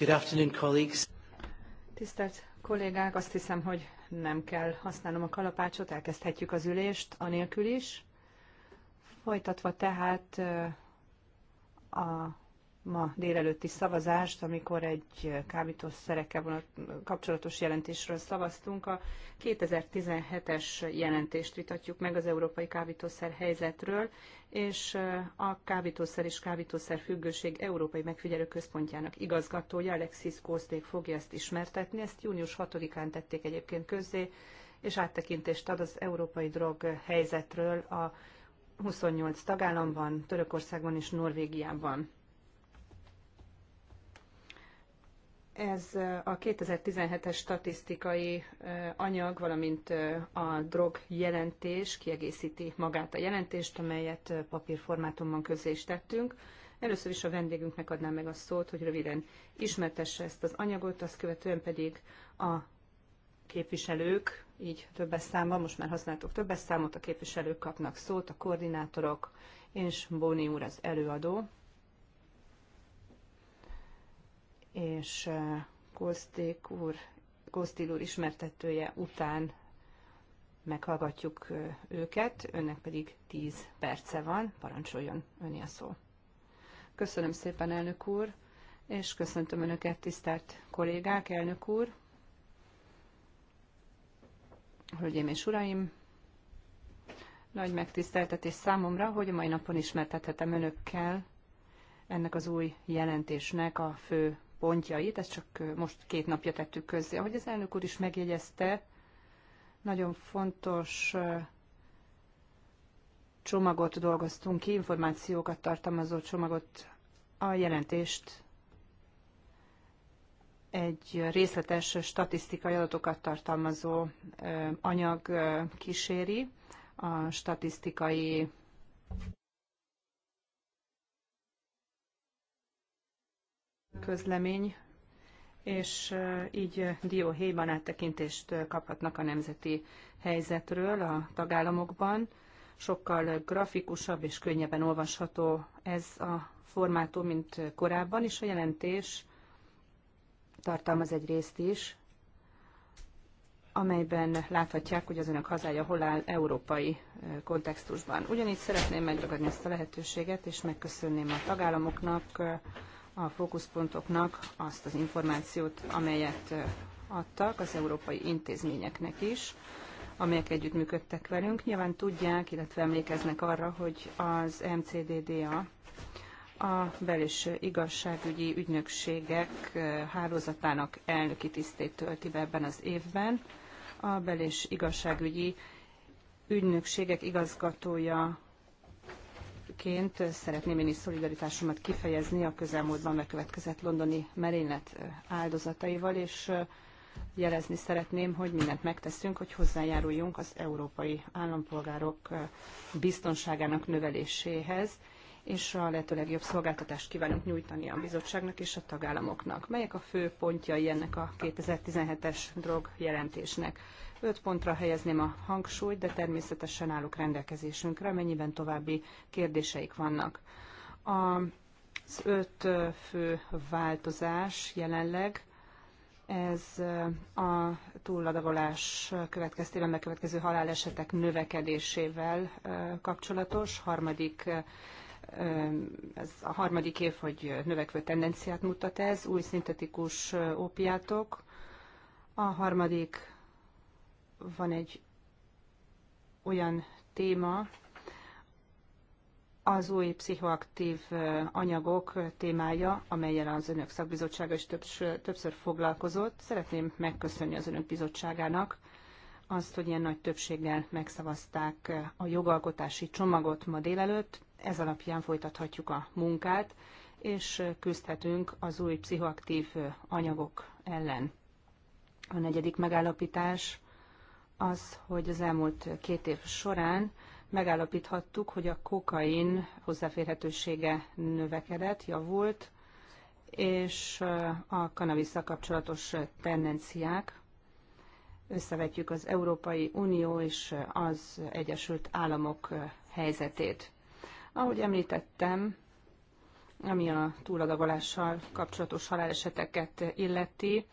Good afternoon, colleagues. Tisztelt kollégák, azt hiszem, hogy nem kell használnom a kalapácsot, elkezdhetjük az ülést, anélkül is. Folytatva tehát a ma délelőtti szavazást, amikor egy kábítószerekkel kapcsolatos jelentésről szavaztunk. A 2017-es jelentést vitatjuk meg az európai kábítószer helyzetről, és a kábítószer és kábítószer függőség Európai Megfigyelő Központjának igazgatója Alexis Kószték fogja ezt ismertetni. Ezt június 6-án tették egyébként közzé, és áttekintést ad az európai drog helyzetről a 28 tagállamban, Törökországban és Norvégiában. Ez a 2017-es statisztikai anyag, valamint a drog jelentés kiegészíti magát a jelentést, amelyet papírformátumban közé is tettünk. Először is a vendégünknek adnám meg a szót, hogy röviden ismertesse ezt az anyagot, azt követően pedig a képviselők, így többes számban, most már használtuk többes számot, a képviselők kapnak szót, a koordinátorok, és Bóni úr az előadó, és Kosték úr, Kosztil úr ismertetője után meghallgatjuk őket, önnek pedig 10 perce van, parancsoljon öné a szó. Köszönöm szépen, elnök úr, és köszöntöm önöket, tisztelt kollégák, elnök úr, hölgyeim és uraim, nagy megtiszteltetés számomra, hogy a mai napon ismertethetem önökkel ennek az új jelentésnek a fő pontjait, ezt csak most két napja tettük közzé. Ahogy az elnök úr is megjegyezte, nagyon fontos csomagot dolgoztunk ki, információkat tartalmazó csomagot, a jelentést egy részletes statisztikai adatokat tartalmazó anyag kíséri, a statisztikai közlemény, és így dióhéjban áttekintést kaphatnak a nemzeti helyzetről a tagállamokban. Sokkal grafikusabb és könnyebben olvasható ez a formátum, mint korábban, és a jelentés tartalmaz egy részt is, amelyben láthatják, hogy az önök hazája hol áll európai kontextusban. Ugyanígy szeretném megragadni ezt a lehetőséget, és megköszönném a tagállamoknak, a fókuszpontoknak azt az információt, amelyet adtak az európai intézményeknek is, amelyek együttműködtek velünk. Nyilván tudják, illetve emlékeznek arra, hogy az MCDDA a bel- és igazságügyi ügynökségek hálózatának elnöki tisztét tölti be ebben az évben. A bel- és igazságügyi ügynökségek igazgatója Polgárként szeretném én is szolidaritásomat kifejezni a közelmúltban megkövetkezett londoni merénylet áldozataival, és jelezni szeretném, hogy mindent megteszünk, hogy hozzájáruljunk az európai állampolgárok biztonságának növeléséhez, és a lehető legjobb szolgáltatást kívánunk nyújtani a bizottságnak és a tagállamoknak. Melyek a fő pontjai ennek a 2017-es drog jelentésnek? Öt pontra helyezném a hangsúlyt, de természetesen állok rendelkezésünkre, mennyiben további kérdéseik vannak. Az öt fő változás jelenleg ez a túladagolás következtében bekövetkező halálesetek növekedésével kapcsolatos. Harmadik ez a harmadik év, hogy növekvő tendenciát mutat ez, új szintetikus ópiátok. A harmadik van egy olyan téma, az új pszichoaktív anyagok témája, amelyel az Önök szakbizottsága is többször, foglalkozott. Szeretném megköszönni az Önök bizottságának azt, hogy ilyen nagy többséggel megszavazták a jogalkotási csomagot ma délelőtt ez alapján folytathatjuk a munkát, és küzdhetünk az új pszichoaktív anyagok ellen. A negyedik megállapítás az, hogy az elmúlt két év során megállapíthattuk, hogy a kokain hozzáférhetősége növekedett, javult, és a kannabisszal kapcsolatos tendenciák. Összevetjük az Európai Unió és az Egyesült Államok helyzetét. Ahogy említettem, ami a túladagolással kapcsolatos haláleseteket illeti,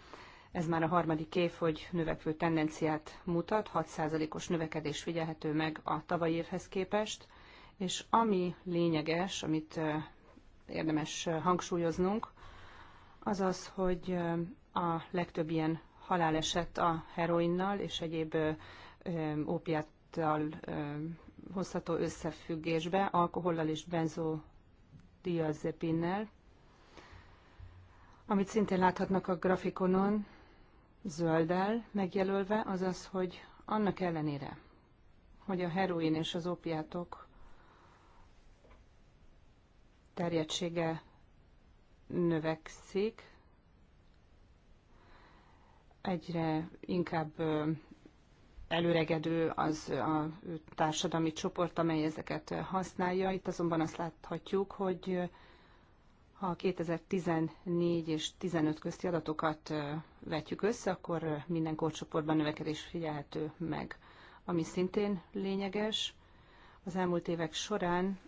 ez már a harmadik év, hogy növekvő tendenciát mutat, 6%-os növekedés figyelhető meg a tavalyi évhez képest, és ami lényeges, amit érdemes hangsúlyoznunk, az az, hogy a legtöbb ilyen haláleset a heroinnal és egyéb ópiáttal hozható összefüggésbe alkohollal és benzodiazepinnel, amit szintén láthatnak a grafikonon, zölddel megjelölve, az az, hogy annak ellenére, hogy a heroin és az opiátok terjedtsége növekszik, egyre inkább előregedő az a társadalmi csoport, amely ezeket használja. Itt azonban azt láthatjuk, hogy ha 2014 és 15 közti adatokat vetjük össze, akkor minden korcsoportban növekedés figyelhető meg. Ami szintén lényeges, az elmúlt évek során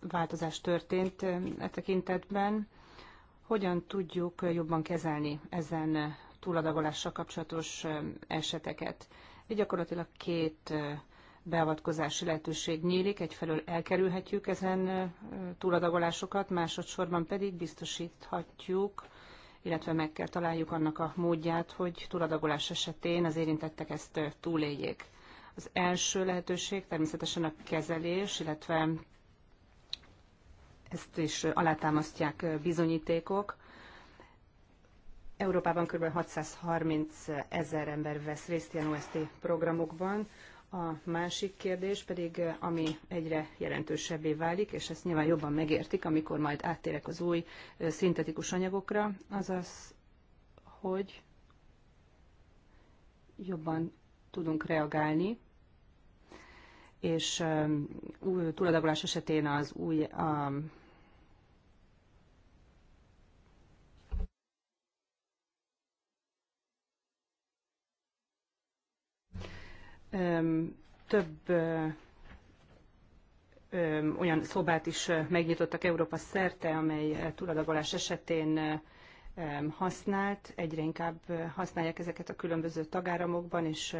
változás történt e tekintetben. Hogyan tudjuk jobban kezelni ezen túladagolással kapcsolatos eseteket. Így gyakorlatilag két beavatkozási lehetőség nyílik, egyfelől elkerülhetjük ezen túladagolásokat, másodszorban pedig biztosíthatjuk, illetve meg kell találjuk annak a módját, hogy túladagolás esetén az érintettek ezt túléljék. Az első lehetőség természetesen a kezelés, illetve ezt is alátámasztják bizonyítékok, Európában kb. 630 ezer ember vesz részt ilyen OST programokban. A másik kérdés pedig, ami egyre jelentősebbé válik, és ezt nyilván jobban megértik, amikor majd áttérek az új szintetikus anyagokra, az az, hogy jobban tudunk reagálni, és túladagolás esetén az új a több olyan szobát is megnyitottak Európa szerte, amely túladagolás esetén használt, egyre inkább használják ezeket a különböző tagáramokban és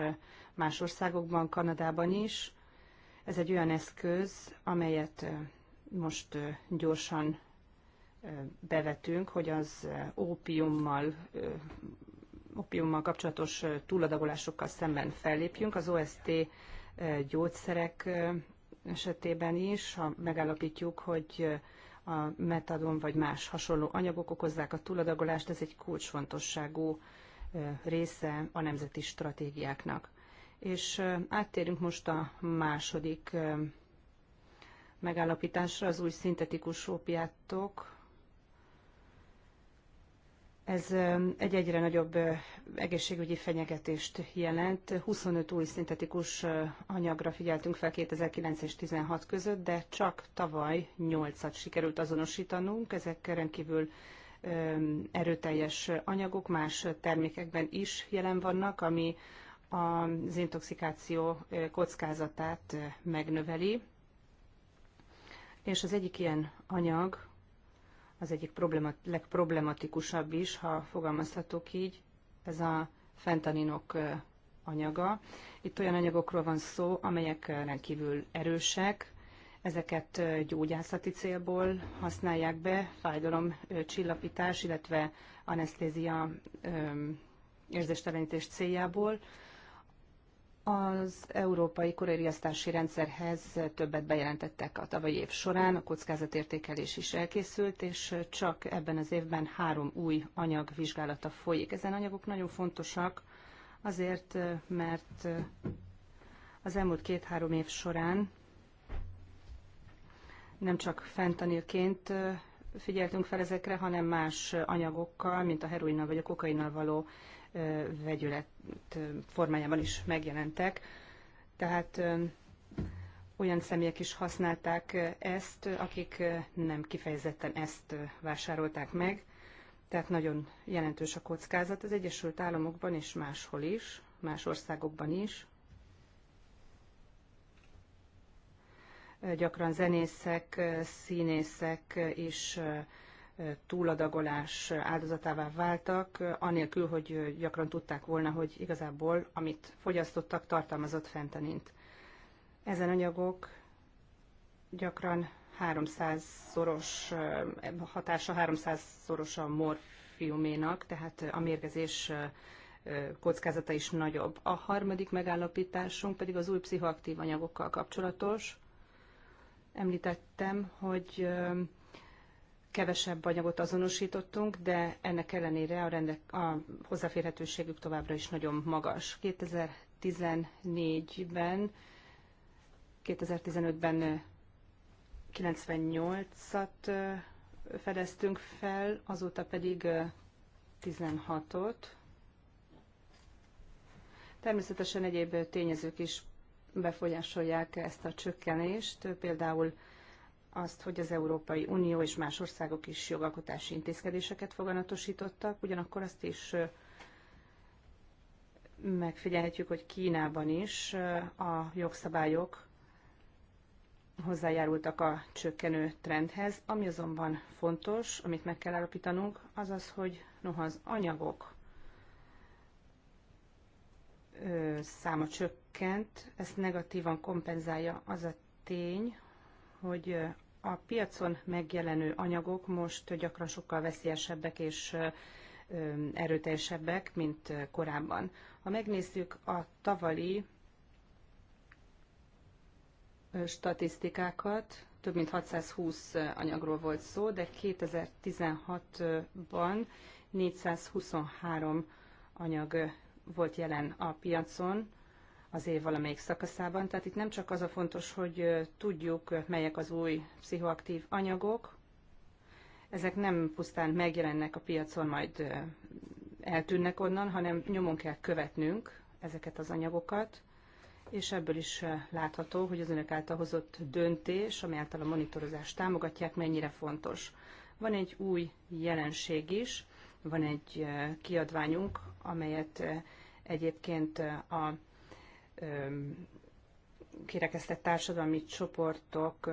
más országokban, Kanadában is. Ez egy olyan eszköz, amelyet most gyorsan bevetünk, hogy az ópiummal opiummal kapcsolatos túladagolásokkal szemben fellépjünk. Az OST gyógyszerek esetében is, ha megállapítjuk, hogy a metadon vagy más hasonló anyagok okozzák a túladagolást, ez egy kulcsfontosságú része a nemzeti stratégiáknak. És áttérünk most a második megállapításra, az új szintetikus ópiátok, ez egy egyre nagyobb egészségügyi fenyegetést jelent. 25 új szintetikus anyagra figyeltünk fel 2009 és 2016 között, de csak tavaly 8-at sikerült azonosítanunk. Ezek rendkívül erőteljes anyagok más termékekben is jelen vannak, ami az intoxikáció kockázatát megnöveli. És az egyik ilyen anyag az egyik legproblematikusabb is, ha fogalmazhatok így, ez a fentaninok anyaga. Itt olyan anyagokról van szó, amelyek rendkívül erősek, ezeket gyógyászati célból használják be, fájdalom csillapítás, illetve anesztézia érzéstelenítés céljából. Az európai korériasztási rendszerhez többet bejelentettek a tavalyi év során, a kockázatértékelés is elkészült, és csak ebben az évben három új anyag vizsgálata folyik. Ezen anyagok nagyon fontosak azért, mert az elmúlt két-három év során nem csak fentanilként figyeltünk fel ezekre, hanem más anyagokkal, mint a heroinnal vagy a kokainnal való vegyület formájában is megjelentek. Tehát olyan személyek is használták ezt, akik nem kifejezetten ezt vásárolták meg, tehát nagyon jelentős a kockázat az Egyesült Államokban és máshol is, más országokban is. Gyakran zenészek, színészek is túladagolás áldozatává váltak, anélkül, hogy gyakran tudták volna, hogy igazából amit fogyasztottak, tartalmazott fentanint. Ezen anyagok gyakran 300-szoros hatása 300-szoros a morfiuménak, tehát a mérgezés kockázata is nagyobb. A harmadik megállapításunk pedig az új pszichoaktív anyagokkal kapcsolatos. Említettem, hogy kevesebb anyagot azonosítottunk, de ennek ellenére a, rendek, a hozzáférhetőségük továbbra is nagyon magas. 2014-ben, 2015-ben 98-at fedeztünk fel, azóta pedig 16-ot. Természetesen egyéb tényezők is befolyásolják ezt a csökkenést, például azt, hogy az Európai Unió és más országok is jogalkotási intézkedéseket foganatosítottak, ugyanakkor azt is megfigyelhetjük, hogy Kínában is a jogszabályok hozzájárultak a csökkenő trendhez. Ami azonban fontos, amit meg kell állapítanunk, az az, hogy noha az anyagok száma csökkent, ezt negatívan kompenzálja az a tény, hogy a piacon megjelenő anyagok most gyakran sokkal veszélyesebbek és erőteljesebbek, mint korábban. Ha megnézzük a tavalyi statisztikákat, több mint 620 anyagról volt szó, de 2016-ban 423 anyag volt jelen a piacon, az év valamelyik szakaszában. Tehát itt nem csak az a fontos, hogy tudjuk, melyek az új pszichoaktív anyagok, ezek nem pusztán megjelennek a piacon, majd eltűnnek onnan, hanem nyomon kell követnünk ezeket az anyagokat, és ebből is látható, hogy az önök által hozott döntés, amely által a monitorozást támogatják, mennyire fontos. Van egy új jelenség is, van egy kiadványunk, amelyet egyébként a kirekesztett társadalmi csoportok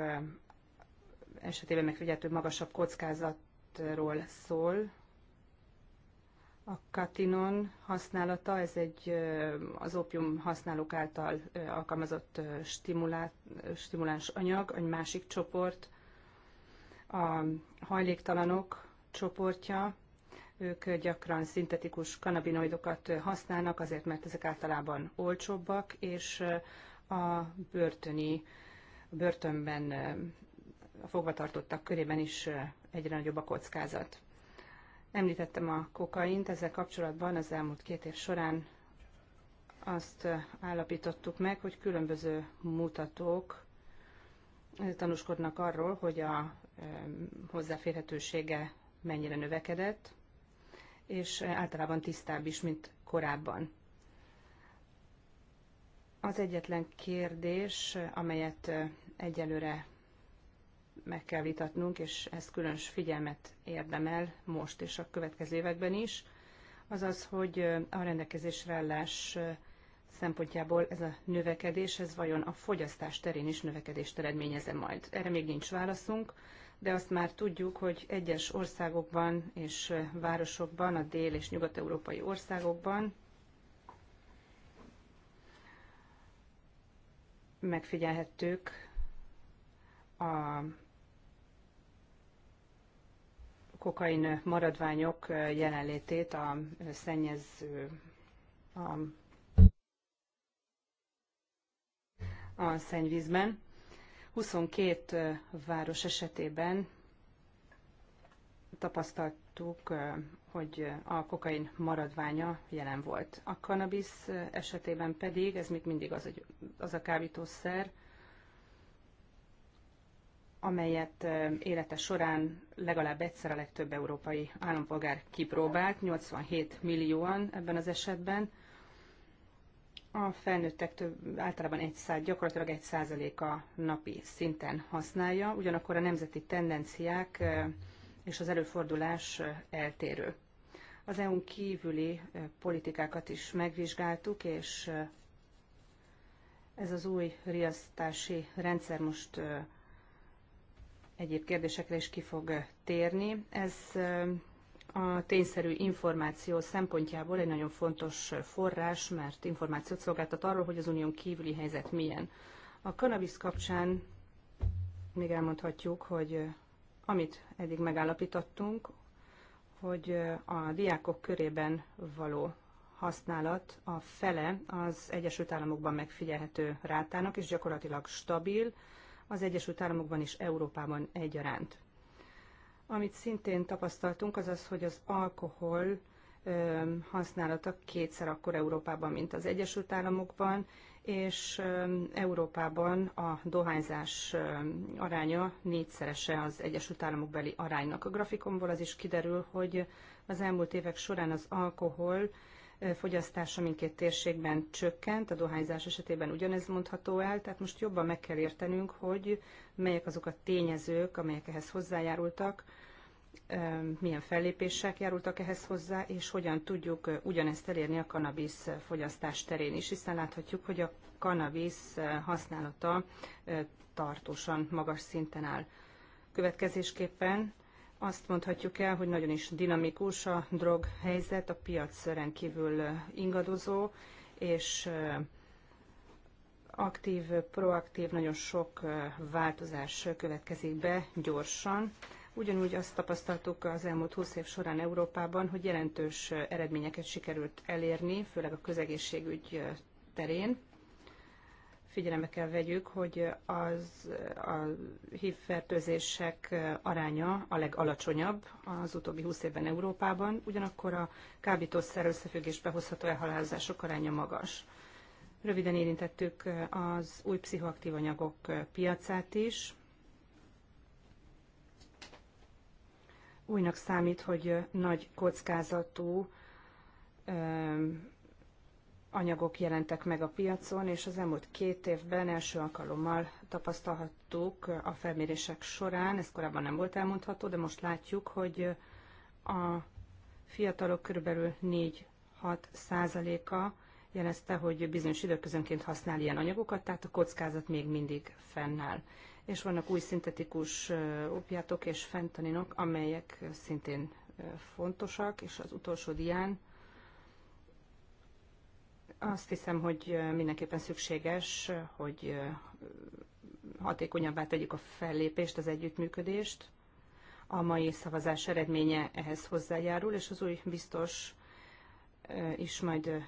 esetében megfigyelhető magasabb kockázatról szól. A katinon használata, ez egy az ópium használók által alkalmazott stimulá, stimuláns anyag, egy másik csoport, a hajléktalanok csoportja, ők gyakran szintetikus kanabinoidokat használnak, azért mert ezek általában olcsóbbak, és a börtöni, a börtönben a fogvatartottak körében is egyre nagyobb a kockázat. Említettem a kokaint, ezzel kapcsolatban az elmúlt két év során azt állapítottuk meg, hogy különböző mutatók tanúskodnak arról, hogy a hozzáférhetősége mennyire növekedett és általában tisztább is, mint korábban. Az egyetlen kérdés, amelyet egyelőre meg kell vitatnunk, és ez különös figyelmet érdemel most és a következő években is, az az, hogy a rendelkezésre állás szempontjából ez a növekedés, ez vajon a fogyasztás terén is növekedést eredményeze majd. Erre még nincs válaszunk, de azt már tudjuk, hogy egyes országokban és városokban, a dél- és nyugat-európai országokban megfigyelhettük a kokain maradványok jelenlétét a szennyező a, a szennyvízben. 22 város esetében tapasztaltuk, hogy a kokain maradványa jelen volt. A cannabis esetében pedig, ez még mindig az, az a kábítószer, amelyet élete során legalább egyszer a legtöbb európai állampolgár kipróbált, 87 millióan ebben az esetben, a felnőttek több, általában egy száz, gyakorlatilag egy százaléka napi szinten használja, ugyanakkor a nemzeti tendenciák és az előfordulás eltérő. Az EU-n kívüli politikákat is megvizsgáltuk, és ez az új riasztási rendszer most egyéb kérdésekre is ki fog térni. Ez a tényszerű információ szempontjából egy nagyon fontos forrás, mert információt szolgáltat arról, hogy az unión kívüli helyzet milyen. A cannabis kapcsán még elmondhatjuk, hogy amit eddig megállapítottunk, hogy a diákok körében való használat a fele az Egyesült Államokban megfigyelhető rátának, és gyakorlatilag stabil, az Egyesült Államokban és Európában egyaránt. Amit szintén tapasztaltunk, az az, hogy az alkohol használata kétszer akkor Európában, mint az Egyesült Államokban, és Európában a dohányzás aránya négyszerese az Egyesült Államok beli aránynak. A grafikomból az is kiderül, hogy az elmúlt évek során az alkohol fogyasztása mindkét térségben csökkent, a dohányzás esetében ugyanez mondható el, tehát most jobban meg kell értenünk, hogy melyek azok a tényezők, amelyek ehhez hozzájárultak, milyen fellépések járultak ehhez hozzá, és hogyan tudjuk ugyanezt elérni a kanabisz fogyasztás terén is, hiszen láthatjuk, hogy a kanabisz használata tartósan magas szinten áll. Következésképpen azt mondhatjuk el, hogy nagyon is dinamikus a drog helyzet, a piac rendkívül ingadozó, és aktív, proaktív, nagyon sok változás következik be gyorsan Ugyanúgy azt tapasztaltuk az elmúlt 20 év során Európában, hogy jelentős eredményeket sikerült elérni, főleg a közegészségügy terén. Figyelembe kell vegyük, hogy az a HIV fertőzések aránya a legalacsonyabb az utóbbi 20 évben Európában, ugyanakkor a kábítószer összefüggésbe hozható elhalálozások aránya magas. Röviden érintettük az új pszichoaktív anyagok piacát is, újnak számít, hogy nagy kockázatú anyagok jelentek meg a piacon, és az elmúlt két évben első alkalommal tapasztalhattuk a felmérések során, ez korábban nem volt elmondható, de most látjuk, hogy a fiatalok körülbelül 4-6 százaléka jelezte, hogy bizonyos időközönként használ ilyen anyagokat, tehát a kockázat még mindig fennáll és vannak új szintetikus opiátok és fentaninok, amelyek szintén fontosak, és az utolsó dián azt hiszem, hogy mindenképpen szükséges, hogy hatékonyabbá tegyük a fellépést, az együttműködést. A mai szavazás eredménye ehhez hozzájárul, és az új biztos is majd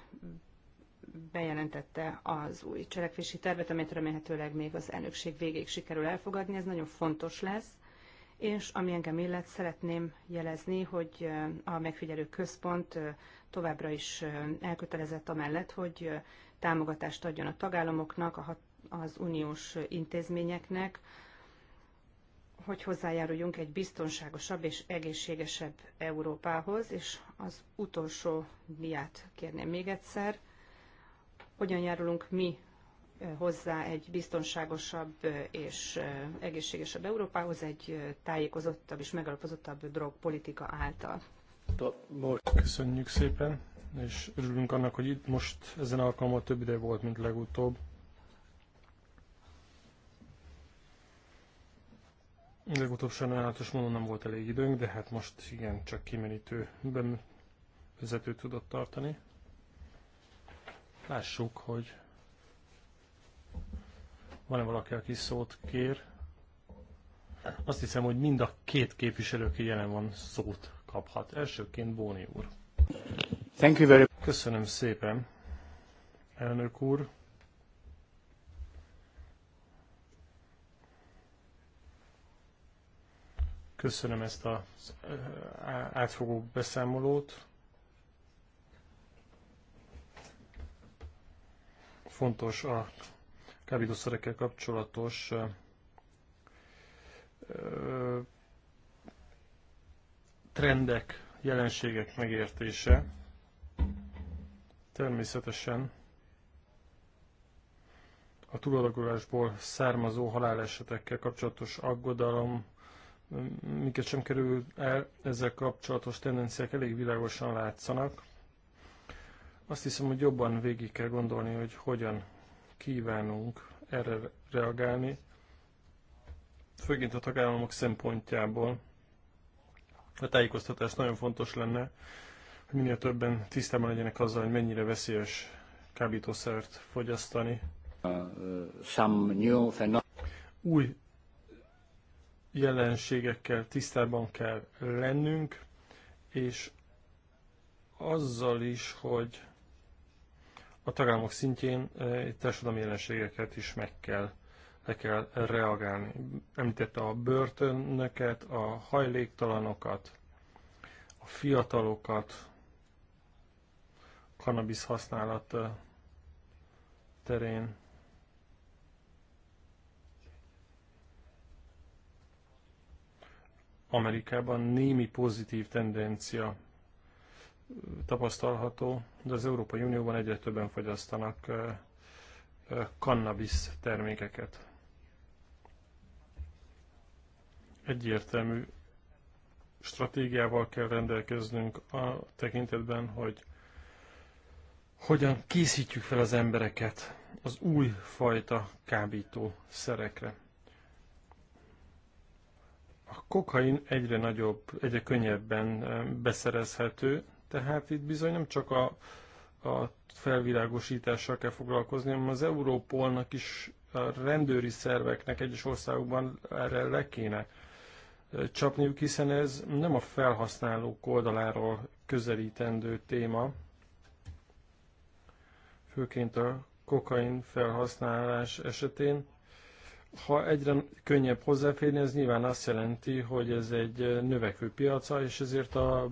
bejelentette az új cselekvési tervet, amelyet remélhetőleg még az elnökség végéig sikerül elfogadni. Ez nagyon fontos lesz, és ami engem illet, szeretném jelezni, hogy a megfigyelő központ továbbra is elkötelezett amellett, hogy támogatást adjon a tagállamoknak, az uniós intézményeknek, hogy hozzájáruljunk egy biztonságosabb és egészségesebb Európához, és az utolsó diát kérném még egyszer – hogyan járulunk mi eh, hozzá egy biztonságosabb eh, és eh, egészségesebb Európához, egy tájékozottabb és megalapozottabb drogpolitika által. Köszönjük szépen, és örülünk annak, hogy itt most ezen alkalommal több ide volt, mint legutóbb. Legutóbb sajnálatos módon nem volt elég időnk, de hát most igen, csak kimenítő vezető tudott tartani. Lássuk, hogy van-e valaki, aki szót kér. Azt hiszem, hogy mind a két képviselő, aki jelen van, szót kaphat. Elsőként Bóni úr. Thank you very Köszönöm szépen, elnök úr. Köszönöm ezt az eh, átfogó beszámolót. fontos a kábítószerekkel kapcsolatos trendek, jelenségek megértése. Természetesen a túladagolásból származó halálesetekkel kapcsolatos aggodalom, minket sem kerül el, ezzel kapcsolatos tendenciák elég világosan látszanak. Azt hiszem, hogy jobban végig kell gondolni, hogy hogyan kívánunk erre reagálni, főként a tagállamok szempontjából. A tájékoztatás nagyon fontos lenne, hogy minél többen tisztában legyenek azzal, hogy mennyire veszélyes kábítószert fogyasztani. Új jelenségekkel tisztában kell lennünk, és azzal is, hogy a tagállamok szintjén eh, társadalmi jelenségeket is meg kell, le kell reagálni. Említette a börtönöket, a hajléktalanokat, a fiatalokat, kannabisz használat eh, terén. Amerikában némi pozitív tendencia tapasztalható, de az Európai Unióban egyre többen fogyasztanak cannabis termékeket. Egyértelmű stratégiával kell rendelkeznünk a tekintetben, hogy hogyan készítjük fel az embereket az új fajta kábító szerekre. A kokain egyre nagyobb, egyre könnyebben beszerezhető, tehát itt bizony nem csak a, a felvilágosítással kell foglalkozni, hanem az Európolnak is a rendőri szerveknek egyes országokban erre le kéne csapniuk, hiszen ez nem a felhasználók oldaláról közelítendő téma, főként a kokain felhasználás esetén. Ha egyre könnyebb hozzáférni, ez nyilván azt jelenti, hogy ez egy növekvő piaca, és ezért a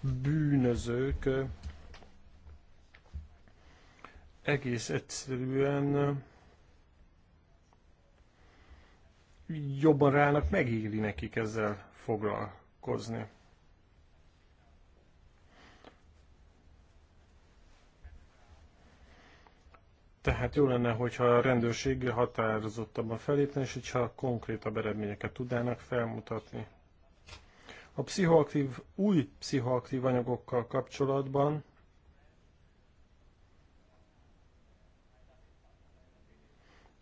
bűnözők egész egyszerűen jobban rának megéri nekik ezzel foglalkozni. Tehát jó lenne, hogyha a rendőrség határozottabban felépne, és hogyha konkrétabb eredményeket tudnának felmutatni. A pszichoaktív, új pszichoaktív anyagokkal kapcsolatban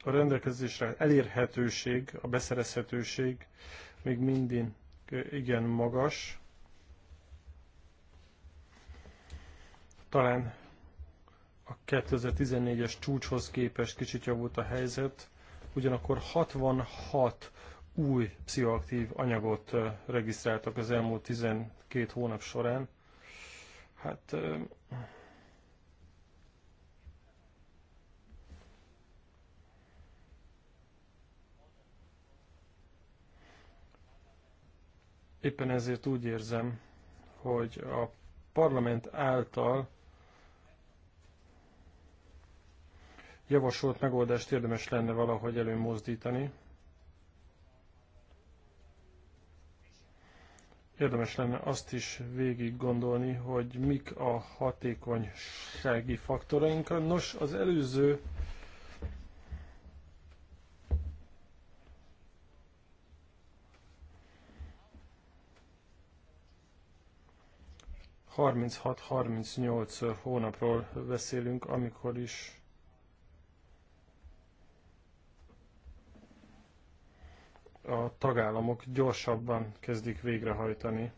a rendelkezésre elérhetőség, a beszerezhetőség még mindig igen magas. Talán a 2014-es csúcshoz képest kicsit javult a helyzet, ugyanakkor 66 új pszichoaktív anyagot regisztráltak az elmúlt 12 hónap során. Hát éppen ezért úgy érzem, hogy a parlament által javasolt megoldást érdemes lenne valahogy előmozdítani. érdemes lenne azt is végig gondolni, hogy mik a hatékonysági faktoraink. Nos, az előző ...36-38 hónapról beszélünk, amikor is a tagállamok gyorsabban kezdik végrehajtani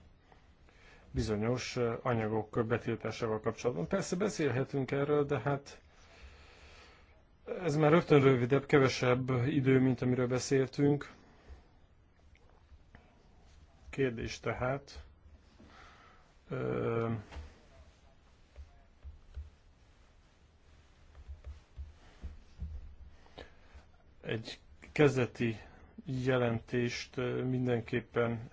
bizonyos eh, anyagok betiltásával kapcsolatban. Persze beszélhetünk erről, de hát ez már rögtön rövidebb, kevesebb idő, mint amiről beszéltünk. Kérdés tehát. Ö... Eh, egy kezdeti jelentést mindenképpen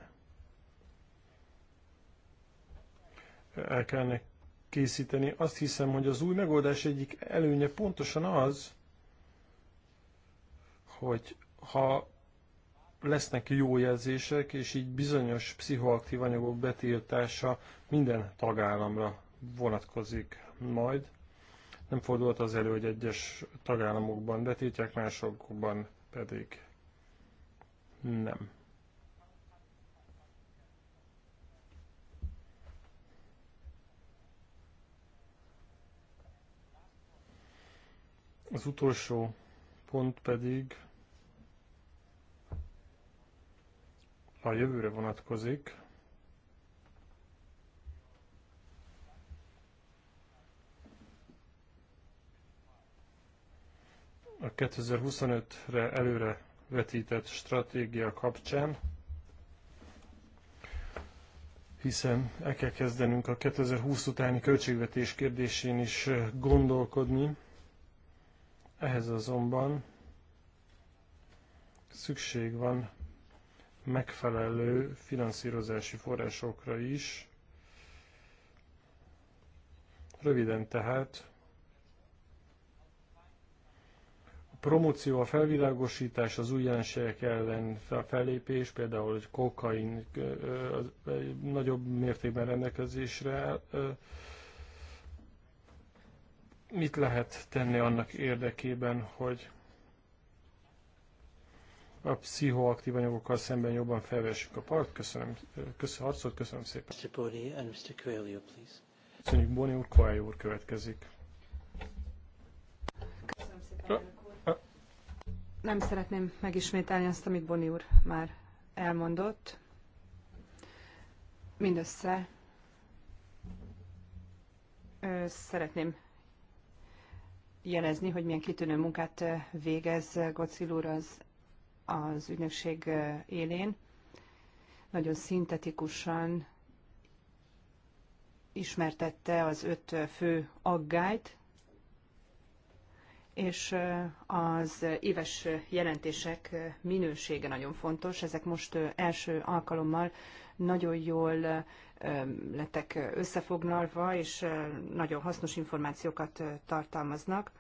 el kellene készíteni. Azt hiszem, hogy az új megoldás egyik előnye pontosan az, hogy ha lesznek jó jelzések, és így bizonyos pszichoaktív anyagok betiltása minden tagállamra vonatkozik majd. Nem fordulhat az elő, hogy egyes tagállamokban betiltják, másokban pedig nem. Az utolsó pont pedig a jövőre vonatkozik. A 2025-re előre vetített stratégia kapcsán, hiszen el kell kezdenünk a 2020 utáni költségvetés kérdésén is gondolkodni. Ehhez azonban szükség van megfelelő finanszírozási forrásokra is. Röviden tehát promóció, a felvilágosítás, az új jelenségek ellen fellépés, például hogy kokain nagyobb mértékben rendelkezésre mit lehet tenni annak érdekében, hogy a pszichoaktív anyagokkal szemben jobban felvessük a part. Köszönöm, köszönöm harcot, köszönöm szépen. Mr. and Mr. please. Köszönjük, Boni úr, Coelho úr következik. Köszönöm szépen. Nem szeretném megismételni azt, amit Boni úr már elmondott. Mindössze szeretném jelezni, hogy milyen kitűnő munkát végez Gocil úr az, az ügynökség élén. Nagyon szintetikusan ismertette az öt fő aggályt, és az éves jelentések minősége nagyon fontos. Ezek most első alkalommal nagyon jól lettek összefoglalva, és nagyon hasznos információkat tartalmaznak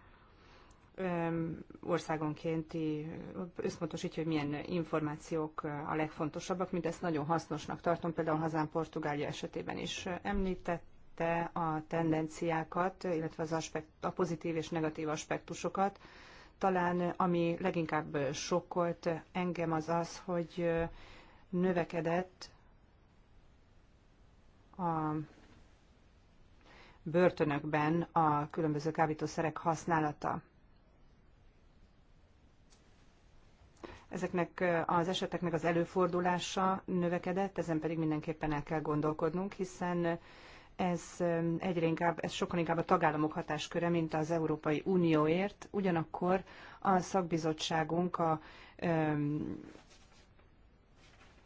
országonkénti összpontosítja, hogy milyen információk a legfontosabbak, mint ezt nagyon hasznosnak tartom, például hazán Portugália esetében is említett elemezte a tendenciákat, illetve az aspekt, a pozitív és negatív aspektusokat. Talán ami leginkább sokkolt engem az az, hogy növekedett a börtönökben a különböző kábítószerek használata. Ezeknek az eseteknek az előfordulása növekedett, ezen pedig mindenképpen el kell gondolkodnunk, hiszen ez egyre inkább, ez sokkal inkább a tagállamok hatásköre, mint az Európai Unióért. Ugyanakkor a szakbizottságunk a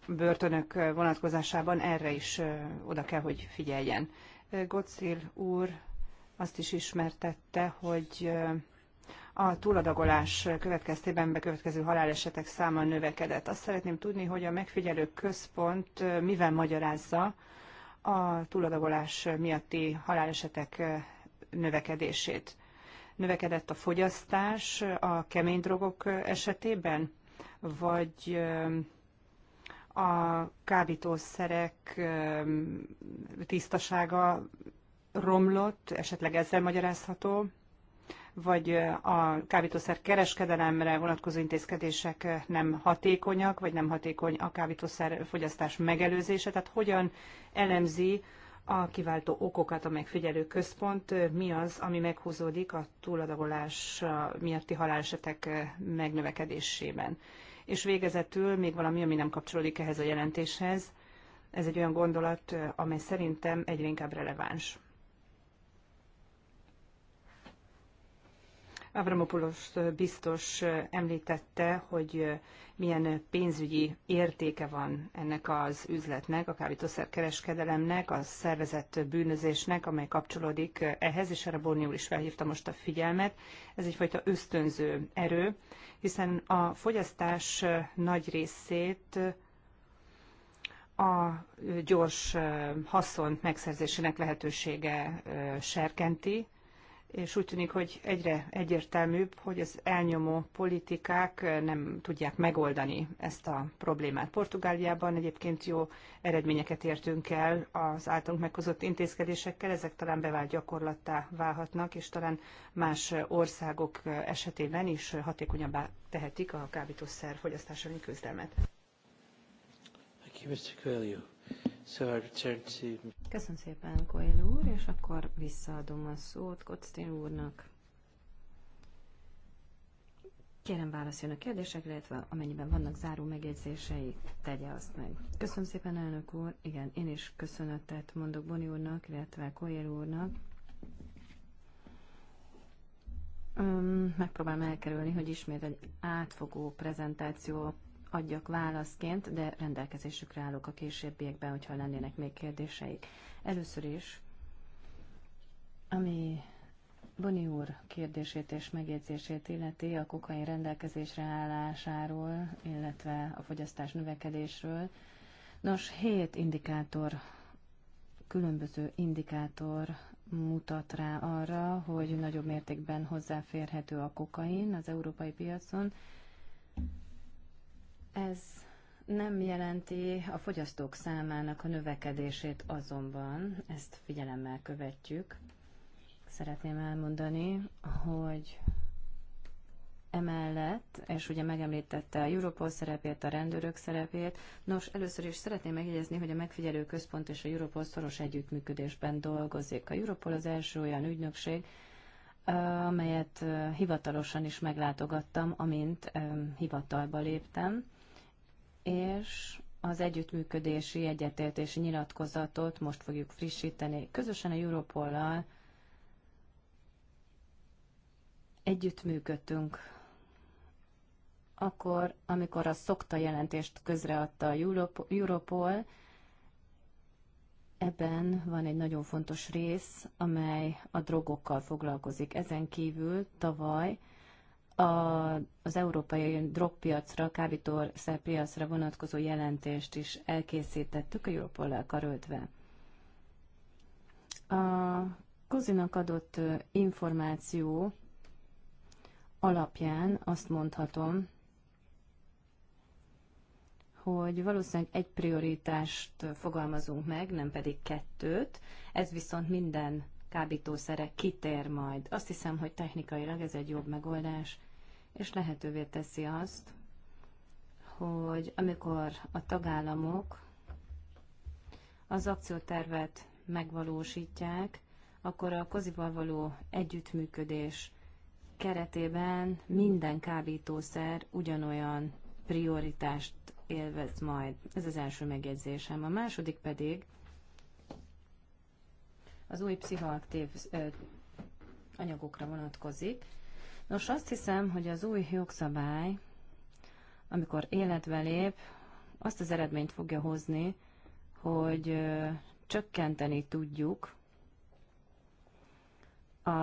börtönök vonatkozásában erre is oda kell, hogy figyeljen. Gocil úr azt is ismertette, hogy a túladagolás következtében bekövetkező halálesetek száma növekedett. Azt szeretném tudni, hogy a megfigyelő központ mivel magyarázza, a túladagolás miatti halálesetek növekedését. Növekedett a fogyasztás a kemény drogok esetében, vagy a kábítószerek tisztasága romlott, esetleg ezzel magyarázható vagy a kábítószer kereskedelemre vonatkozó intézkedések nem hatékonyak, vagy nem hatékony a kábítószer fogyasztás megelőzése, tehát hogyan elemzi a kiváltó okokat a megfigyelő központ, mi az, ami meghúzódik a túladagolás miatti halálesetek megnövekedésében. És végezetül még valami, ami nem kapcsolódik ehhez a jelentéshez, ez egy olyan gondolat, amely szerintem egyre inkább releváns. Avramopoulos biztos említette, hogy milyen pénzügyi értéke van ennek az üzletnek, a kábítószerkereskedelemnek, a szervezett bűnözésnek, amely kapcsolódik ehhez, és erre Borni úr is felhívta most a figyelmet. Ez egyfajta ösztönző erő, hiszen a fogyasztás nagy részét a gyors haszont megszerzésének lehetősége serkenti, és úgy tűnik, hogy egyre egyértelműbb, hogy az elnyomó politikák nem tudják megoldani ezt a problémát. Portugáliában egyébként jó eredményeket értünk el az általunk meghozott intézkedésekkel, ezek talán bevált gyakorlattá válhatnak, és talán más országok esetében is hatékonyabbá tehetik a kábítószer fogyasztásani küzdelmet. Thank you, Mr. Coelho. Köszönöm szépen, Koél úr, és akkor visszaadom a szót Koctin úrnak. Kérem válaszoljon a kérdésekre, illetve amennyiben vannak záró megjegyzései, tegye azt meg. Köszönöm szépen, elnök úr. Igen, én is köszönetet mondok Boni úrnak, illetve Koél úrnak. Um, megpróbálom elkerülni, hogy ismét egy átfogó prezentáció adjak válaszként, de rendelkezésükre állok a későbbiekben, hogyha lennének még kérdéseik. Először is, ami Boni úr kérdését és megjegyzését illeti a kokain rendelkezésre állásáról, illetve a fogyasztás növekedésről. Nos, hét indikátor, különböző indikátor mutat rá arra, hogy nagyobb mértékben hozzáférhető a kokain az európai piacon. Ez nem jelenti a fogyasztók számának a növekedését azonban, ezt figyelemmel követjük. Szeretném elmondani, hogy emellett, és ugye megemlítette a Europol szerepét, a rendőrök szerepét. Nos, először is szeretném megjegyezni, hogy a megfigyelő központ és a Europol szoros együttműködésben dolgozik. A Europol az első olyan ügynökség, amelyet hivatalosan is meglátogattam, amint hivatalba léptem és az együttműködési egyetértési nyilatkozatot most fogjuk frissíteni. Közösen a Europollal együttműködtünk akkor, amikor a szokta jelentést közreadta a Europol, Ebben van egy nagyon fontos rész, amely a drogokkal foglalkozik. Ezen kívül tavaly a, az európai drogpiacra, kábítószerpiacra vonatkozó jelentést is elkészítettük a Europol-lel karöltve. A Kozinak adott információ alapján azt mondhatom, hogy valószínűleg egy prioritást fogalmazunk meg, nem pedig kettőt. Ez viszont minden kábítószere kitér majd. Azt hiszem, hogy technikailag ez egy jobb megoldás, és lehetővé teszi azt, hogy amikor a tagállamok az akciótervet megvalósítják, akkor a kozival való együttműködés keretében minden kábítószer ugyanolyan prioritást élvez majd. Ez az első megjegyzésem. A második pedig az új pszichoaktív anyagokra vonatkozik. Nos, azt hiszem, hogy az új jogszabály, amikor életbe lép, azt az eredményt fogja hozni, hogy csökkenteni tudjuk a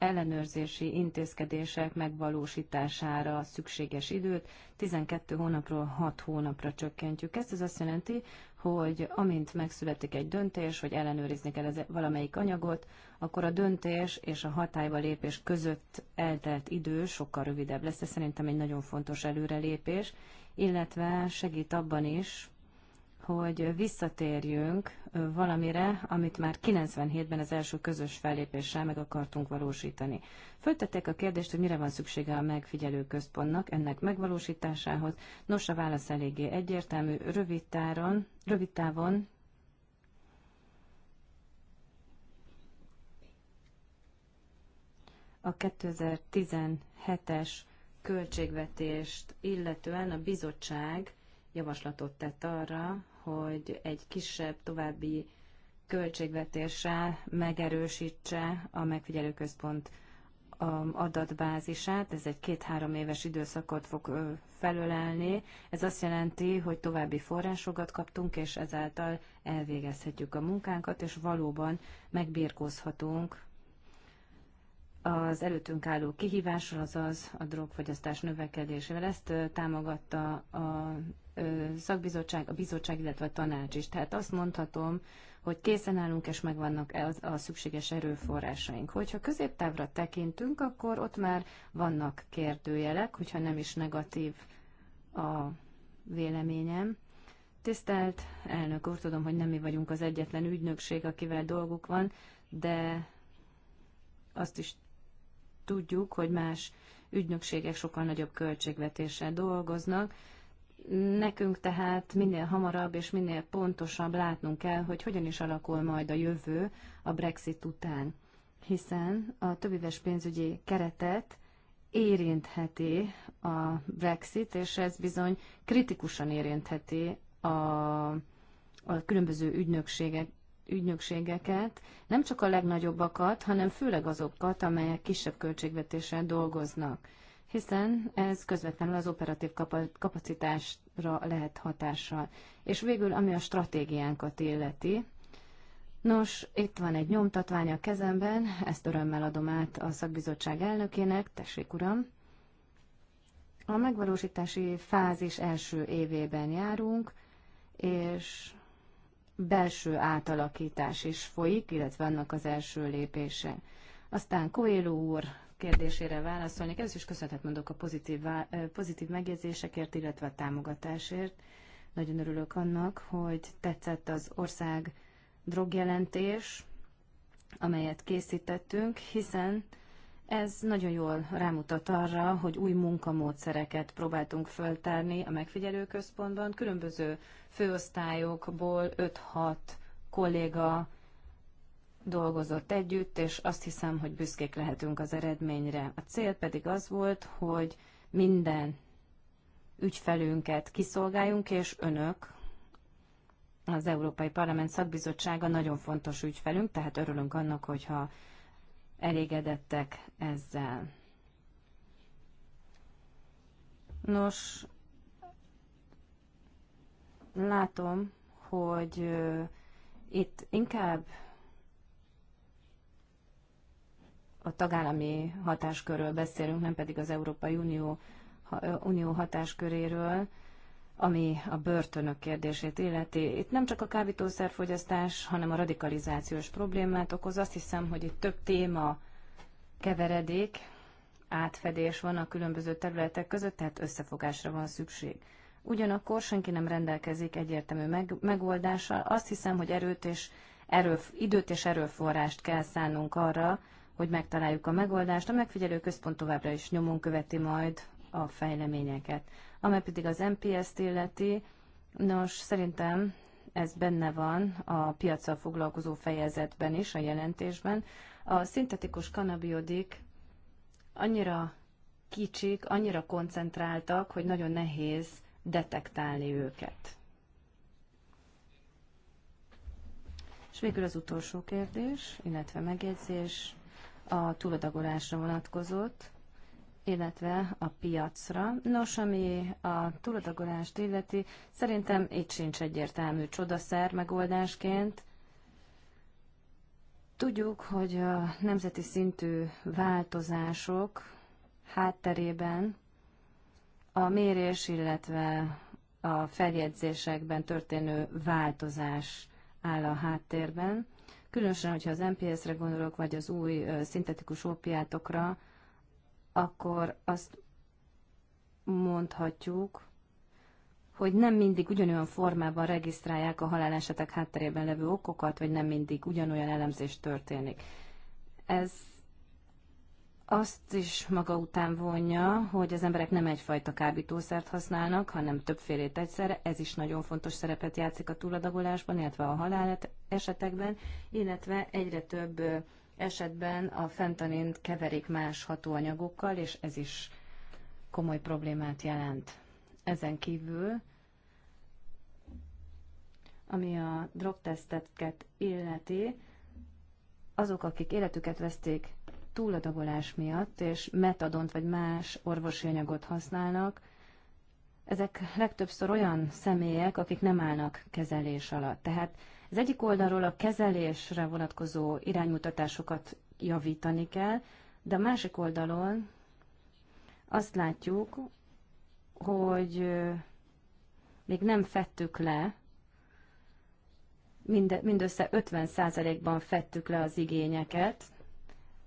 ellenőrzési intézkedések megvalósítására szükséges időt 12 hónapról 6 hónapra csökkentjük. Ezt ez azt jelenti, hogy amint megszületik egy döntés, hogy ellenőrizni kell valamelyik anyagot, akkor a döntés és a hatályba lépés között eltelt idő sokkal rövidebb lesz. Ez szerintem egy nagyon fontos előrelépés, illetve segít abban is, hogy visszatérjünk valamire, amit már 97-ben az első közös fellépéssel meg akartunk valósítani. Föltették a kérdést, hogy mire van szüksége a megfigyelő központnak ennek megvalósításához. Nos, a válasz eléggé egyértelmű, rövid, táron, rövid távon a 2017-es költségvetést illetően a bizottság javaslatot tett arra, hogy egy kisebb további költségvetéssel megerősítse a megfigyelőközpont um, adatbázisát, ez egy két-három éves időszakot fog felölelni. Ez azt jelenti, hogy további forrásokat kaptunk, és ezáltal elvégezhetjük a munkánkat, és valóban megbírkozhatunk az előttünk álló kihívással, azaz a drogfogyasztás növekedésével. Ezt támogatta a szakbizottság, a bizottság, illetve a tanács is. Tehát azt mondhatom, hogy készen állunk és megvannak e a szükséges erőforrásaink. Hogyha középtávra tekintünk, akkor ott már vannak kérdőjelek, hogyha nem is negatív a véleményem. Tisztelt elnök úr, tudom, hogy nem mi vagyunk az egyetlen ügynökség, akivel dolguk van, de azt is Tudjuk, hogy más ügynökségek sokkal nagyobb költségvetéssel dolgoznak, Nekünk tehát minél hamarabb és minél pontosabb látnunk kell, hogy hogyan is alakul majd a jövő a Brexit után, hiszen a többéves pénzügyi keretet érintheti a Brexit, és ez bizony kritikusan érintheti a, a különböző ügynökségek ügynökségeket, nem csak a legnagyobbakat, hanem főleg azokat, amelyek kisebb költségvetéssel dolgoznak, hiszen ez közvetlenül az operatív kapacitásra lehet hatással. És végül, ami a stratégiánkat illeti, Nos, itt van egy nyomtatvány a kezemben, ezt örömmel adom át a szakbizottság elnökének, tessék uram. A megvalósítási fázis első évében járunk, és belső átalakítás is folyik, illetve annak az első lépése. Aztán Coelho úr kérdésére válaszolni. Ez is köszönhet mondok a pozitív, pozitív megjegyzésekért, illetve a támogatásért. Nagyon örülök annak, hogy tetszett az ország drogjelentés, amelyet készítettünk, hiszen ez nagyon jól rámutat arra, hogy új munkamódszereket próbáltunk föltárni a megfigyelőközpontban. Különböző főosztályokból 5-6 kolléga dolgozott együtt, és azt hiszem, hogy büszkék lehetünk az eredményre. A cél pedig az volt, hogy minden ügyfelünket kiszolgáljunk, és önök, az Európai Parlament szakbizottsága nagyon fontos ügyfelünk, tehát örülünk annak, hogyha elégedettek ezzel. Nos, látom, hogy itt inkább a tagállami hatáskörről beszélünk, nem pedig az Európai Unió, Unió hatásköréről ami a börtönök kérdését illeti. Itt nem csak a kábítószerfogyasztás, hanem a radikalizációs problémát okoz. Azt hiszem, hogy itt több téma keveredik, átfedés van a különböző területek között, tehát összefogásra van szükség. Ugyanakkor senki nem rendelkezik egyértelmű meg, megoldással. Azt hiszem, hogy erőt és erő, időt és erőforrást kell szánnunk arra, hogy megtaláljuk a megoldást. A megfigyelő központ továbbra is nyomon követi majd a fejleményeket. Amely pedig az MPS-t illeti, nos, szerintem ez benne van a piacsal foglalkozó fejezetben is, a jelentésben. A szintetikus kanabiodik annyira kicsik, annyira koncentráltak, hogy nagyon nehéz detektálni őket. És végül az utolsó kérdés, illetve megjegyzés a túladagolásra vonatkozott illetve a piacra. Nos, ami a túladagolást illeti, szerintem itt sincs egyértelmű csodaszer megoldásként. Tudjuk, hogy a nemzeti szintű változások hátterében a mérés, illetve a feljegyzésekben történő változás áll a háttérben. Különösen, hogyha az MPS-re gondolok, vagy az új szintetikus ópiátokra, akkor azt mondhatjuk, hogy nem mindig ugyanolyan formában regisztrálják a halálesetek hátterében levő okokat, vagy nem mindig ugyanolyan elemzés történik. Ez azt is maga után vonja, hogy az emberek nem egyfajta kábítószert használnak, hanem többfélét egyszerre. Ez is nagyon fontos szerepet játszik a túladagolásban, illetve a halál esetekben, illetve egyre több esetben a fentanint keverik más hatóanyagokkal, és ez is komoly problémát jelent. Ezen kívül, ami a drogtesztetket illeti, azok, akik életüket veszték túladagolás miatt, és metadont vagy más orvosi anyagot használnak, ezek legtöbbször olyan személyek, akik nem állnak kezelés alatt. Tehát az egyik oldalról a kezelésre vonatkozó iránymutatásokat javítani kell, de a másik oldalon azt látjuk, hogy még nem fettük le, mindössze 50%-ban fettük le az igényeket.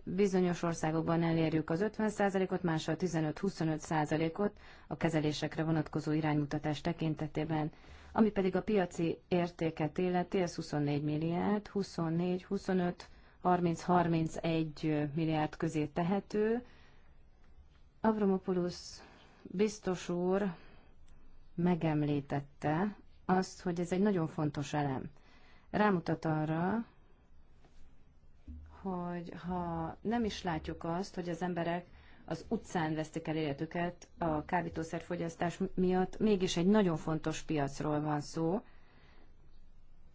Bizonyos országokban elérjük az 50%-ot, mással 15-25%-ot a kezelésekre vonatkozó iránymutatás tekintetében. Ami pedig a piaci értéket illeti, ez 24 milliárd, 24, 25, 30, 31 milliárd közé tehető. Avramopoulos biztos úr megemlítette azt, hogy ez egy nagyon fontos elem. Rámutat arra, hogy ha nem is látjuk azt, hogy az emberek az utcán vesztik el életüket a kábítószerfogyasztás miatt. Mégis egy nagyon fontos piacról van szó,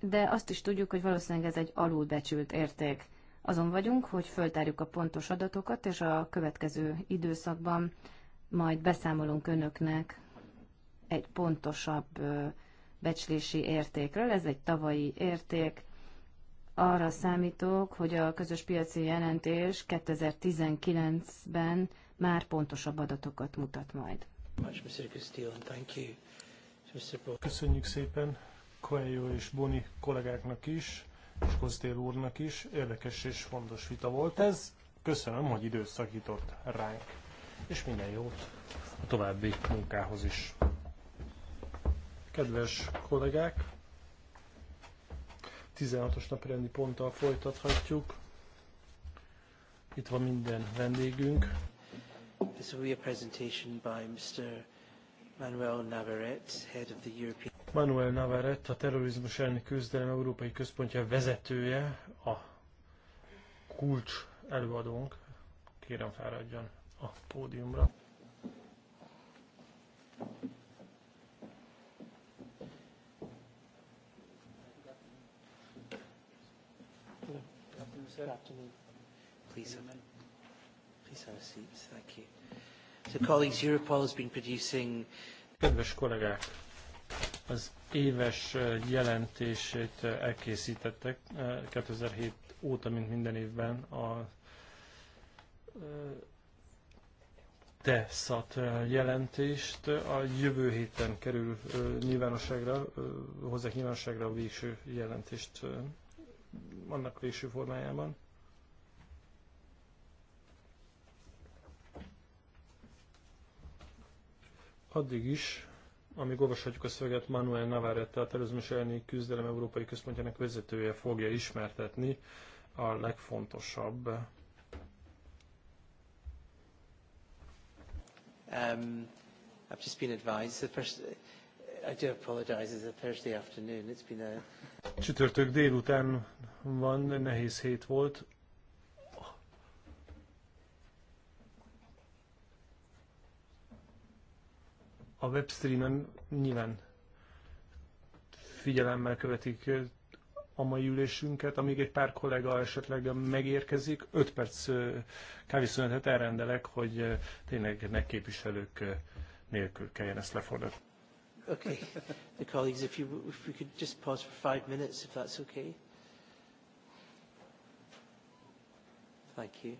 de azt is tudjuk, hogy valószínűleg ez egy alulbecsült érték. Azon vagyunk, hogy föltárjuk a pontos adatokat, és a következő időszakban majd beszámolunk önöknek egy pontosabb becslési értékről. Ez egy tavalyi érték, arra számítok, hogy a közös piaci jelentés 2019-ben már pontosabb adatokat mutat majd. Köszönjük szépen Coelho és Boni kollégáknak is, és Kozdél úrnak is. Érdekes és fontos vita volt ez. Köszönöm, hogy időt szakított ránk, és minden jót a további munkához is. Kedves kollégák, 16-os napirendi ponttal folytathatjuk. Itt van minden vendégünk. This will be a presentation by Mr. Manuel Navarrete, head of the European... Manuel Navarrete, a terrorizmus elleni küzdelem európai központja vezetője, a kulcs előadónk. Kérem fáradjon a pódiumra. Good afternoon. Please have, please have a seat. Thank you. So colleagues, Europol has been producing... Kedves kollégák, az éves jelentését elkészítettek 2007 óta, mint minden évben a TESZAT e jelentést. A jövő héten kerül nyilvánosságra, hozzák nyilvánosságra a végső jelentést annak véső formájában. Addig is, amíg olvashatjuk a szöveget, Manuel Navarrete, a terrorizmus elleni küzdelem Európai Központjának vezetője fogja ismertetni a legfontosabb um, I've just been advised the first, Csütörtök délután van, nehéz hét volt. A webstreamen nyilván figyelemmel követik a mai ülésünket, amíg egy pár kollega esetleg megérkezik, öt perc kávészünetet elrendelek, hogy tényleg ne képviselők nélkül kelljen ezt lefordítani. Okay. The colleagues, if, you, if we could just pause for five minutes, if that's okay. Thank you.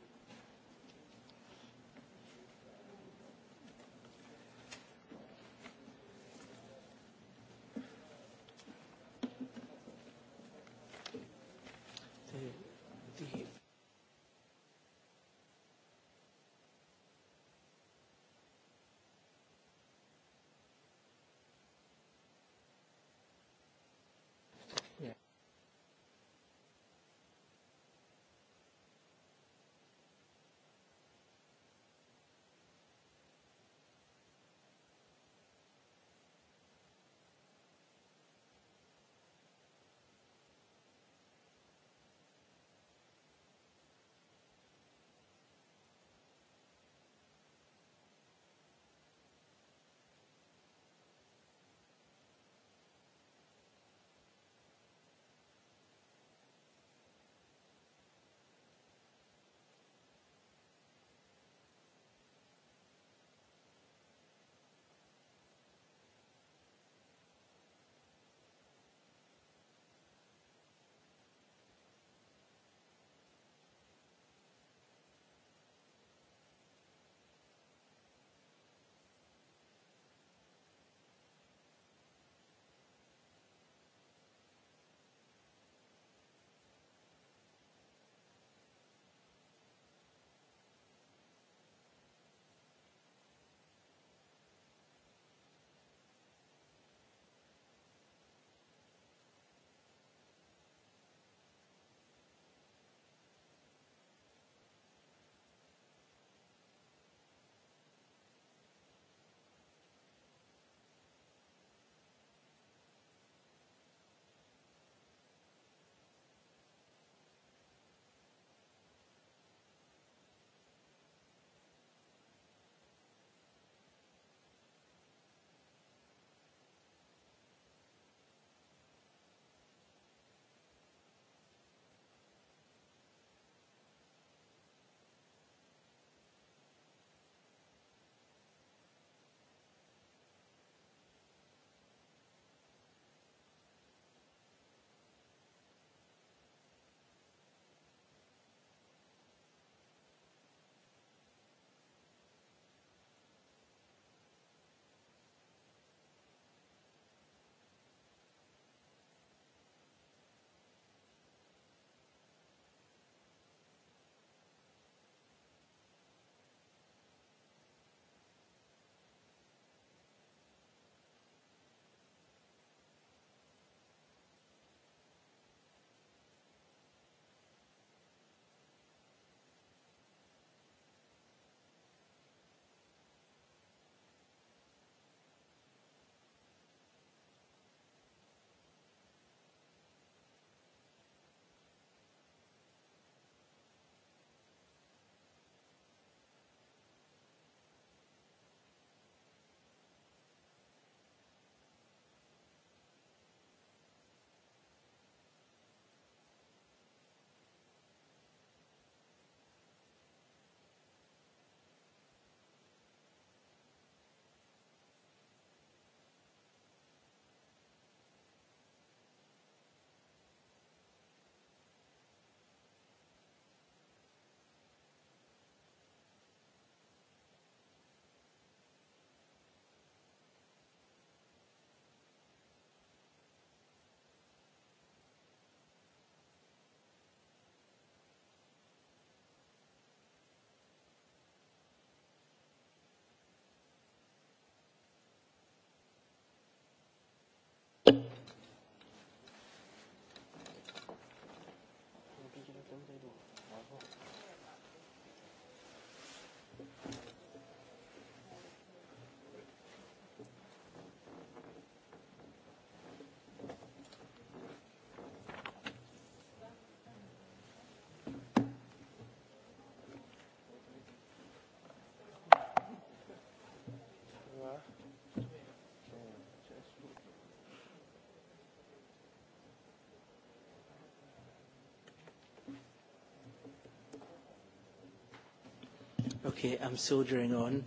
Okay, I'm soldering on.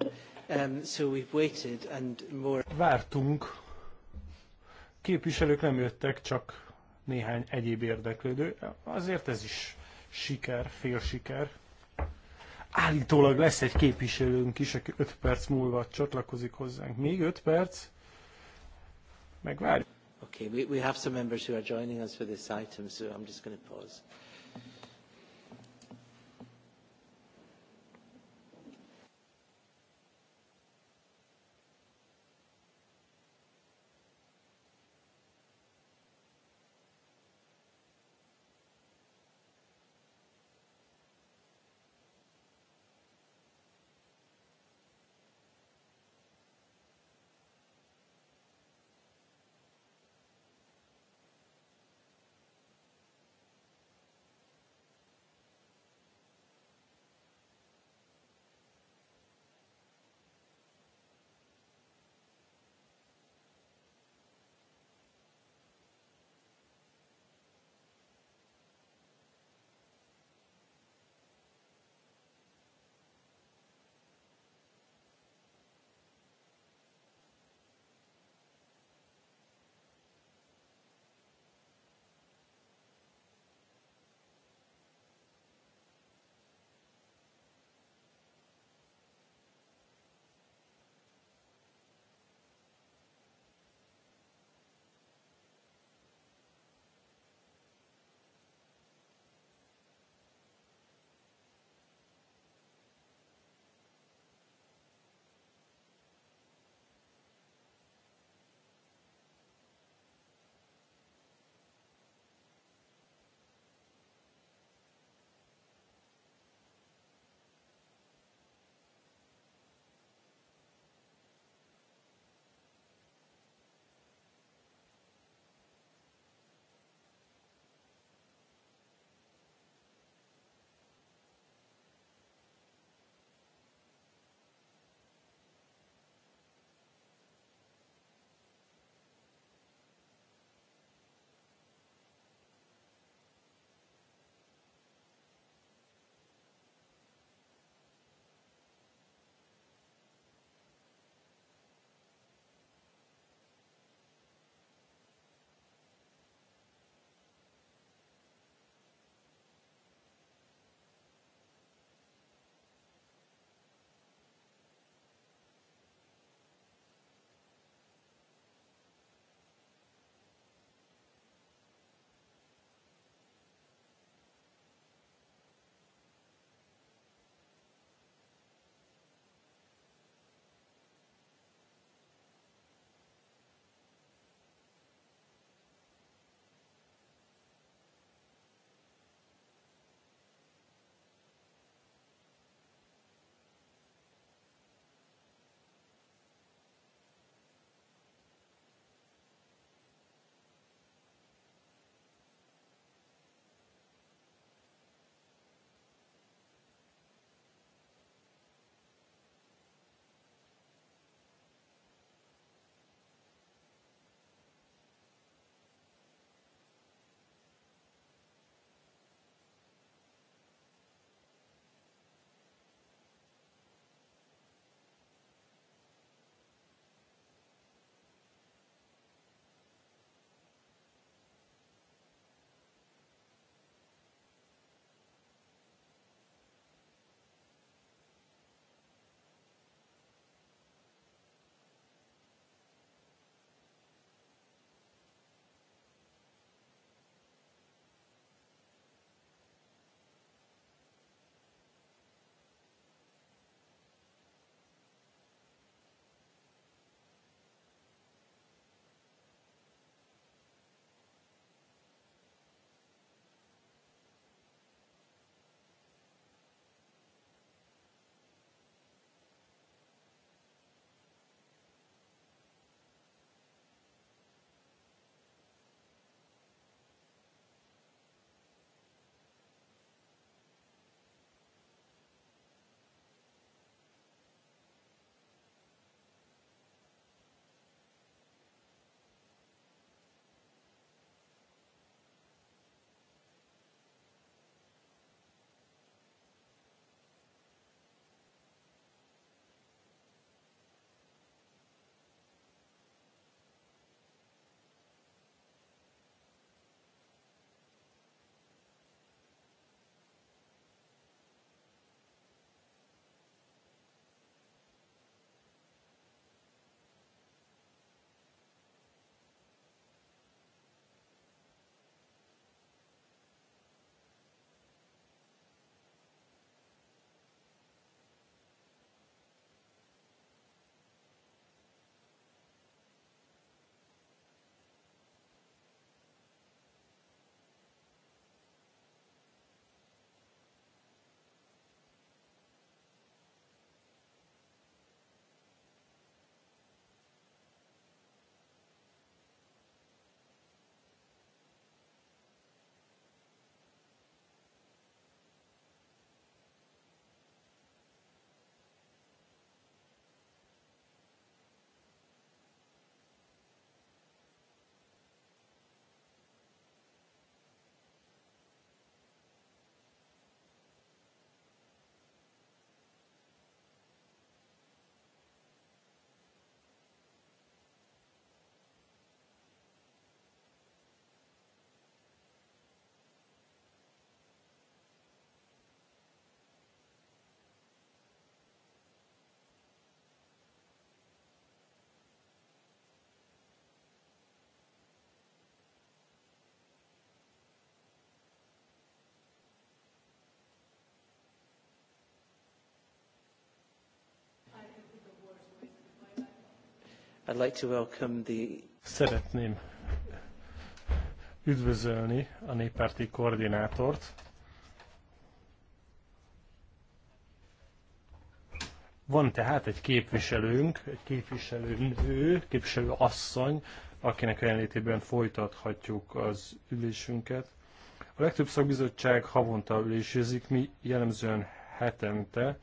Um, so we've waited and more... Vártunk. Képviselők nem jöttek, csak néhány egyéb érdeklődő. Azért ez is siker, fél siker. Állítólag lesz egy képviselőnk is, aki 5 perc múlva csatlakozik hozzánk. Még 5 perc? Megvárjuk. Okay, we, we have some members who are joining us for this item, so I'm just going to pause. Szeretném üdvözölni a néppárti koordinátort. Van tehát egy képviselőnk, egy képviselőnő, képviselő asszony, akinek jelenlétében folytathatjuk az ülésünket. A legtöbb szakbizottság havonta ülésézik, mi jellemzően hetente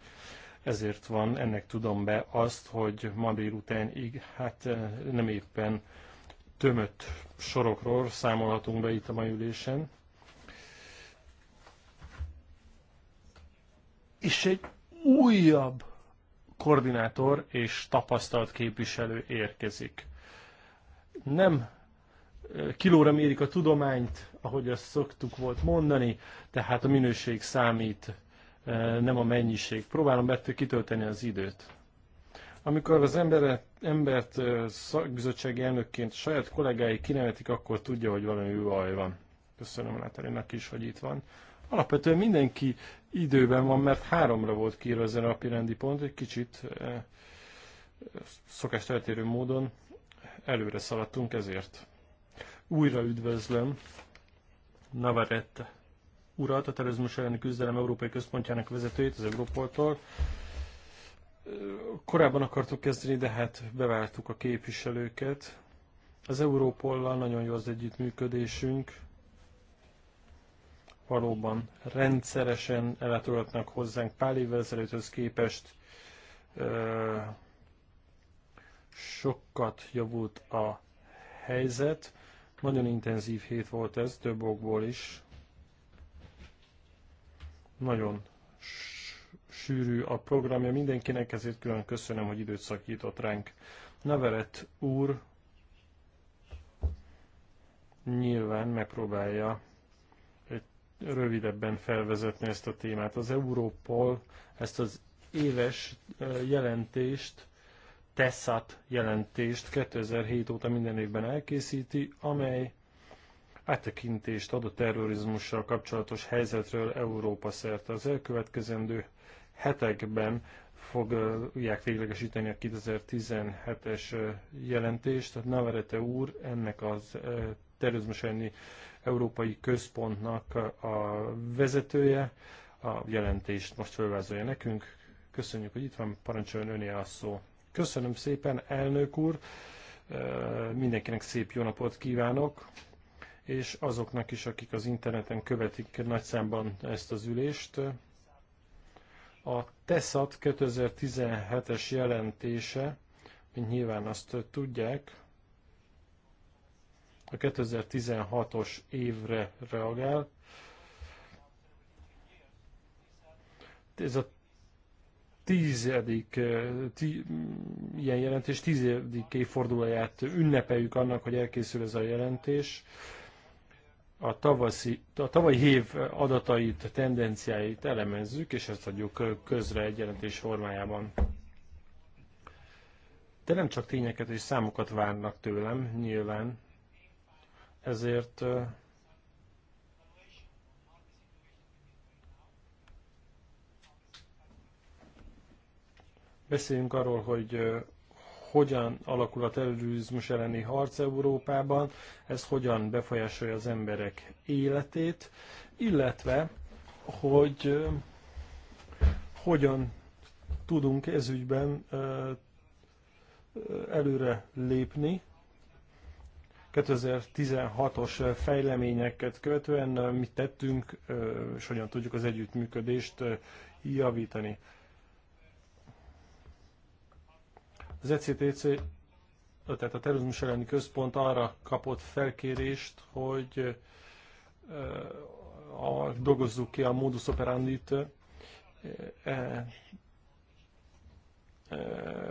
ezért van, ennek tudom be azt, hogy ma délutánig hát eh, nem éppen tömött sorokról számolhatunk be itt a mai ülésen. És egy újabb koordinátor és tapasztalt képviselő érkezik. Nem eh, kilóra mérik a tudományt, ahogy azt szoktuk volt mondani, tehát a minőség számít E, nem a mennyiség. Próbálom bettől kitölteni az időt. Amikor az emberet, embert e, szakbizottsági elnökként saját kollégái kinevetik, akkor tudja, hogy valami baj van. Köszönöm Natalinak is, hogy itt van. Alapvetően mindenki időben van, mert háromra volt kiírva ezen a napi pont, egy kicsit e, szokás eltérő módon előre szaladtunk ezért. Újra üdvözlöm Navarette urat, a terrorizmus elleni küzdelem Európai Központjának vezetőjét, az Európoltól. Korábban akartuk kezdeni, de hát beváltuk a képviselőket. Az Európollal nagyon jó az együttműködésünk. Valóban rendszeresen elátogatnak hozzánk pár évvel ezelőtthöz képest. Sokat javult a helyzet. Nagyon intenzív hét volt ez, több okból is. Nagyon sűrű a programja mindenkinek, ezért külön köszönöm, hogy időt szakított ránk. Neveret úr nyilván megpróbálja egy rövidebben felvezetni ezt a témát. Az Európol ezt az éves jelentést, TESZAT jelentést 2007 óta minden évben elkészíti, amely áttekintést ad a terrorizmussal kapcsolatos helyzetről Európa szerte. Az elkövetkezendő hetekben fogják véglegesíteni a 2017-es jelentést. Tehát Navarrete úr ennek az terrorizmus elleni európai központnak a vezetője. A jelentést most felvázolja nekünk. Köszönjük, hogy itt van, parancsoljon öné a szó. Köszönöm szépen, elnök úr! Mindenkinek szép jó napot kívánok! és azoknak is, akik az interneten követik nagy számban ezt az ülést. A e TESZAT 2017-es jelentése, mint nyilván azt tudják, a 2016-os évre reagál. Ez a tizedik, eh, tí, ilyen jelentés tizedik évfordulóját ünnepeljük annak, hogy elkészül ez a jelentés a, tavaszi, a tavalyi év adatait, tendenciáit elemezzük, és ezt adjuk közre egy jelentés formájában. De nem csak tényeket és számokat várnak tőlem, nyilván. Ezért beszéljünk arról, hogy hogyan alakul a terrorizmus elleni harc Európában, ez hogyan befolyásolja az emberek életét, illetve hogy hogyan tudunk ezügyben előre lépni. 2016-os fejleményeket követően mit tettünk, és hogyan tudjuk az együttműködést javítani. Az ECTC, tehát a terrorizmus elleni központ arra kapott felkérést, hogy a, dolgozzuk ki a modus operandit, e, e,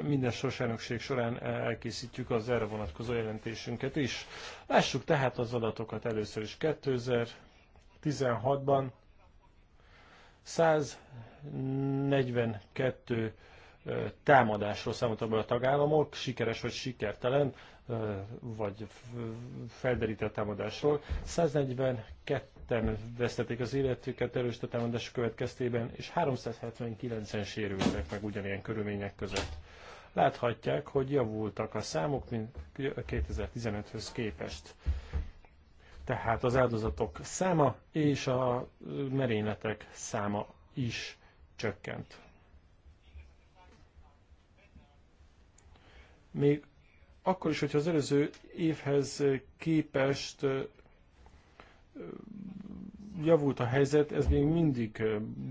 minden soros során elkészítjük az erre vonatkozó jelentésünket is. Lássuk tehát az adatokat először is. 2016-ban 142 támadásról számoltak be a tagállamok, sikeres vagy sikertelen, vagy felderített támadásról. 142-en vesztették az életüket erős támadás következtében, és 379-en sérültek meg ugyanilyen körülmények között. Láthatják, hogy javultak a számok, mint 2015-höz képest. Tehát az áldozatok száma és a merényletek száma is csökkent. még akkor is, hogyha az előző évhez képest javult a helyzet, ez még mindig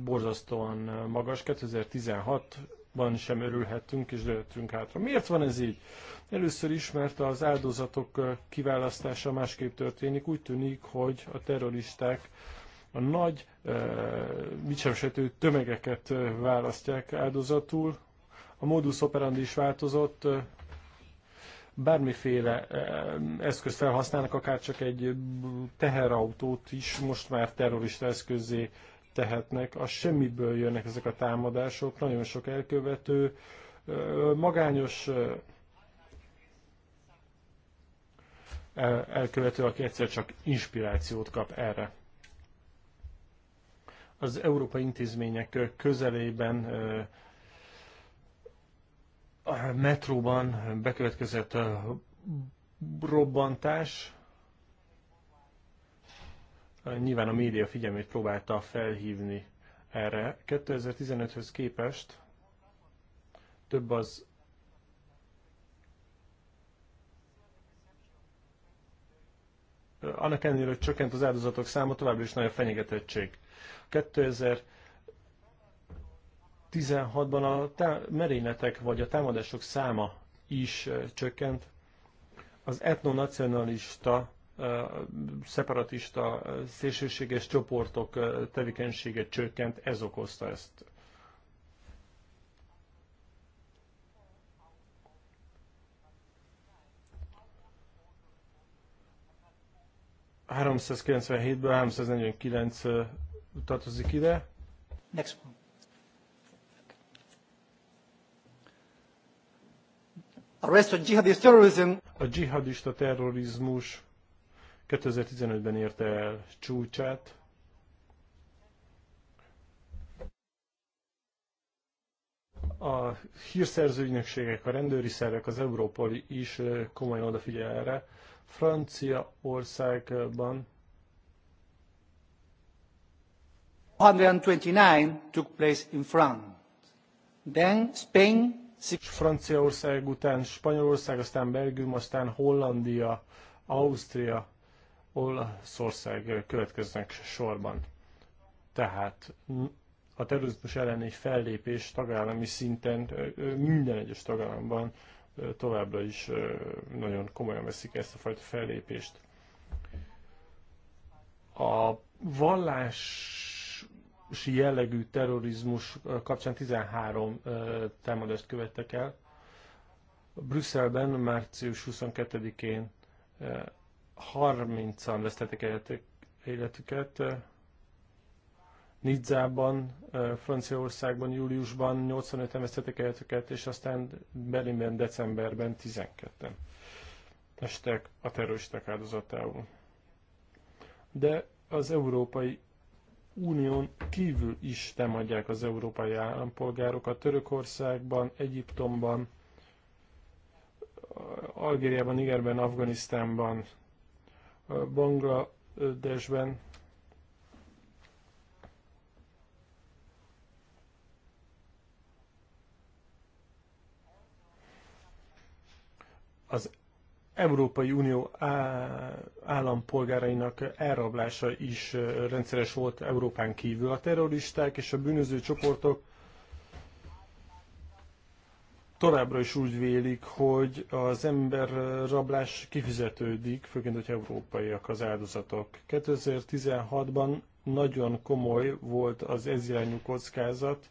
borzasztóan magas. 2016-ban sem örülhettünk és döntünk hátra. Miért van ez így? Először is, mert az áldozatok kiválasztása másképp történik. Úgy tűnik, hogy a terroristák a nagy, vicsemsető tömegeket választják áldozatul. A modus operandi is változott, bármiféle eh, eszközt felhasználnak, akár csak egy teherautót is most már terrorista eszközé tehetnek. A semmiből jönnek ezek a támadások, nagyon sok elkövető, eh, magányos eh, elkövető, aki egyszer csak inspirációt kap erre. Az európai intézmények közelében metróban bekövetkezett a robbantás. Nyilván a média figyelmét próbálta felhívni erre. 2015-höz képest több az annak ellenére, hogy csökkent az áldozatok száma, továbbra is nagy a fenyegetettség. 2000 16-ban a merényletek vagy a támadások száma is csökkent. Az etnonacionalista, szeparatista, szélsőséges csoportok tevékenysége csökkent, ez okozta ezt. ...397-ből 349 tartozik ide. Next one. jihadist A dzsihadista terrorizmus 2015-ben érte el csúcsát. A hírszerző ügynökségek, a rendőri szervek, az európai is komolyan odafigyel erre. Franciaországban 129 took place in France. Then Spain Franciaország után Spanyolország, aztán Belgium, aztán Hollandia, Ausztria, Olaszország következnek sorban. Tehát a terrorizmus elleni fellépés tagállami szinten minden egyes tagállamban továbbra is nagyon komolyan veszik ezt a fajta fellépést. A vallás jellegű terrorizmus kapcsán 13 támadást követtek el. Brüsszelben március 22-én 30-an vesztettek életüket, Nidzában, Franciaországban júliusban 85-en vesztettek életüket, és aztán Berlinben decemberben 12-en estek a terroristák áldozatául. De az európai Unión kívül is támadják az európai állampolgárokat Törökországban, Egyiptomban, Algériában, Nigerben, Afganisztánban, Bangladesben, az Európai Unió állampolgárainak elrablása is rendszeres volt Európán kívül. A terroristák és a bűnöző csoportok továbbra is úgy vélik, hogy az ember rablás kifizetődik, főként, hogy európaiak az áldozatok. 2016-ban nagyon komoly volt az ez irányú kockázat,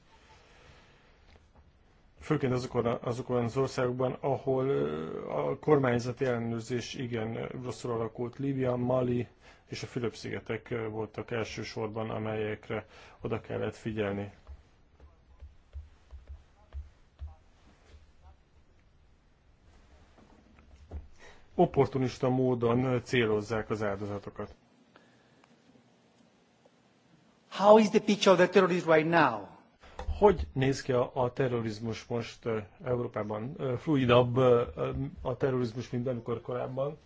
főként azokon, azokon az országokban, ahol a kormányzati ellenőrzés igen rosszul alakult. Líbia, Mali és a Fülöp-szigetek voltak elsősorban, amelyekre oda kellett figyelni. Opportunista módon célozzák az áldozatokat. How is the picture of the terrorists right now? Hogy néz ki a, a terrorizmus most Európában? Fluidabb a terrorizmus, mint amikor korábban?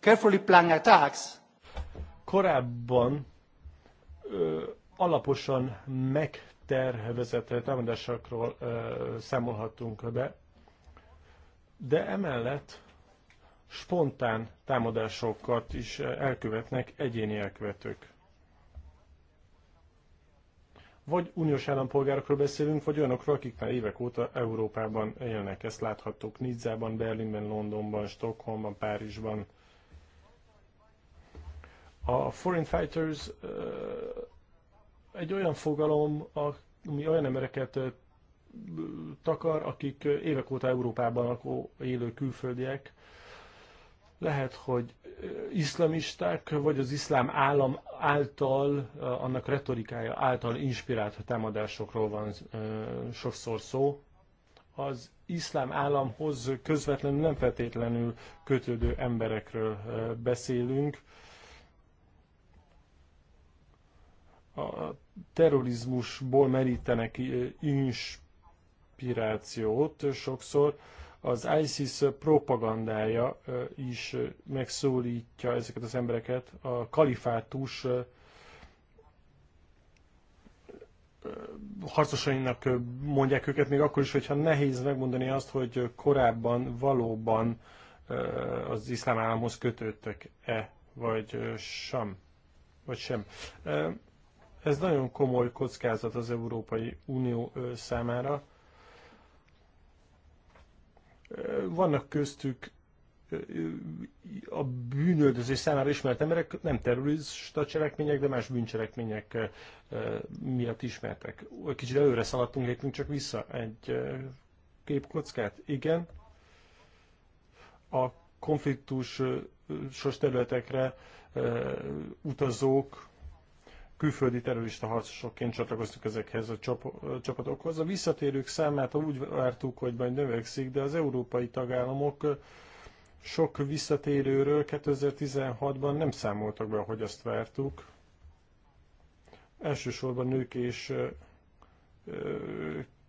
Carefully planned attacks. Korábban ö, alaposan megtervezett támadásokról ö, számolhattunk be, de emellett spontán támadásokat is elkövetnek egyéni elkövetők. Vagy uniós állampolgárokról beszélünk, vagy olyanokról, akik már évek óta Európában élnek. Ezt láthattuk Nizzában, Berlinben, Londonban, Stockholmban, Párizsban. A foreign fighters eh, egy olyan fogalom, ami olyan embereket eh, takar, akik évek óta Európában lakó élő külföldiek. Lehet, hogy iszlamisták, vagy az iszlám állam által, annak retorikája által inspirált támadásokról van sokszor szó. Az iszlám államhoz közvetlenül nem feltétlenül kötődő emberekről beszélünk. A terrorizmusból merítenek inspirációt sokszor, az ISIS propagandája is megszólítja ezeket az embereket a kalifátus harcosainak mondják őket, még akkor is, hogyha nehéz megmondani azt, hogy korábban valóban az iszlám államhoz kötődtek-e, vagy sem. Vagy sem. Ez nagyon komoly kockázat az Európai Unió számára vannak köztük a bűnöldözés számára ismert emberek nem terrorista cselekmények, de más bűncselekmények miatt ismertek. Kicsit előre szaladtunk, lépünk csak vissza egy képkockát. Igen, a konfliktusos területekre utazók külföldi terrorista harcosokként csatlakoztuk ezekhez a csapatokhoz. A visszatérők számát úgy vártuk, hogy majd növekszik, de az európai tagállamok sok visszatérőről 2016-ban nem számoltak be, ahogy azt vártuk. Elsősorban nők és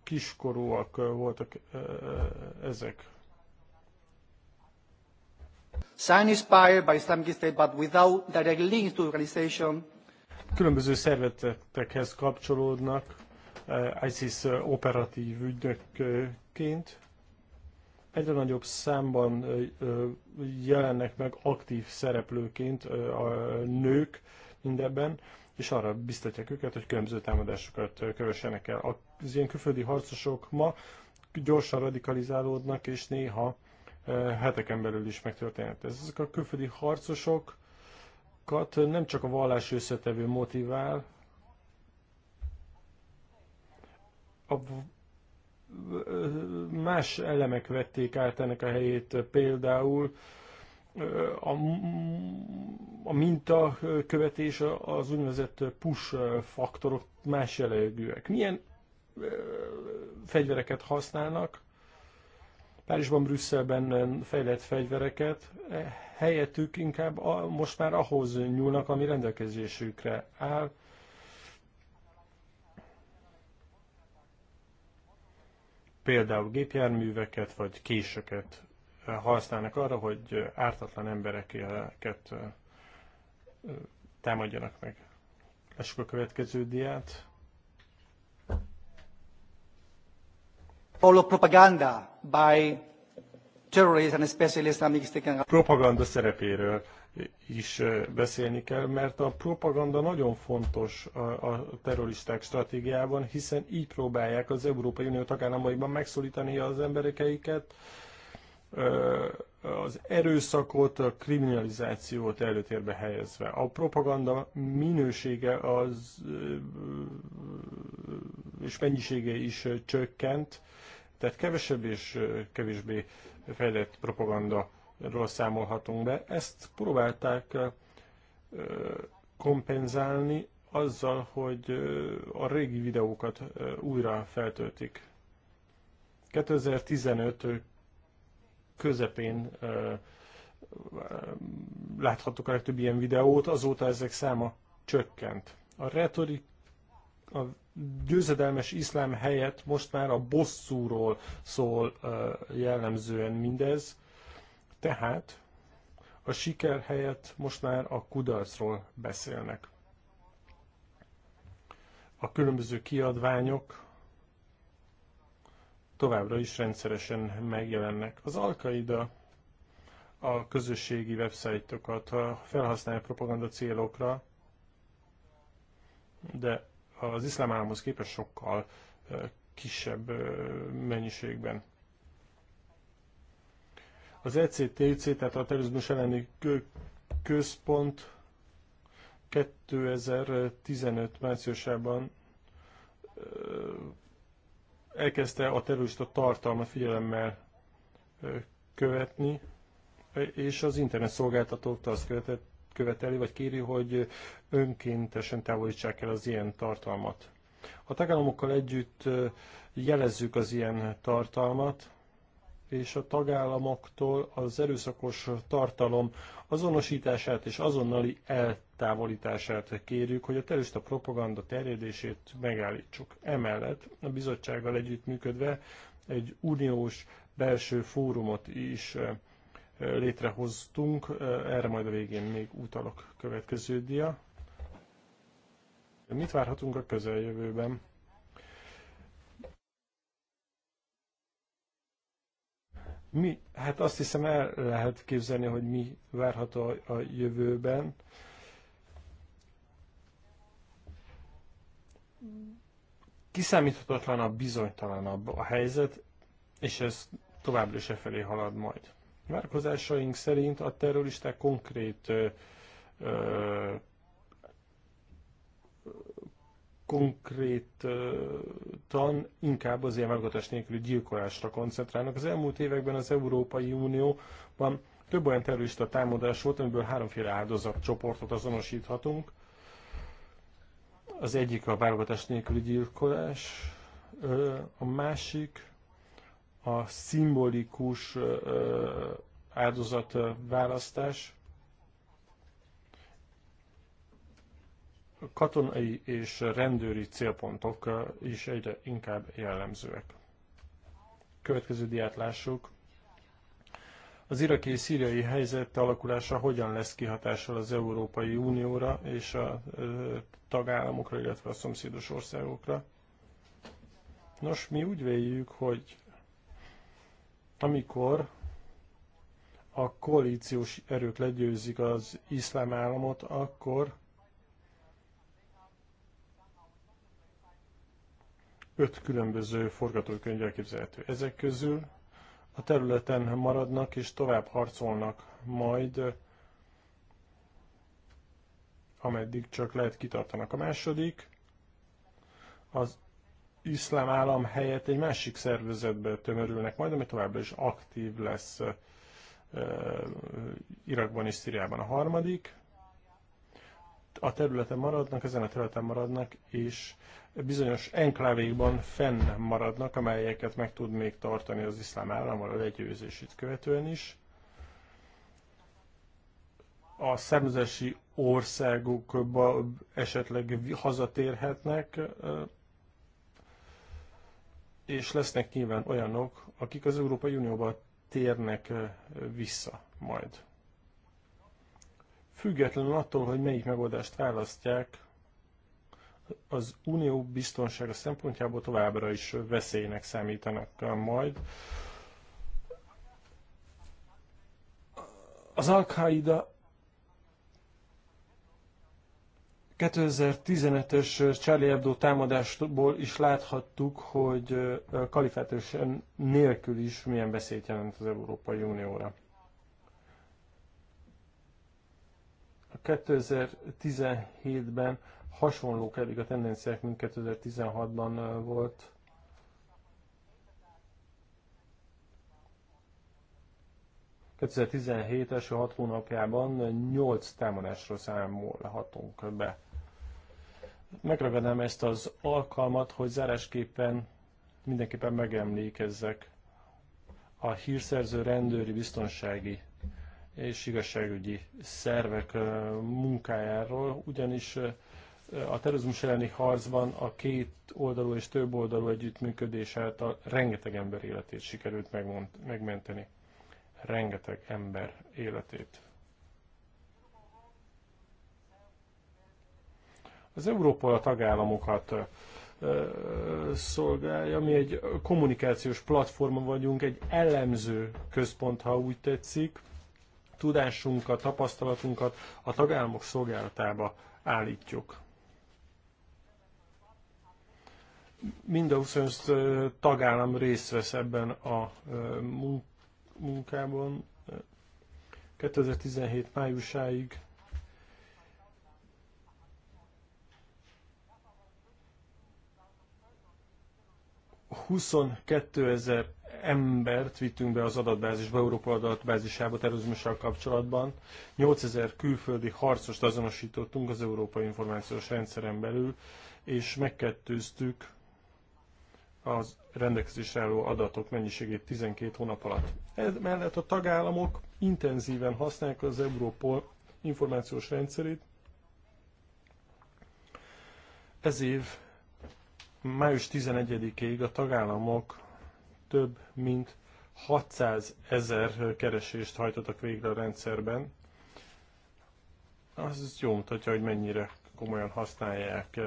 kiskorúak voltak ezek. Sign inspired by Islamic State, but without direct links to organization Különböző szervezetekhez kapcsolódnak, eh, ISIS eh, operatív ügynökként. Egyre nagyobb számban eh, jelennek meg aktív szereplőként a nők mindebben, és arra biztatják őket, hogy különböző támadásokat kövessenek el. Az ilyen külföldi harcosok ma gyorsan radikalizálódnak, és néha heteken belül is megtörténhet ez. Ezek a külföldi harcosok Európaiakat nem csak a vallás összetevő motivál, a más elemek vették át ennek a helyét, például a, a minta követés az úgynevezett push faktorok más jellegűek. Milyen fegyvereket használnak? Párizsban, Brüsszelben fejlett fegyvereket helyettük inkább a, most már ahhoz nyúlnak, ami rendelkezésükre áll. Például gépjárműveket vagy késeket használnak arra, hogy ártatlan embereket támadjanak meg. Lássuk a következő diát. Paulo propaganda by Propaganda szerepéről is beszélni kell, mert a propaganda nagyon fontos a terroristák stratégiában, hiszen így próbálják az Európai Unió tagállamaiban megszólítani az emberekeiket, az erőszakot, a kriminalizációt előtérbe helyezve. A propaganda minősége az és mennyisége is csökkent, tehát kevesebb és kevésbé fejlett ról számolhatunk be. Ezt próbálták kompenzálni azzal, hogy a régi videókat újra feltöltik. 2015 közepén láthattuk a legtöbb ilyen videót, azóta ezek száma csökkent. A retorik, a győzedelmes iszlám helyett most már a bosszúról szól jellemzően mindez, tehát a siker helyett most már a kudarcról beszélnek. A különböző kiadványok továbbra is rendszeresen megjelennek. Az Alkaida a közösségi websájtokat felhasználja propaganda célokra, de az iszlám államhoz képest sokkal kisebb mennyiségben. Az ECTC, tehát a terrorizmus elleni központ 2015 márciusában elkezdte a terrorista tartalma figyelemmel követni, és az internet szolgáltatóktól azt követett, követeli vagy kéri, hogy önkéntesen távolítsák el az ilyen tartalmat. A tagállamokkal együtt jelezzük az ilyen tartalmat, és a tagállamoktól az erőszakos tartalom azonosítását és azonnali eltávolítását kérjük, hogy a terrorista propaganda terjedését megállítsuk. Emellett a bizottsággal együttműködve egy uniós belső fórumot is létrehoztunk. Erre majd a végén még utalok következő dia. Mit várhatunk a közeljövőben? Mi, hát azt hiszem el lehet képzelni, hogy mi várható a jövőben. Kiszámíthatatlanabb, bizonytalanabb a helyzet, és ez továbbra is e felé halad majd. Várkozásaink szerint a terroristák konkrét ö, ö, konkrétan inkább az ilyen válogatás nélküli gyilkolásra koncentrálnak. Az elmúlt években az Európai Unióban több olyan terrorista támadás volt, amiből háromféle áldozat csoportot azonosíthatunk. Az egyik a válogatás nélküli gyilkolás, a másik a szimbolikus áldozatválasztás katonai és rendőri célpontok is egyre inkább jellemzőek. Következő diát lássuk. Az iraki és szíriai helyzet alakulása hogyan lesz kihatással az Európai Unióra és a tagállamokra, illetve a szomszédos országokra? Nos, mi úgy véljük, hogy amikor a koalíciós erők legyőzik az iszlám államot, akkor 5 különböző forgatókönyv elképzelhető. Ezek közül a területen maradnak és tovább harcolnak majd, ameddig csak lehet kitartanak. A második az iszlám állam helyett egy másik szervezetbe tömörülnek majd, ami továbbra is aktív lesz Irakban és Szíriában a harmadik. A területen maradnak, ezen a területen maradnak, és bizonyos enklávékban fenn maradnak, amelyeket meg tud még tartani az iszlám állam a legyőzését követően is. A származási országukba esetleg hazatérhetnek, és lesznek nyilván olyanok, akik az Európai Unióba térnek eh, vissza majd. Függetlenül attól, hogy melyik megoldást választják, az unió biztonsága szempontjából továbbra is veszélynek számítanak eh, majd. Az Al-Qaida 2015-ös Charlie Hebdo támadásból is láthattuk, hogy kalifátus nélkül is milyen veszélyt jelent az Európai Unióra. A 2017-ben hasonló pedig a tendenciák, mint 2016-ban volt. ...2017 első hat hónapjában 8 támadásról számolhatunk be megragadnám ezt az alkalmat, hogy zárásképpen mindenképpen megemlékezzek a hírszerző rendőri biztonsági és igazságügyi szervek munkájáról, ugyanis a terrorizmus elleni harcban a két oldalú és több oldalú együttműködés által rengeteg ember életét sikerült megmenteni. Rengeteg ember életét. Az Európa a tagállamokat szolgálja. Mi egy kommunikációs platforma vagyunk, egy elemző központ, ha úgy tetszik. Tudásunkat, tapasztalatunkat a tagállamok szolgálatába állítjuk. Mind a 25 tagállam részt vesz ebben a munkában. 2017 májusáig 22 ezer embert vittünk be az adatbázisba, Európa adatbázisába terrorizmussal kapcsolatban. ezer külföldi harcost azonosítottunk az Európai Információs Rendszeren belül, és megkettőztük az rendelkezésre álló adatok mennyiségét 12 hónap alatt. Ez mellett a tagállamok intenzíven használják az Európol információs rendszerét. Ez év május 11-ig a tagállamok több mint 600 ezer keresést hajtottak végre a rendszerben. Az jó mutatja, hogy mennyire komolyan használják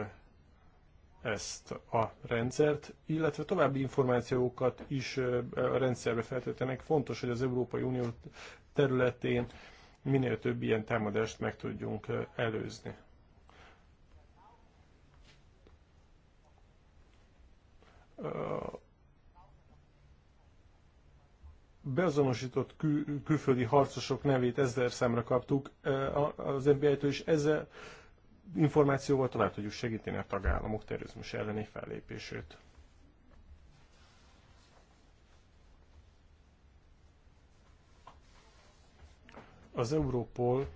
ezt a rendszert, illetve további információkat is a rendszerbe feltétlenek. Fontos, hogy az Európai Unió területén minél több ilyen támadást meg tudjunk előzni. beazonosított kül, külföldi harcosok nevét ezer szemre kaptuk az FBI-től, és ezzel információval tovább tudjuk segíteni a tagállamok terrorizmus elleni fellépését. Az Európol,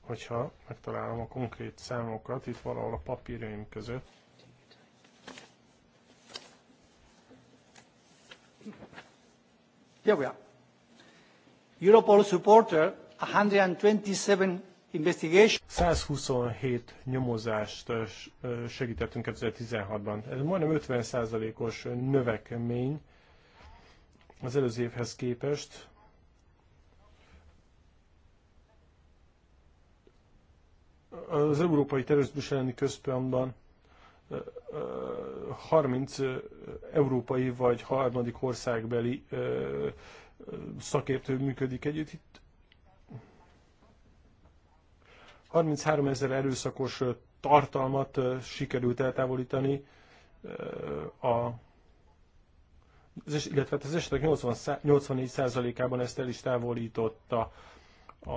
hogyha megtalálom a konkrét számokat, itt valahol a papírjaim között, Here we are. Europol supporter 127 investigation. 127 nyomozást segítettünk 2016-ban. Ez majdnem 50%-os növekmény az előző évhez képest. Az Európai Terrorizmus elleni központban 30 európai vagy harmadik országbeli szakértő működik együtt. Itt 33 ezer erőszakos tartalmat sikerült eltávolítani a illetve hát az esetek 80, 84%-ában ezt el is távolította a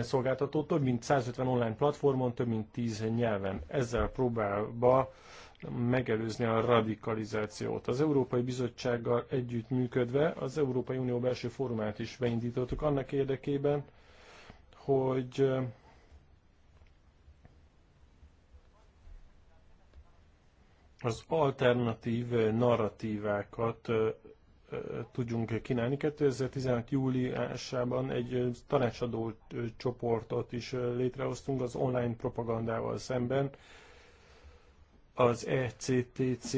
szolgáltató több mint 150 online platformon, több mint 10 nyelven. Ezzel próbálva megelőzni a radikalizációt. Az Európai Bizottsággal együttműködve az Európai Unió belső fórumát is beindítottuk annak érdekében, hogy az alternatív narratívákat tudjunk kínálni. 2016 júliusában egy tanácsadó csoportot is létrehoztunk az online propagandával szemben. Az ECTC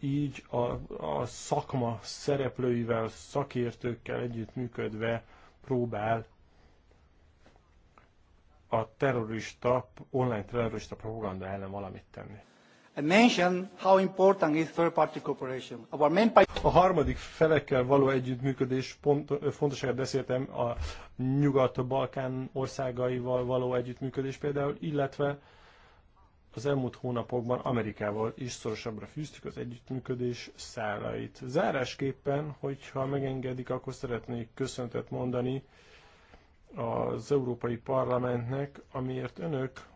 így a, a szakma szereplőivel, szakértőkkel együttműködve próbál a terrorista, online terrorista propaganda ellen valamit tenni a harmadik felekkel való együttműködés fontosságát beszéltem a Nyugat-Balkán országaival való együttműködés például, illetve az elmúlt hónapokban Amerikával is szorosabbra fűztük az együttműködés szálait. Zárásképpen, hogyha megengedik, akkor szeretnék köszöntet mondani az Európai Parlamentnek, amiért önök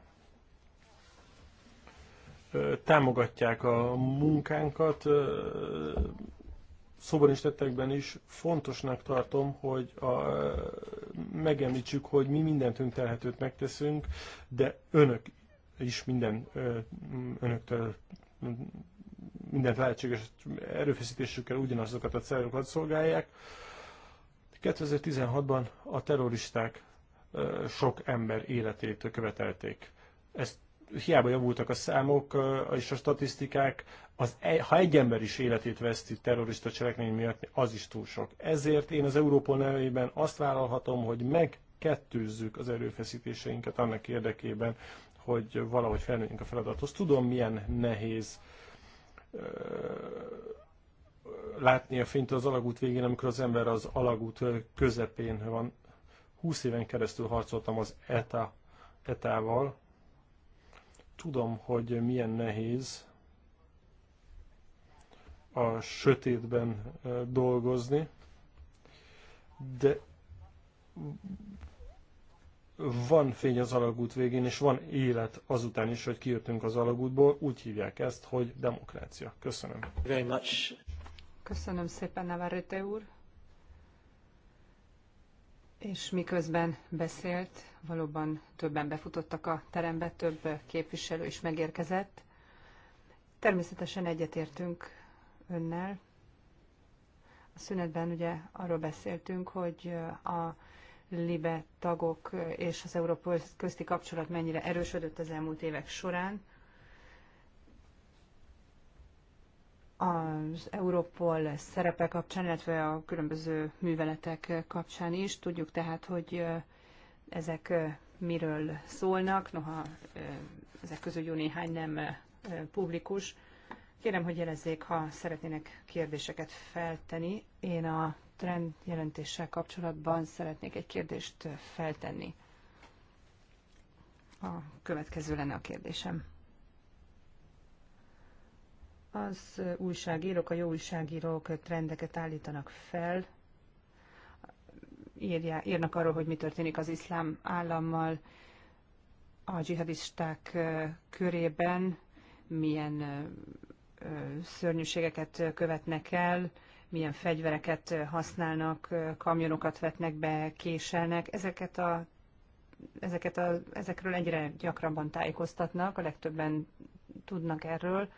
támogatják a munkánkat. Szóban is tettekben is fontosnak tartom, hogy a, megemlítsük, hogy mi mindentünk telhetőt megteszünk, de önök is minden önöktől mindent lehetséges erőfeszítésükkel ugyanazokat a célokat szolgálják. 2016-ban a terroristák sok ember életét követelték. Ezt hiába javultak a számok és a statisztikák, az, ha egy ember is életét veszti terrorista cselekmény miatt, az is túl sok. Ezért én az Európa nevében azt vállalhatom, hogy megkettőzzük az erőfeszítéseinket annak érdekében, hogy valahogy felnőjünk a feladathoz. Tudom, milyen nehéz látni a fényt az alagút végén, amikor az ember az alagút közepén van. 20 éven keresztül harcoltam az ETA-val, Tudom, hogy milyen nehéz a sötétben dolgozni, de van fény az alagút végén, és van élet azután is, hogy kijöttünk az alagútból. Úgy hívják ezt, hogy demokrácia. Köszönöm. Very much. Köszönöm szépen, Navarrete úr. És miközben beszélt, valóban többen befutottak a terembe, több képviselő is megérkezett. Természetesen egyetértünk önnel. A szünetben ugye arról beszéltünk, hogy a libe tagok és az Európa közti kapcsolat mennyire erősödött az elmúlt évek során. az Europol szerepe kapcsán, illetve a különböző műveletek kapcsán is. Tudjuk tehát, hogy ezek miről szólnak, noha ezek közül jó néhány nem publikus. Kérem, hogy jelezzék, ha szeretnének kérdéseket feltenni. Én a trend jelentéssel kapcsolatban szeretnék egy kérdést feltenni. A következő lenne a kérdésem az újságírók, a jó újságírók trendeket állítanak fel, írja, írnak arról, hogy mi történik az iszlám állammal, a dzsihadisták körében, milyen szörnyűségeket követnek el, milyen fegyvereket használnak, kamionokat vetnek be, késelnek. Ezeket a, ezeket a, ezekről egyre gyakrabban tájékoztatnak, a legtöbben tudnak erről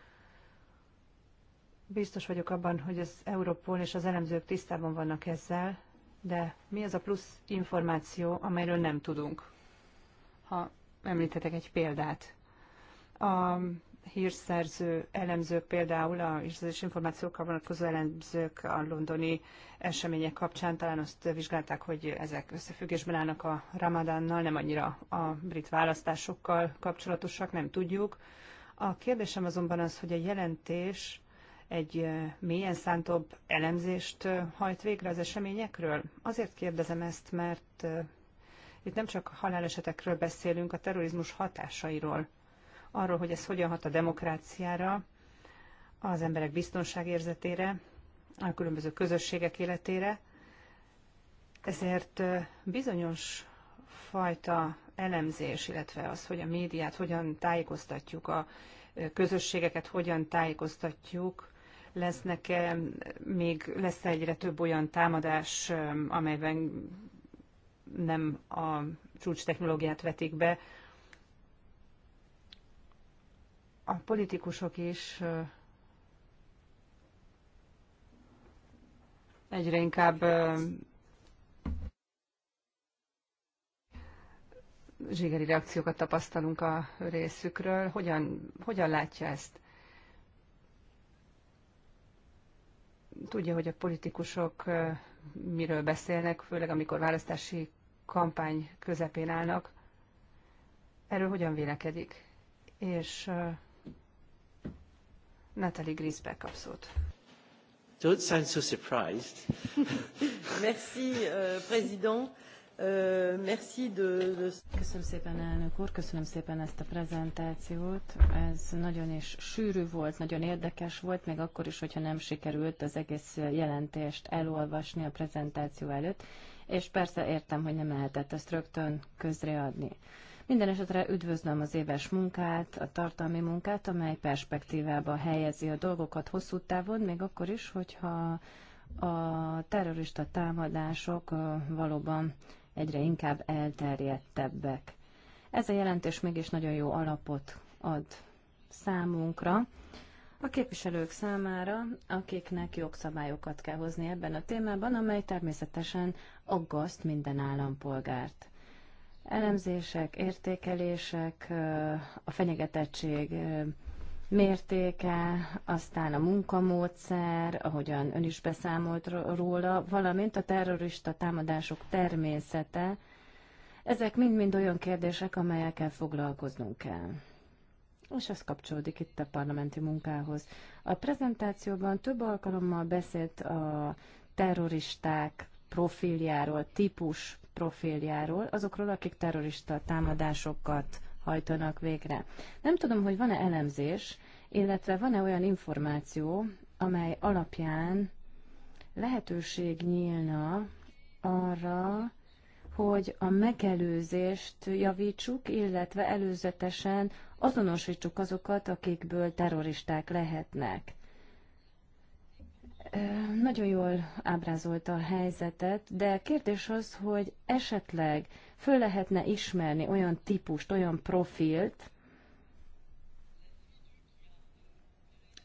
Biztos vagyok abban, hogy az Európol és az elemzők tisztában vannak ezzel, de mi az a plusz információ, amelyről nem tudunk? Ha említhetek egy példát. A hírszerző elemzők például, a, és az információkkal vonatkozó elemzők a londoni események kapcsán talán azt vizsgálták, hogy ezek összefüggésben állnak a ramadánnal, nem annyira a brit választásokkal kapcsolatosak, nem tudjuk. A kérdésem azonban az, hogy a jelentés egy mélyen szántóbb elemzést hajt végre az eseményekről? Azért kérdezem ezt, mert itt nem csak halálesetekről beszélünk, a terrorizmus hatásairól, arról, hogy ez hogyan hat a demokráciára, az emberek biztonságérzetére, a különböző közösségek életére. Ezért bizonyos fajta elemzés, illetve az, hogy a médiát hogyan tájékoztatjuk, a közösségeket hogyan tájékoztatjuk, lesznek-e, még lesz -e egyre több olyan támadás, amelyben nem a csúcs technológiát vetik be. A politikusok is egyre inkább zsigeri reakciókat tapasztalunk a részükről. Hogyan, hogyan látja ezt? tudja, hogy a politikusok miről beszélnek, főleg amikor választási kampány közepén állnak. Erről hogyan vélekedik? És uh, Natalie Grisbeck kap szót. Don't sound so surprised. Merci, uh, président merci de, Köszönöm szépen, elnök úr, köszönöm szépen ezt a prezentációt. Ez nagyon is sűrű volt, nagyon érdekes volt, még akkor is, hogyha nem sikerült az egész jelentést elolvasni a prezentáció előtt, és persze értem, hogy nem lehetett ezt rögtön közreadni. Minden esetre üdvözlöm az éves munkát, a tartalmi munkát, amely perspektívába helyezi a dolgokat hosszú távon, még akkor is, hogyha a terrorista támadások valóban egyre inkább elterjedtebbek. Ez a jelentés mégis nagyon jó alapot ad számunkra, a képviselők számára, akiknek jogszabályokat kell hozni ebben a témában, amely természetesen aggaszt minden állampolgárt. Elemzések, értékelések, a fenyegetettség mértéke, aztán a munkamódszer, ahogyan ön is beszámolt róla, valamint a terrorista támadások természete, ezek mind-mind olyan kérdések, amelyekkel foglalkoznunk kell. És ez kapcsolódik itt a parlamenti munkához. A prezentációban több alkalommal beszélt a terroristák profiljáról, típus profiljáról, azokról, akik terrorista támadásokat hajtanak végre. Nem tudom, hogy van-e elemzés, illetve van-e olyan információ, amely alapján lehetőség nyílna arra, hogy a megelőzést javítsuk, illetve előzetesen azonosítsuk azokat, akikből terroristák lehetnek nagyon jól ábrázolta a helyzetet, de kérdés az, hogy esetleg föl lehetne ismerni olyan típust, olyan profilt,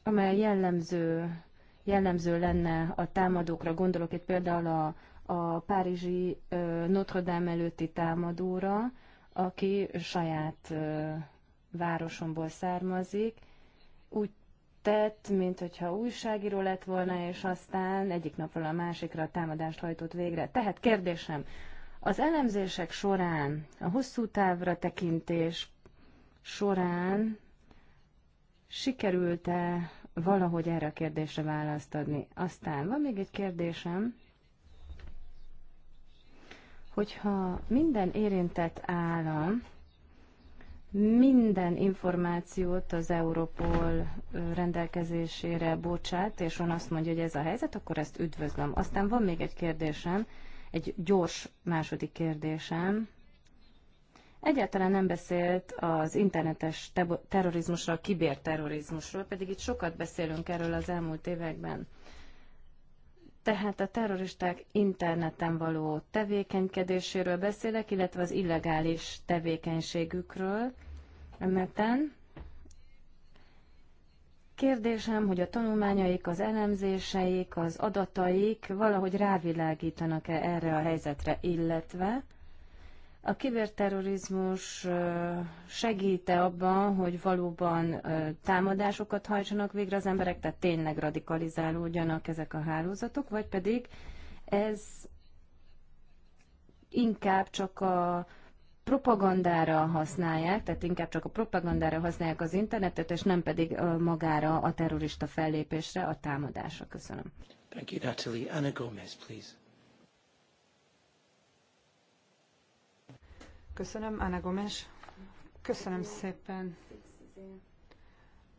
amely jellemző, jellemző lenne a támadókra, gondolok itt például a, a párizsi Notre Dame előtti támadóra, aki saját városomból származik, úgy tett, mint hogyha újságíró lett volna, és aztán egyik napról a másikra a támadást hajtott végre. Tehát kérdésem, az elemzések során, a hosszú távra tekintés során sikerült-e valahogy erre a kérdésre választ adni? Aztán van még egy kérdésem, hogyha minden érintett állam minden információt az Európol rendelkezésére bocsát, és on azt mondja, hogy ez a helyzet, akkor ezt üdvözlöm. Aztán van még egy kérdésem, egy gyors második kérdésem. Egyáltalán nem beszélt az internetes terrorizmusról, kiberterrorizmusról, pedig itt sokat beszélünk erről az elmúlt években. Tehát a terroristák interneten való tevékenykedéséről beszélek, illetve az illegális tevékenységükről a neten. Kérdésem, hogy a tanulmányaik, az elemzéseik, az adataik valahogy rávilágítanak-e erre a helyzetre, illetve a kiberterrorizmus segíte abban, hogy valóban támadásokat hajtsanak végre az emberek, tehát tényleg radikalizálódjanak ezek a hálózatok, vagy pedig ez inkább csak a propagandára használják, tehát inkább csak a propagandára használják az internetet, és nem pedig magára a terrorista fellépésre, a támadásra. Köszönöm. Thank you, Natalie. Anna Gomez, please. Köszönöm, Ana Gomes. Köszönöm szépen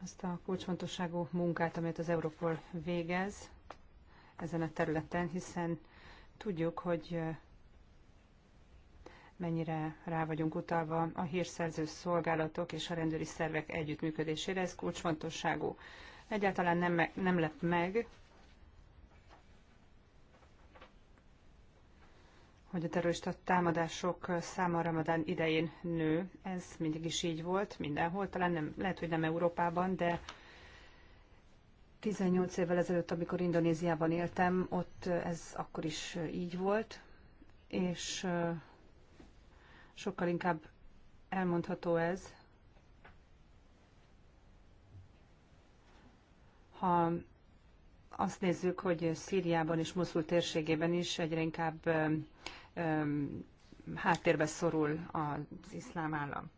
azt a kulcsfontosságú munkát, amit az Európol végez ezen a területen, hiszen tudjuk, hogy mennyire rá vagyunk utalva a hírszerző szolgálatok és a rendőri szervek együttműködésére. Ez kulcsfontosságú. Egyáltalán nem, nem lep meg, hogy a terrorista támadások száma Ramadán idején nő. Ez mindig is így volt, mindenhol. Talán nem, lehet, hogy nem Európában, de 18 évvel ezelőtt, amikor Indonéziában éltem, ott ez akkor is így volt, és sokkal inkább elmondható ez, ha azt nézzük, hogy Szíriában és Moszul térségében is egyre inkább háttérbe szorul az iszlám állam.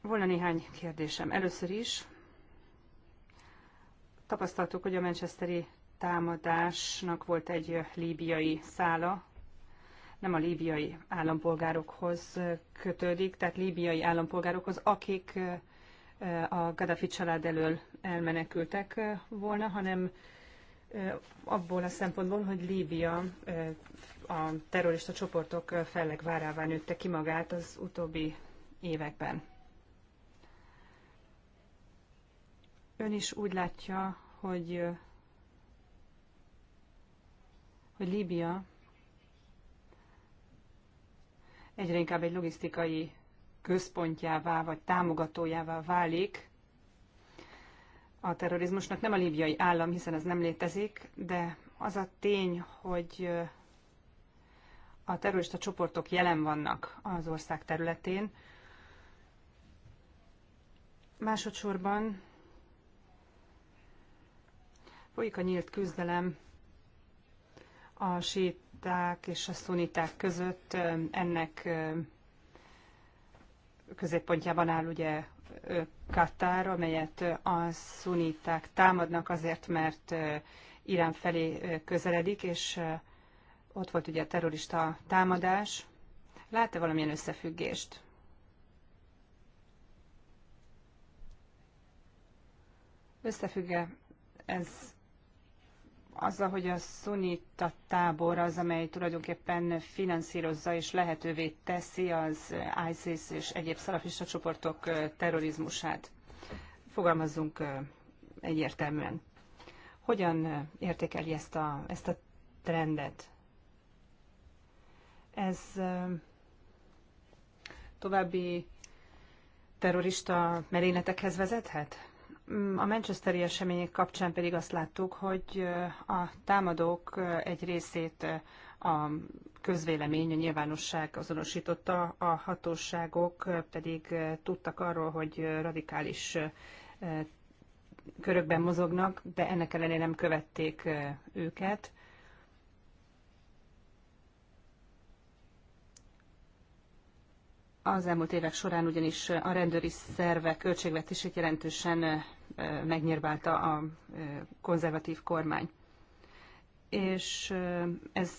Volna néhány kérdésem. Először is tapasztaltuk, hogy a manchesteri támadásnak volt egy líbiai szála, nem a líbiai állampolgárokhoz kötődik, tehát líbiai állampolgárokhoz, akik eh, a Gaddafi család elől elmenekültek eh, volna, hanem abból a szempontból, hogy Líbia a terrorista csoportok fellegvárává nőtte ki magát az utóbbi években. Ön is úgy látja, hogy, hogy Líbia egyre inkább egy logisztikai központjává vagy támogatójává válik a terrorizmusnak, nem a líbiai állam, hiszen ez nem létezik, de az a tény, hogy a terrorista csoportok jelen vannak az ország területén. Másodszorban folyik a nyílt küzdelem a síták és a szuniták között. Ennek középpontjában áll ugye Katár, amelyet a szuniták támadnak azért, mert Irán felé közeledik, és ott volt ugye a terrorista támadás. Lát-e valamilyen összefüggést? Összefügge ez azzal, hogy a szunita tábor az, amely tulajdonképpen finanszírozza és lehetővé teszi az ISIS és egyéb szalafista csoportok terrorizmusát. Fogalmazzunk egyértelműen. Hogyan értékeli ezt a, ezt a trendet? Ez további terrorista merényletekhez vezethet? Mm, a Manchesteri események kapcsán pedig azt láttuk, hogy a támadók egy részét a közvélemény, a nyilvánosság azonosította, a hatóságok pedig tudtak arról, hogy radikális körökben mozognak, de ennek ellenére nem követték őket. Az elmúlt évek során ugyanis a rendőri szervek költségvetését jelentősen megnyírbálta a konzervatív kormány. És ez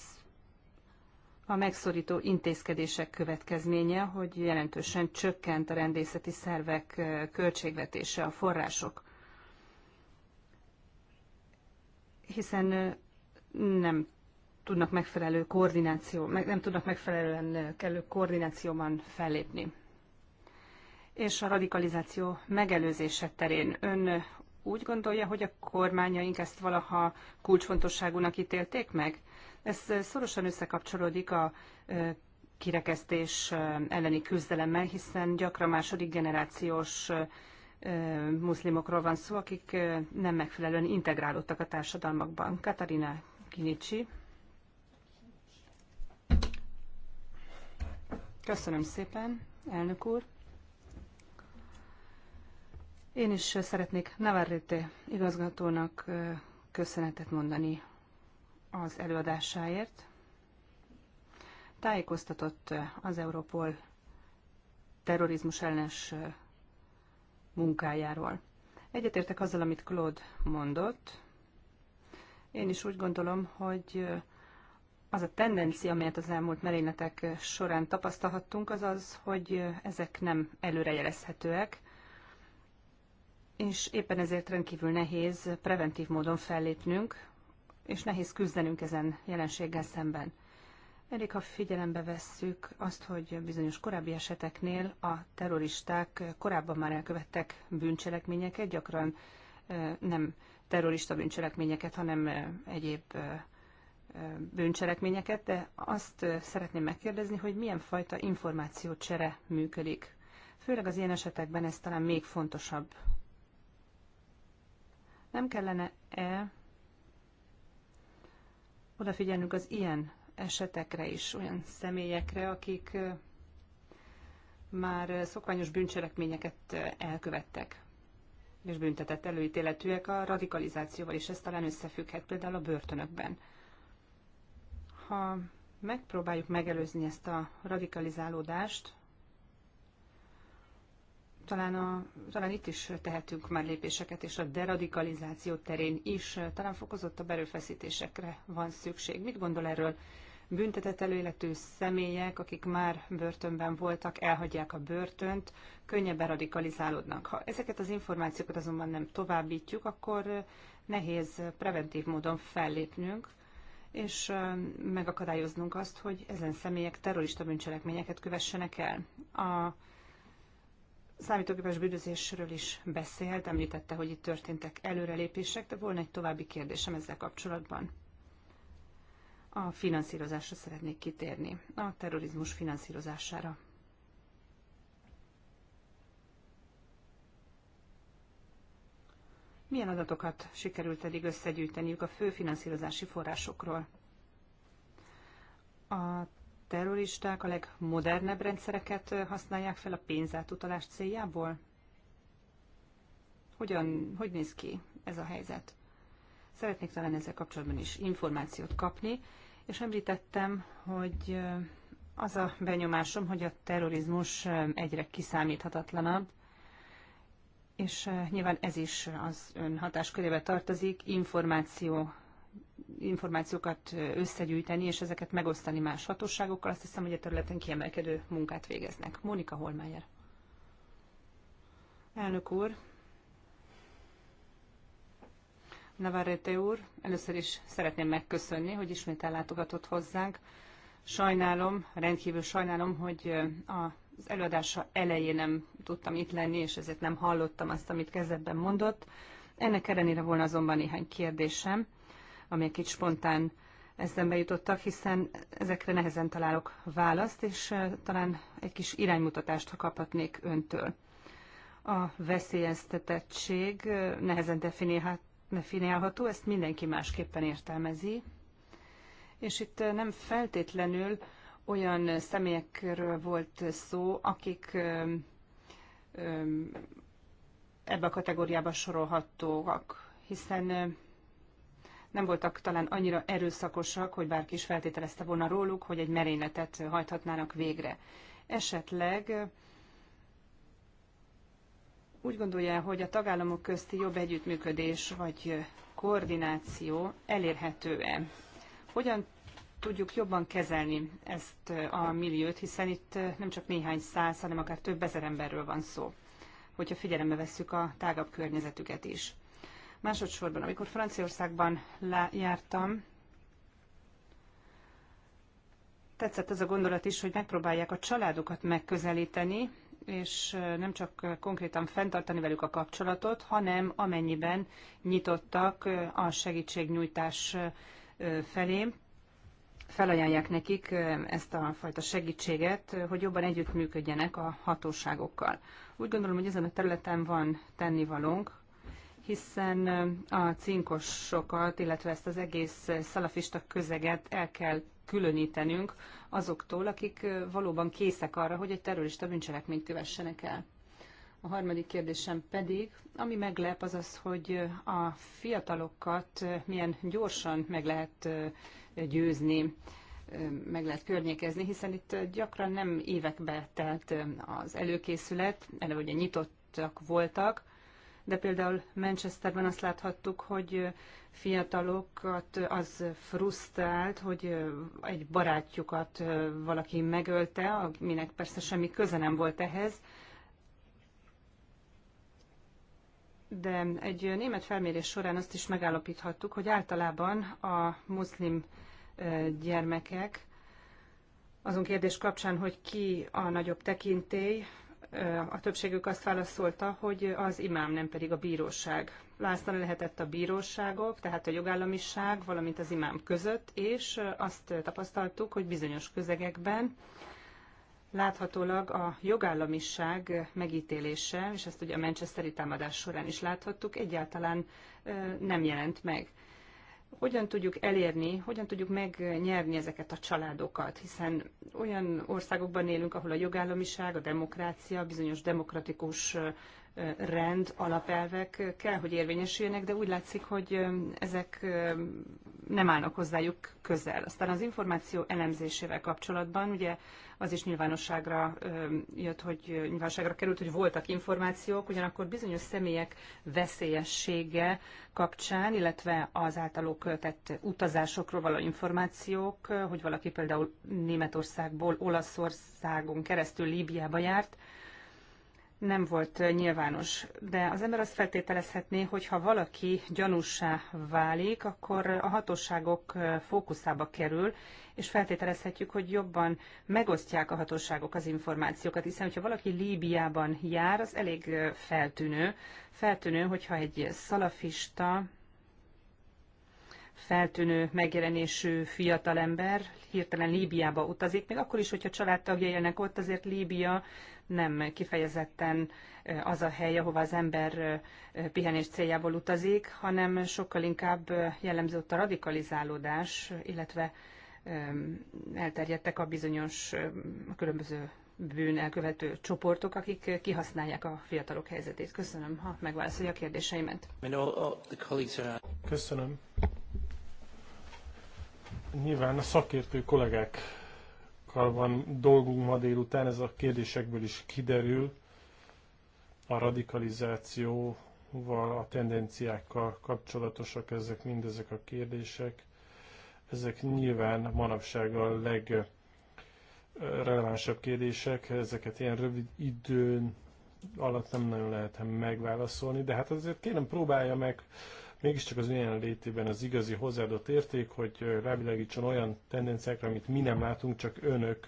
a megszorító intézkedések következménye, hogy jelentősen csökkent a rendészeti szervek költségvetése, a források. Hiszen nem tudnak megfelelő koordináció, nem tudnak megfelelően kellő koordinációban fellépni. És a radikalizáció megelőzése terén ön úgy gondolja, hogy a kormányaink ezt valaha kulcsfontosságúnak ítélték meg? Ez szorosan összekapcsolódik a kirekesztés elleni küzdelemmel, hiszen gyakran második generációs muszlimokról van szó, akik nem megfelelően integrálódtak a társadalmakban. Katarina Kinicsi. Köszönöm szépen, elnök úr. Én is szeretnék Navarrete igazgatónak köszönetet mondani az előadásáért. Tájékoztatott az Európol terrorizmus ellenes munkájáról. Egyetértek azzal, amit Claude mondott. Én is úgy gondolom, hogy az a tendencia, amelyet az elmúlt merényletek során tapasztalhattunk, az az, hogy ezek nem előrejelezhetőek, és éppen ezért rendkívül nehéz preventív módon fellépnünk, és nehéz küzdenünk ezen jelenséggel szemben. Elég, ha figyelembe vesszük azt, hogy bizonyos korábbi eseteknél a terroristák korábban már elkövettek bűncselekményeket, gyakran eh, nem terrorista bűncselekményeket, hanem eh, egyéb eh, bűncselekményeket, de azt szeretném megkérdezni, hogy milyen fajta információcsere működik. Főleg az ilyen esetekben ez talán még fontosabb. Nem kellene-e odafigyelnünk az ilyen esetekre is, olyan személyekre, akik már szokványos bűncselekményeket elkövettek és büntetett előítéletűek a radikalizációval, és ez talán összefügghet például a börtönökben ha megpróbáljuk megelőzni ezt a radikalizálódást, talán, a, talán itt is tehetünk már lépéseket, és a deradikalizáció terén is talán fokozottabb erőfeszítésekre van szükség. Mit gondol erről? Büntetett előéletű személyek, akik már börtönben voltak, elhagyják a börtönt, könnyebben radikalizálódnak. Ha ezeket az információkat azonban nem továbbítjuk, akkor nehéz preventív módon fellépnünk, és megakadályoznunk azt, hogy ezen személyek terrorista bűncselekményeket kövessenek el. A számítógépes bűnözésről is beszélt, említette, hogy itt történtek előrelépések, de volna egy további kérdésem ezzel kapcsolatban. A finanszírozásra szeretnék kitérni, a terrorizmus finanszírozására. Milyen adatokat sikerült eddig összegyűjteniük a fő finanszírozási forrásokról? A terroristák a legmodernebb rendszereket használják fel a pénzátutalás céljából? Hogyan, hogy néz ki ez a helyzet? Szeretnék talán ezzel kapcsolatban is információt kapni, és említettem, hogy az a benyomásom, hogy a terrorizmus egyre kiszámíthatatlanabb, és eh, nyilván ez is az ön hatáskörébe tartozik, információ, információkat eh, összegyűjteni, és ezeket megosztani más hatóságokkal. Azt hiszem, hogy a területen kiemelkedő munkát végeznek. Mónika Holmeyer. Elnök úr, Navarrete úr, először is szeretném megköszönni, hogy ismét ellátogatott hozzánk. Sajnálom, rendkívül sajnálom, hogy eh, a az előadása elején nem tudtam itt lenni, és ezért nem hallottam azt, amit kezdetben mondott. Ennek ellenére volna azonban néhány kérdésem, amelyek itt spontán eszembe jutottak, hiszen ezekre nehezen találok választ, és eh, talán egy kis iránymutatást kaphatnék öntől. A veszélyeztetettség eh, nehezen definiálható, ezt mindenki másképpen értelmezi, és itt eh, nem feltétlenül olyan személyekről volt szó, akik ebbe a kategóriába sorolhatóak, hiszen nem voltak talán annyira erőszakosak, hogy bárki is feltételezte volna róluk, hogy egy merényletet hajthatnának végre. Esetleg úgy gondolja, hogy a tagállamok közti jobb együttműködés vagy koordináció elérhető-e? Hogyan tudjuk jobban kezelni ezt eh, a milliót, hiszen itt eh, nem csak néhány száz, hanem akár több ezer emberről van szó, hogyha figyelembe vesszük a tágabb környezetüket is. Másodszorban, amikor Franciaországban jártam, tetszett az a gondolat is, hogy megpróbálják a családokat megközelíteni, és eh, nem csak konkrétan fenntartani velük a kapcsolatot, hanem amennyiben nyitottak a segítségnyújtás felé, felajánlják nekik ezt a fajta segítséget, hogy jobban együttműködjenek a hatóságokkal. Úgy gondolom, hogy ezen a területen van tennivalónk, hiszen a cinkosokat, illetve ezt az egész szalafista közeget el kell különítenünk azoktól, akik valóban készek arra, hogy egy terrorista bűncselekményt kövessenek el. A harmadik kérdésem pedig, ami meglep, az az, hogy a fiatalokat milyen gyorsan meg lehet győzni, meg lehet környékezni, hiszen itt gyakran nem évekbe telt az előkészület, eleve ugye nyitottak voltak, de például Manchesterben azt láthattuk, hogy fiatalokat az frusztrált, hogy egy barátjukat valaki megölte, aminek persze semmi köze nem volt ehhez, de egy német felmérés során azt is megállapíthattuk, hogy általában a muszlim gyermekek azon kérdés kapcsán, hogy ki a nagyobb tekintély, a többségük azt válaszolta, hogy az imám, nem pedig a bíróság. Lászlán lehetett a bíróságok, tehát a jogállamiság, valamint az imám között, és azt tapasztaltuk, hogy bizonyos közegekben láthatólag a jogállamiság megítélése, és ezt ugye a Manchesteri támadás során is láthattuk, egyáltalán nem jelent meg. Hogyan tudjuk elérni, hogyan tudjuk megnyerni ezeket a családokat, hiszen olyan országokban élünk, ahol a jogállamiság, a demokrácia, bizonyos demokratikus rend, alapelvek kell, hogy érvényesüljenek, de úgy látszik, hogy um, ezek um, nem állnak hozzájuk közel. Aztán az információ elemzésével kapcsolatban ugye az is nyilvánosságra um, jött, hogy uh, nyilvánosságra került, hogy voltak információk, ugyanakkor bizonyos személyek veszélyessége kapcsán, illetve az általuk tett utazásokról való információk, uh, hogy valaki például Németországból Olaszországon keresztül Líbiába járt, nem volt nyilvános. De az ember azt feltételezhetné, hogy ha valaki gyanúsá válik, akkor a hatóságok fókuszába kerül, és feltételezhetjük, hogy jobban megosztják a hatóságok az információkat, hiszen hogyha valaki Líbiában jár, az elég feltűnő. Feltűnő, hogyha egy szalafista feltűnő megjelenésű fiatalember hirtelen Líbiába utazik, még akkor is, hogyha családtagja élnek ott, azért Líbia nem kifejezetten eh, az a hely, ahova az ember eh, pihenés céljából utazik, hanem sokkal inkább eh, jellemző ott a radikalizálódás, illetve elterjedtek a bizonyos a különböző bűn elkövető csoportok, akik kihasználják a fiatalok helyzetét. Köszönöm, ha megválaszolja a kérdéseimet. Köszönöm. Nyilván a szakértő kollégákkal van dolgunk ma délután, ez a kérdésekből is kiderül a radikalizációval, a tendenciákkal kapcsolatosak ezek mindezek a kérdések. Ezek nyilván manapság a legrelevánsabb kérdések, ezeket ilyen rövid időn alatt nem nagyon lehet megválaszolni, de hát azért kérem próbálja meg mégiscsak az ilyen létében az igazi hozzáadott érték, hogy rávilágítson olyan tendenciákra, amit mi nem látunk, csak önök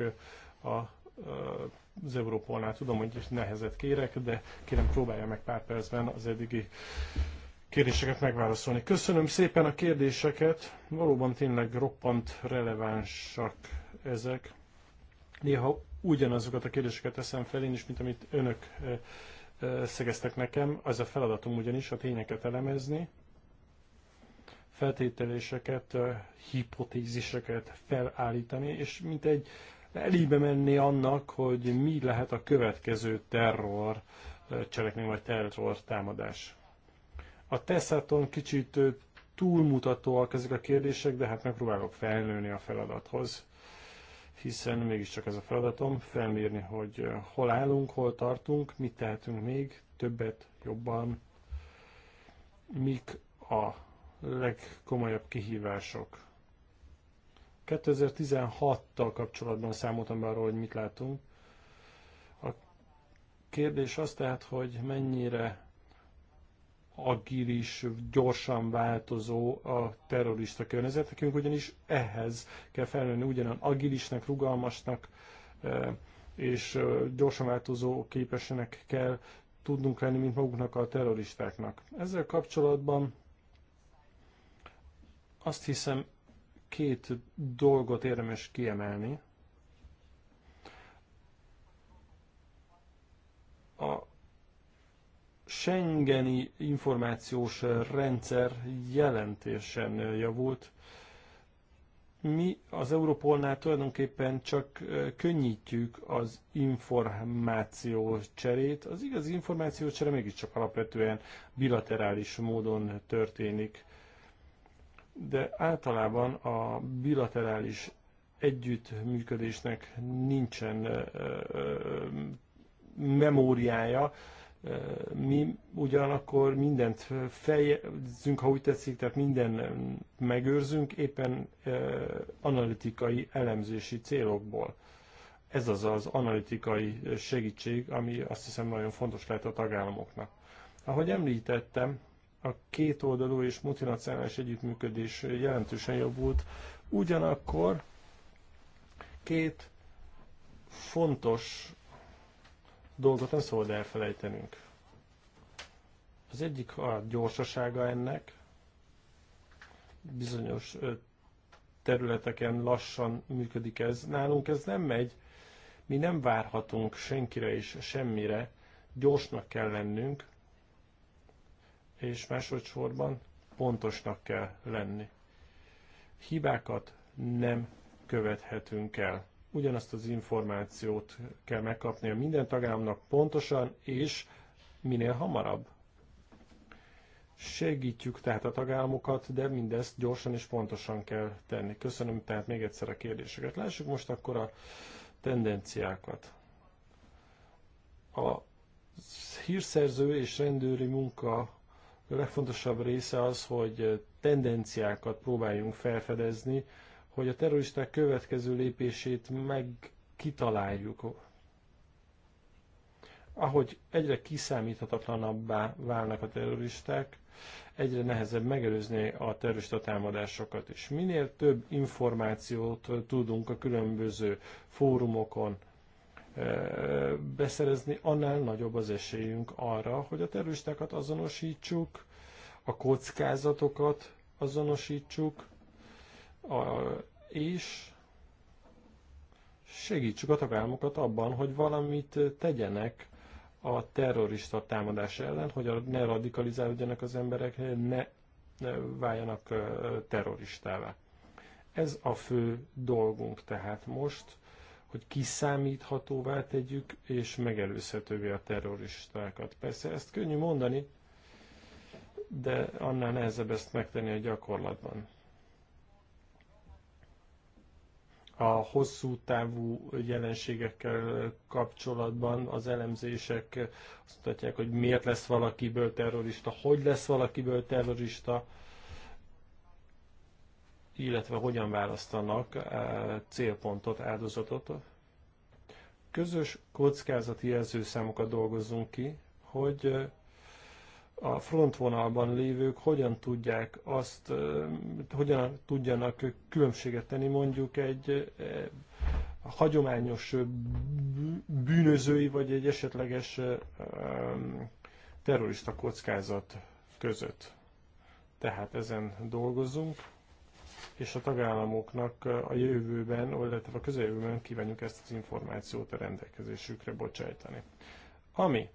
a, az Európolnál. Tudom, hogy nehezet kérek, de kérem próbálja meg pár percben az eddigi kérdéseket megválaszolni. Köszönöm szépen a kérdéseket, valóban tényleg roppant relevánsak ezek. Néha ugyanazokat a kérdéseket teszem fel én is, mint amit önök szegeztek nekem. Az a feladatom ugyanis a tényeket elemezni, feltételéseket, hipotéziseket felállítani, és mint egy elébe menni annak, hogy mi lehet a következő terror cselekmény vagy terror támadás. A Tessaton kicsit túlmutatóak ezek a kérdések, de hát megpróbálok felnőni a feladathoz, hiszen mégiscsak ez a feladatom, felmérni, hogy hol állunk, hol tartunk, mit tehetünk még, többet, jobban, mik a legkomolyabb kihívások? 2016-tal kapcsolatban számoltam be arról, hogy mit látunk. A kérdés az tehát, hogy mennyire agilis, gyorsan változó a terrorista környezetekünk ugyanis ehhez kell felnőni ugyanan agilisnek, rugalmasnak e, és e, gyorsan változó képesenek kell tudnunk lenni, mint maguknak a terroristáknak. Ezzel kapcsolatban azt hiszem, két dolgot érdemes kiemelni. A Schengeni információs rendszer jelentésen javult. Mi az Europolnál tulajdonképpen csak könnyítjük az információ cserét. Az igazi információ csere mégiscsak alapvetően bilaterális módon történik de általában a bilaterális együttműködésnek nincsen memóriája. Mi ugyanakkor mindent fejezünk, ha úgy tetszik, tehát minden megőrzünk éppen analitikai elemzési célokból. Ez az az analitikai segítség, ami azt hiszem nagyon fontos lehet a tagállamoknak. Ahogy említettem, a kétoldalú és multinacionális együttműködés jelentősen volt. ugyanakkor két fontos dolgot nem szabad elfelejtenünk. Az egyik a gyorsasága ennek, bizonyos területeken lassan működik ez. Nálunk ez nem megy, mi nem várhatunk senkire és semmire, gyorsnak kell lennünk, és másodszorban pontosnak kell lenni. Hibákat nem követhetünk el. Ugyanazt az információt kell a minden tagállamnak pontosan és minél hamarabb. Segítjük tehát a tagállamokat, de mindezt gyorsan és pontosan kell tenni. Köszönöm tehát még egyszer a kérdéseket. Lássuk most akkor a tendenciákat. A hírszerző és rendőri munka a legfontosabb része az, hogy tendenciákat próbáljunk felfedezni, hogy a terroristák következő lépését meg kitaláljuk. Ahogy egyre kiszámíthatatlanabbá válnak a terroristák, egyre nehezebb megelőzni a terrorista támadásokat, és minél több információt tudunk a különböző fórumokon, beszerezni, annál nagyobb az esélyünk arra, hogy a terroristákat azonosítsuk, a kockázatokat azonosítsuk, a, és segítsük a tagállamokat abban, hogy valamit tegyenek a terrorista támadás ellen, hogy ne radikalizálódjanak az emberek, ne váljanak terroristává. Ez a fő dolgunk tehát most, hogy kiszámíthatóvá tegyük és megelőzhetővé a terroristákat. Persze ezt könnyű mondani, de annál nehezebb ezt megtenni a gyakorlatban. A hosszú távú jelenségekkel kapcsolatban az elemzések azt mutatják, hogy miért lesz valakiből terrorista, hogy lesz valakiből terrorista, illetve hogyan választanak eh, célpontot, áldozatot. Közös kockázati jelzőszámokat dolgozzunk ki, hogy eh, a frontvonalban lévők hogyan tudják azt, eh, hogyan tudjanak különbséget tenni mondjuk egy hagyományos bűnözői vagy egy esetleges terrorista kockázat között. Tehát ezen dolgozunk és a tagállamoknak a jövőben, illetve a közeljövőben kívánjuk ezt az információt a rendelkezésükre bocsájtani. Ami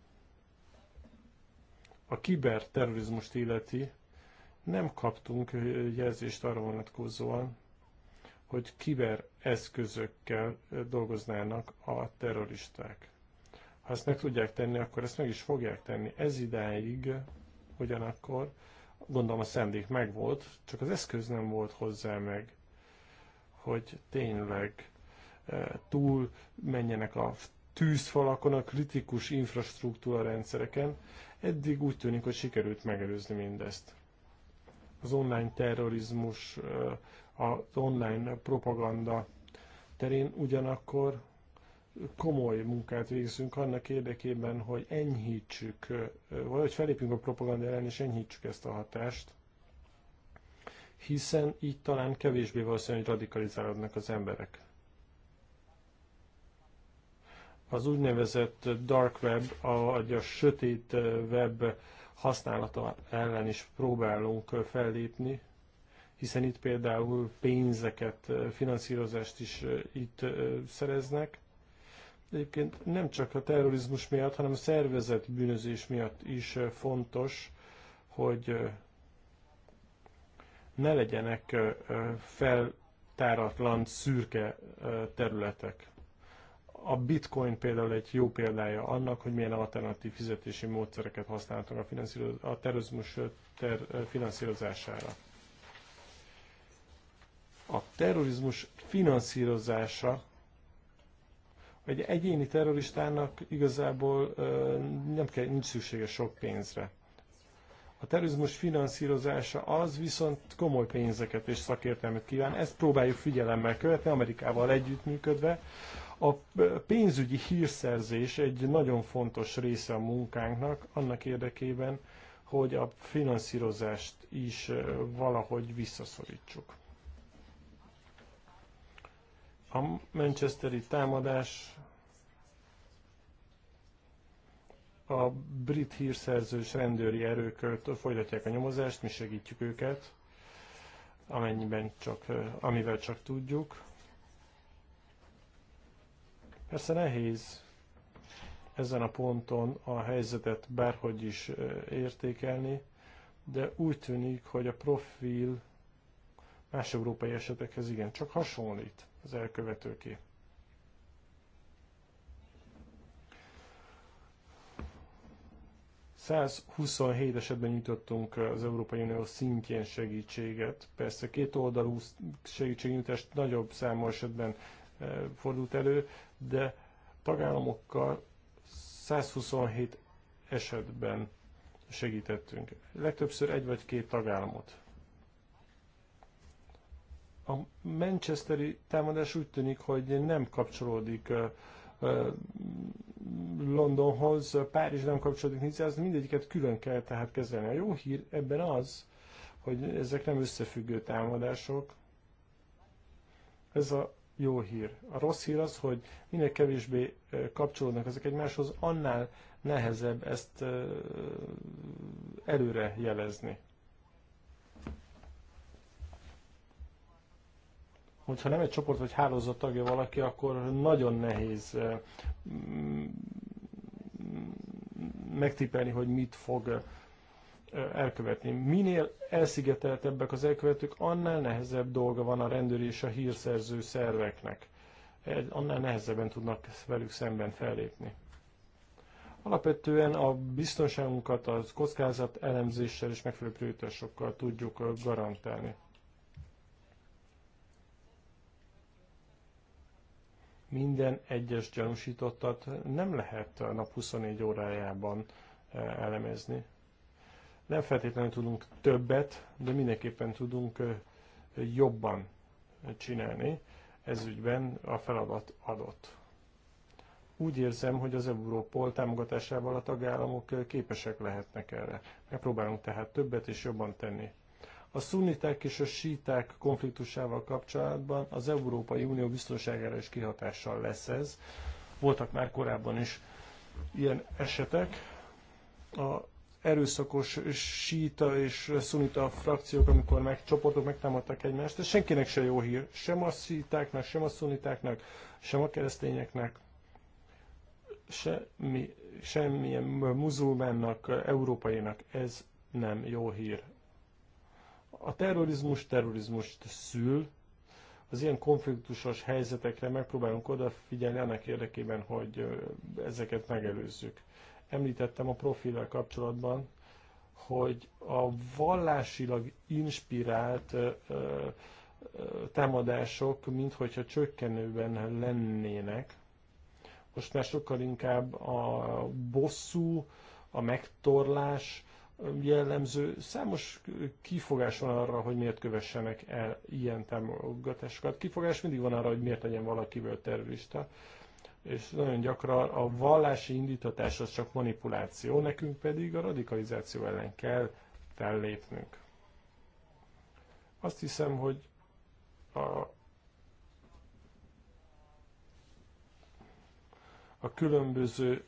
a kiberterrorizmust illeti, nem kaptunk jelzést arra vonatkozóan, hogy kiber eszközökkel dolgoznának a terroristák. Ha ezt meg tudják tenni, akkor ezt meg is fogják tenni. Ez idáig ugyanakkor gondolom a szendék megvolt, csak az eszköz nem volt hozzá meg, hogy tényleg e, túl menjenek a tűzfalakon, a kritikus infrastruktúra rendszereken. Eddig úgy tűnik, hogy sikerült megelőzni mindezt. Az online terrorizmus, e, az online propaganda terén ugyanakkor komoly munkát végzünk annak érdekében, hogy enyhítsük, vagy hogy felépjünk a propaganda ellen, és enyhítsük ezt a hatást, hiszen így talán kevésbé valószínű, hogy radikalizálódnak az emberek. Az úgynevezett dark web, vagy a sötét web használata ellen is próbálunk fellépni, hiszen itt például pénzeket, finanszírozást is itt szereznek egyébként nem csak a terrorizmus miatt, hanem a szervezett bűnözés miatt is fontos, hogy ne legyenek feltáratlan szürke területek. A bitcoin például egy jó példája annak, hogy milyen alternatív fizetési módszereket használtak a, a terrorizmus ter- finanszírozására. A terrorizmus finanszírozása egy egyéni terroristának igazából nem kell, nincs szüksége sok pénzre. A terrorizmus finanszírozása az viszont komoly pénzeket és szakértelmet kíván. Ezt próbáljuk figyelemmel követni, Amerikával együttműködve. A pénzügyi hírszerzés egy nagyon fontos része a munkánknak, annak érdekében, hogy a finanszírozást is valahogy visszaszorítsuk. A Manchesteri támadás a brit hírszerzős rendőri erőkölt folytatják a nyomozást, mi segítjük őket, amennyiben csak, amivel csak tudjuk. Persze nehéz ezen a ponton a helyzetet bárhogy is értékelni, de úgy tűnik, hogy a profil más európai esetekhez igen, csak hasonlít az elkövetőké. ...127 esetben nyújtottunk az Európai Unió szintjén segítséget. Persze két oldalú segítségnyújtást nagyobb számú esetben e, fordult elő, de tagállamokkal 127 esetben segítettünk. Legtöbbször egy vagy két tagállamot a Manchesteri támadás úgy tűnik, hogy nem kapcsolódik Londonhoz, Párizs nem kapcsolódik Nicához, mindegyiket külön kell tehát kezelni. A jó hír ebben az, hogy ezek nem összefüggő támadások. Ez a jó hír. A rossz hír az, hogy minél kevésbé kapcsolódnak ezek egymáshoz, annál nehezebb ezt előre jelezni. hogyha nem egy csoport vagy hálózat tagja valaki, akkor nagyon nehéz eh, mm, megtipelni, hogy mit fog eh, elkövetni. Minél elszigeteltebbek az elkövetők, annál nehezebb dolga van a rendőri és a hírszerző szerveknek. Annál nehezebben tudnak velük szemben fellépni. Alapvetően a biztonságunkat a kockázat elemzéssel és megfelelő prioritásokkal tudjuk eh, garantálni. minden egyes gyanúsítottat nem lehet a nap 24 órájában eh, elemezni. Nem feltétlenül tudunk többet, de mindenképpen tudunk eh, jobban csinálni. Ez ügyben a feladat adott. Úgy érzem, hogy az Európol támogatásával a tagállamok eh, képesek lehetnek erre. Megpróbálunk tehát többet és jobban tenni. A szuniták és a síták konfliktusával kapcsolatban az Európai Unió biztonságára is kihatással lesz ez. Voltak már korábban is ilyen esetek. A erőszakos síta és szunita frakciók, amikor meg, csoportok megtámadtak egymást, ez senkinek se jó hír. Sem a szítáknak, sem a szunitáknak, sem a keresztényeknek, semmi, semmilyen muzulmánnak, európainak ez nem jó hír. A terrorizmus terrorizmust szül, az ilyen konfliktusos helyzetekre megpróbálunk odafigyelni annak érdekében, hogy ezeket megelőzzük. Említettem a profillal kapcsolatban, hogy a vallásilag inspirált ö, ö, támadások, minthogyha csökkenőben lennének. Most már sokkal inkább a bosszú, a megtorlás, jellemző. Számos kifogás van arra, hogy miért kövessenek el ilyen támogatásokat. Kifogás mindig van arra, hogy miért legyen valakiből terrorista és nagyon gyakran a vallási indítatás az csak manipuláció, nekünk pedig a radikalizáció ellen kell fellépnünk. Azt hiszem, hogy a, a különböző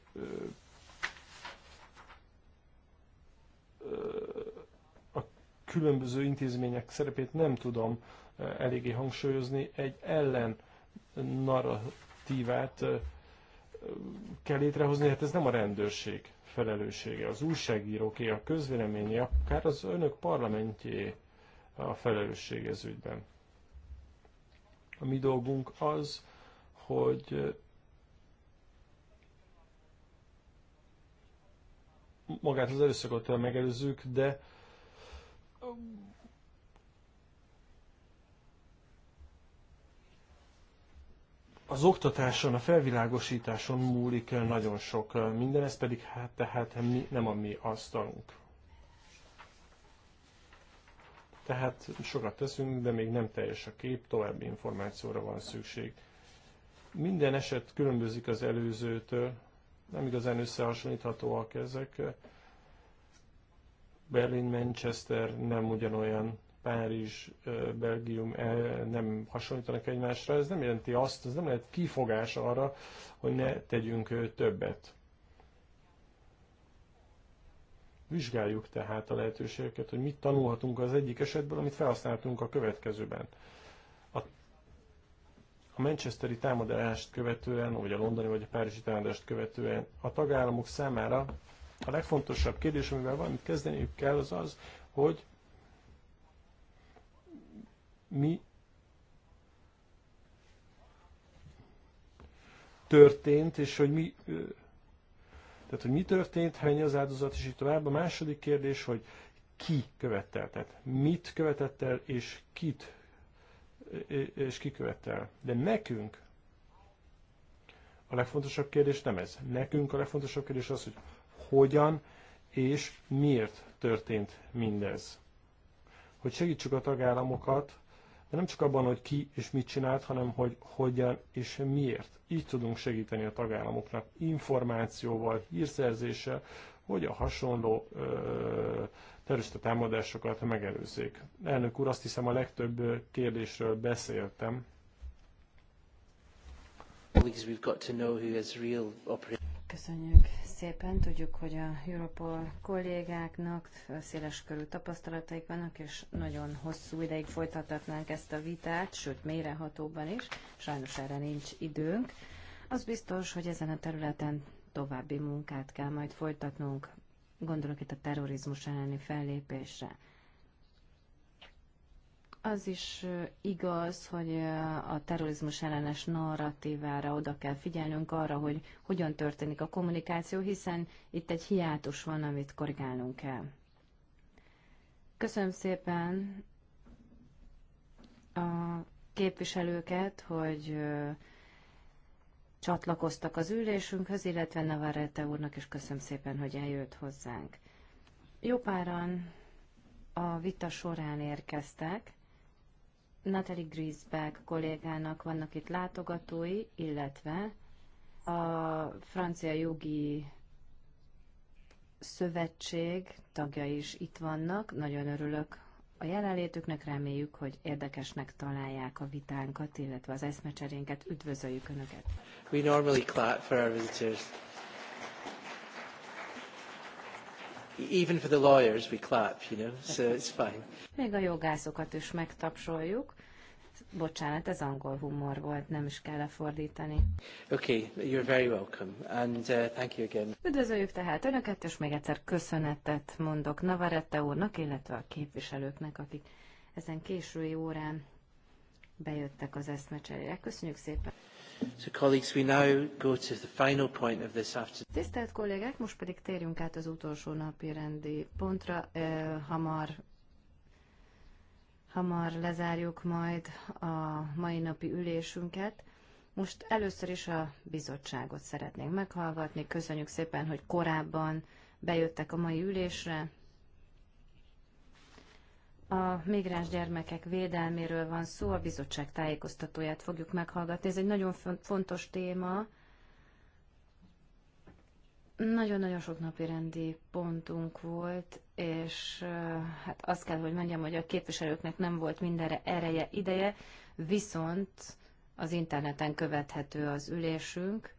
a különböző intézmények szerepét nem tudom eh, eléggé hangsúlyozni, egy ellen narratívát eh, kell létrehozni, hát ez nem a rendőrség felelőssége, az újságíróké, a közvéleményé, akár az önök parlamentjé a felelősség ez ügyben. A mi dolgunk az, hogy eh, magát az erőszakot megelőzzük, de az oktatáson, a felvilágosításon múlik nagyon sok minden, ez pedig hát tehát nem a mi asztalunk. Tehát sokat teszünk, de még nem teljes a kép, további információra van szükség. Minden eset különbözik az előzőtől, nem igazán összehasonlíthatóak ezek. Berlin, Manchester nem ugyanolyan, Párizs, Belgium nem hasonlítanak egymásra. Ez nem jelenti azt, ez nem lehet kifogás arra, hogy ne tegyünk többet. Vizsgáljuk tehát a lehetőségeket, hogy mit tanulhatunk az egyik esetből, amit felhasználtunk a következőben. A Manchesteri támadást követően, vagy a londoni vagy a párizsi támadást követően a tagállamok számára a legfontosabb kérdés, amivel valamit kezdeniük kell, az az, hogy mi történt, és hogy mi, tehát, hogy mi történt, hány az áldozat, és így tovább. A második kérdés, hogy ki követett, tehát mit követett el, és kit és kikövetel. De nekünk a legfontosabb kérdés nem ez. Nekünk a legfontosabb kérdés az, hogy hogyan és miért történt mindez. Hogy segítsük a tagállamokat, de nem csak abban, hogy ki és mit csinált, hanem hogy hogyan és miért. Így tudunk segíteni a tagállamoknak információval, hírszerzéssel, hogy a hasonló ö, terrorista támadásokat megelőzzék. Elnök úr, azt hiszem a legtöbb kérdésről beszéltem. Köszönjük szépen. Tudjuk, hogy a Europol kollégáknak széles körű tapasztalataik vannak, és nagyon hosszú ideig folytathatnánk ezt a vitát, sőt mélyrehatóban is. Sajnos erre nincs időnk. Az biztos, hogy ezen a területen további munkát kell majd folytatnunk gondolok itt a terrorizmus elleni fellépésre. Az is igaz, hogy a terrorizmus ellenes narratívára oda kell figyelnünk arra, hogy hogyan történik a kommunikáció, hiszen itt egy hiátus van, amit korrigálnunk kell. Köszönöm szépen a képviselőket, hogy csatlakoztak az ülésünkhöz, illetve Navarrete úrnak is köszönöm szépen, hogy eljött hozzánk. Jó páran a vita során érkeztek. Natalie Griesbeck kollégának vannak itt látogatói, illetve a francia jogi szövetség tagja is itt vannak. Nagyon örülök, a jelenlétüknek, reméljük, hogy érdekesnek találják a vitánkat, illetve az eszmecserénket. Üdvözöljük Önöket! We normally clap for our visitors. Even for the lawyers we clap, you know, so it's fine. Még a jogászokat is megtapsoljuk. Bocsánat, ez angol humor volt, nem is kell lefordítani. Okay, you're very welcome, and uh, thank you again. Üdvözöljük tehát Önöket, és még egyszer köszönetet mondok Navarette úrnak, illetve a képviselőknek, akik ezen késői órán bejöttek az eszmecserére. Köszönjük szépen! So colleagues, we now go to the final point of this afternoon. Tisztelt kollégák, most pedig térjünk át az utolsó napi rendi pontra. hamar hamar lezárjuk majd a mai napi ülésünket. Most először is a bizottságot szeretnénk meghallgatni. Köszönjük szépen, hogy korábban bejöttek a mai ülésre. A migráns gyermekek védelméről van szó, a bizottság tájékoztatóját fogjuk meghallgatni. Ez egy nagyon fontos téma, nagyon-nagyon sok napi rendi pontunk volt, és hát azt kell, hogy mondjam, hogy a képviselőknek nem volt mindenre ereje, ideje, viszont az interneten követhető az ülésünk,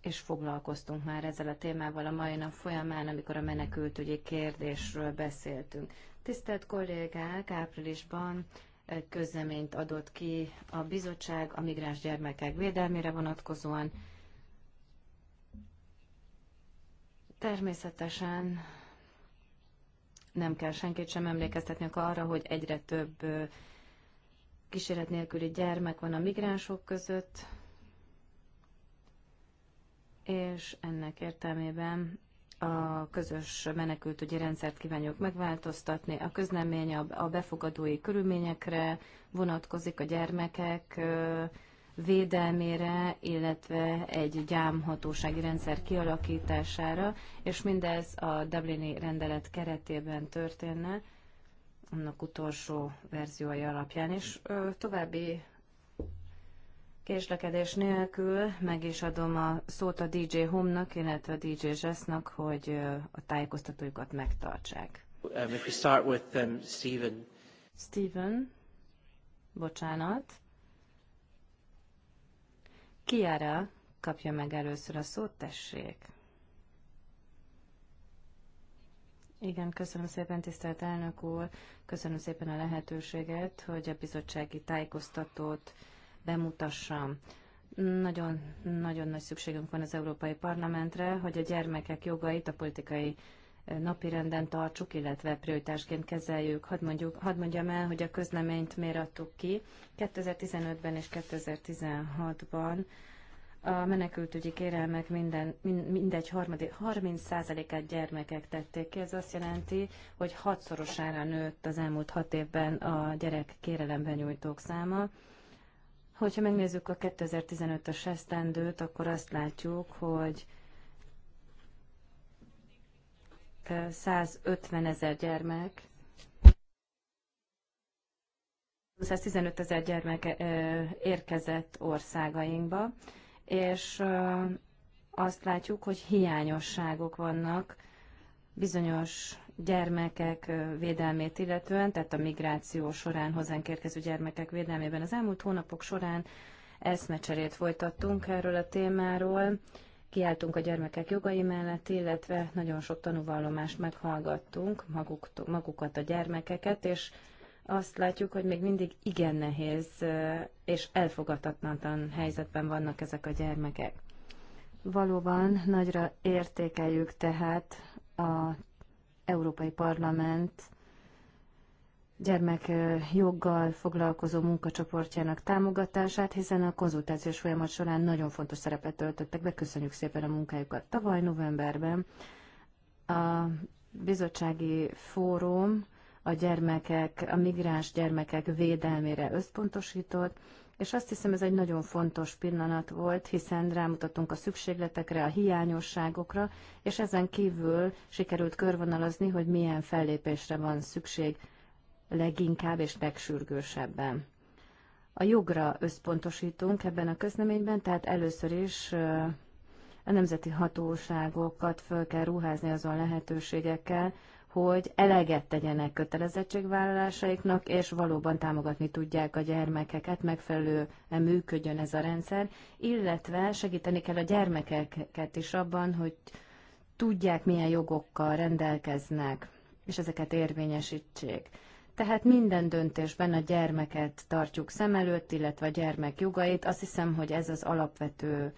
és foglalkoztunk már ezzel a témával a mai nap folyamán, amikor a menekültügyi kérdésről beszéltünk. Tisztelt kollégák, áprilisban egy közleményt adott ki a bizottság a migráns gyermekek védelmére vonatkozóan, Természetesen nem kell senkit sem emlékeztetni arra, hogy egyre több kíséret nélküli gyermek van a migránsok között, és ennek értelmében a közös menekültügyi rendszert kívánjuk megváltoztatni. A közlemény a befogadói körülményekre vonatkozik a gyermekek védelmére, illetve egy gyámhatósági rendszer kialakítására, és mindez a Dublini rendelet keretében történne, annak utolsó verziója alapján is. További késlekedés nélkül meg is adom a szót a DJ Home-nak, illetve a DJ Zsesznak, hogy a tájékoztatójukat megtartsák. Um, if we start with um, Stephen. Stephen, bocsánat. Kiara kapja meg először a szót, tessék. Igen, köszönöm szépen, tisztelt elnök úr. Köszönöm szépen a lehetőséget, hogy a bizottsági tájékoztatót bemutassam. Nagyon, nagyon nagy szükségünk van az Európai Parlamentre, hogy a gyermekek jogait a politikai napirenden tartsuk, illetve prioritásként kezeljük. Hadd, mondjuk, hadd mondjam el, hogy a közleményt miért adtuk ki. 2015-ben és 2016-ban a menekültügyi kérelmek minden, mindegy harmadik, 30%-át gyermekek tették ki. Ez azt jelenti, hogy hatszorosára nőtt az elmúlt hat évben a gyerek kérelemben nyújtók száma. Hogyha megnézzük a 2015-ös esztendőt, akkor azt látjuk, hogy 150 ezer gyermek 215 ezer gyermek érkezett országainkba, és azt látjuk, hogy hiányosságok vannak bizonyos gyermekek védelmét illetően, tehát a migráció során hozzánk érkező gyermekek védelmében. Az elmúlt hónapok során eszmecserét folytattunk erről a témáról, kiálltunk a gyermekek jogai mellett, illetve nagyon sok tanúvallomást meghallgattunk maguk magukat a gyermekeket, és azt látjuk, hogy még mindig igen nehéz eh, és elfogadhatatlan helyzetben vannak ezek a gyermekek. Valóban nagyra értékeljük tehát a Európai Parlament gyermekjoggal foglalkozó munkacsoportjának támogatását, hiszen a konzultációs folyamat során nagyon fontos szerepet töltöttek be. Köszönjük szépen a munkájukat. Tavaly novemberben a bizottsági fórum a gyermekek, a migráns gyermekek védelmére összpontosított, és azt hiszem ez egy nagyon fontos pillanat volt, hiszen rámutatunk a szükségletekre, a hiányosságokra, és ezen kívül sikerült körvonalazni, hogy milyen fellépésre van szükség leginkább és legsürgősebben. A jogra összpontosítunk ebben a közleményben, tehát először is a nemzeti hatóságokat föl kell ruházni azon lehetőségekkel, hogy eleget tegyenek kötelezettségvállalásaiknak, és valóban támogatni tudják a gyermekeket, megfelelően működjön ez a rendszer, illetve segíteni kell a gyermekeket is abban, hogy tudják, milyen jogokkal rendelkeznek, és ezeket érvényesítsék. Tehát minden döntésben a gyermeket tartjuk szem előtt, illetve a gyermek jogait. Azt hiszem, hogy ez az alapvető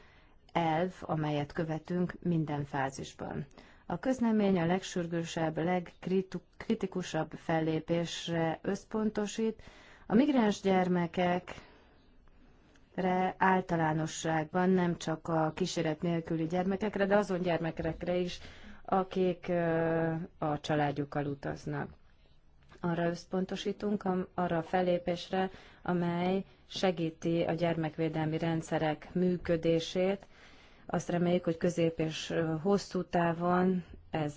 elv, amelyet követünk minden fázisban. A közlemény a legsürgősebb, legkritikusabb fellépésre összpontosít. A migráns gyermekekre általánosságban, nem csak a kíséret nélküli gyermekekre, de azon gyermekekre is, akik a családjukkal utaznak arra összpontosítunk, arra a felépésre, amely segíti a gyermekvédelmi rendszerek működését. Azt reméljük, hogy közép és hosszú távon ez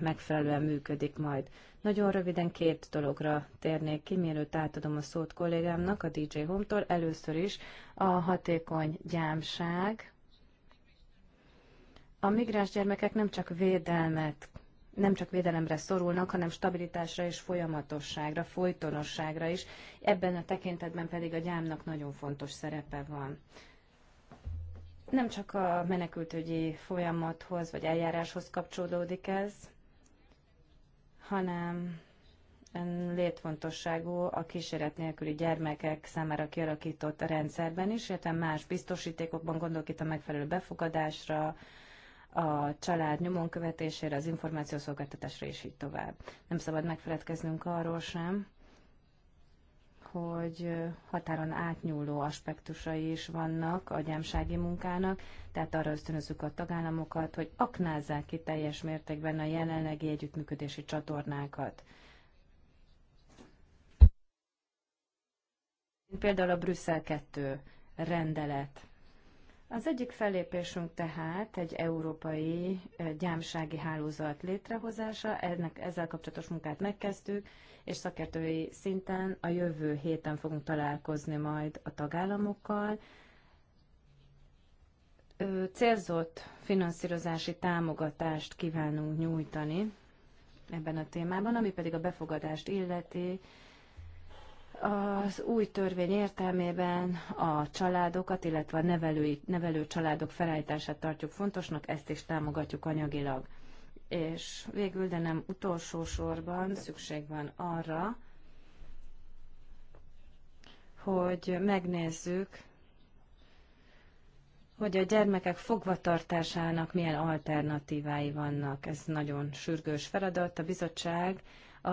megfelelően működik majd. Nagyon röviden két dologra térnék ki, mielőtt átadom a szót kollégámnak, a DJ Home-tól. Először is a hatékony gyámság. A migráns gyermekek nem csak védelmet nem csak védelemre szorulnak, hanem stabilitásra és folyamatosságra, folytonosságra is. Ebben a tekintetben pedig a gyámnak nagyon fontos szerepe van nem csak a menekültügyi folyamathoz vagy eljáráshoz kapcsolódik ez, hanem létfontosságú a kísérlet nélküli gyermekek számára kialakított rendszerben is, illetve más biztosítékokban gondolok itt a megfelelő befogadásra, a család nyomon követésére, az információszolgáltatásra és így tovább. Nem szabad megfeledkeznünk arról sem, hogy határon átnyúló aspektusai is vannak a gyámsági munkának, tehát arra ösztönözzük a tagállamokat, hogy aknázzák ki teljes mértékben a jelenlegi együttműködési csatornákat. Például a Brüsszel 2 rendelet az egyik fellépésünk tehát egy európai gyámsági hálózat létrehozása, ennek ezzel kapcsolatos munkát megkezdtük, és szakértői szinten a jövő héten fogunk találkozni majd a tagállamokkal. Célzott finanszírozási támogatást kívánunk nyújtani ebben a témában, ami pedig a befogadást illeti, az új törvény értelmében a családokat, illetve a nevelői, nevelő családok felállítását tartjuk fontosnak, ezt is támogatjuk anyagilag. És végül, de nem utolsó sorban szükség van arra, hogy megnézzük, hogy a gyermekek fogvatartásának milyen alternatívái vannak. Ez nagyon sürgős feladat. A bizottság a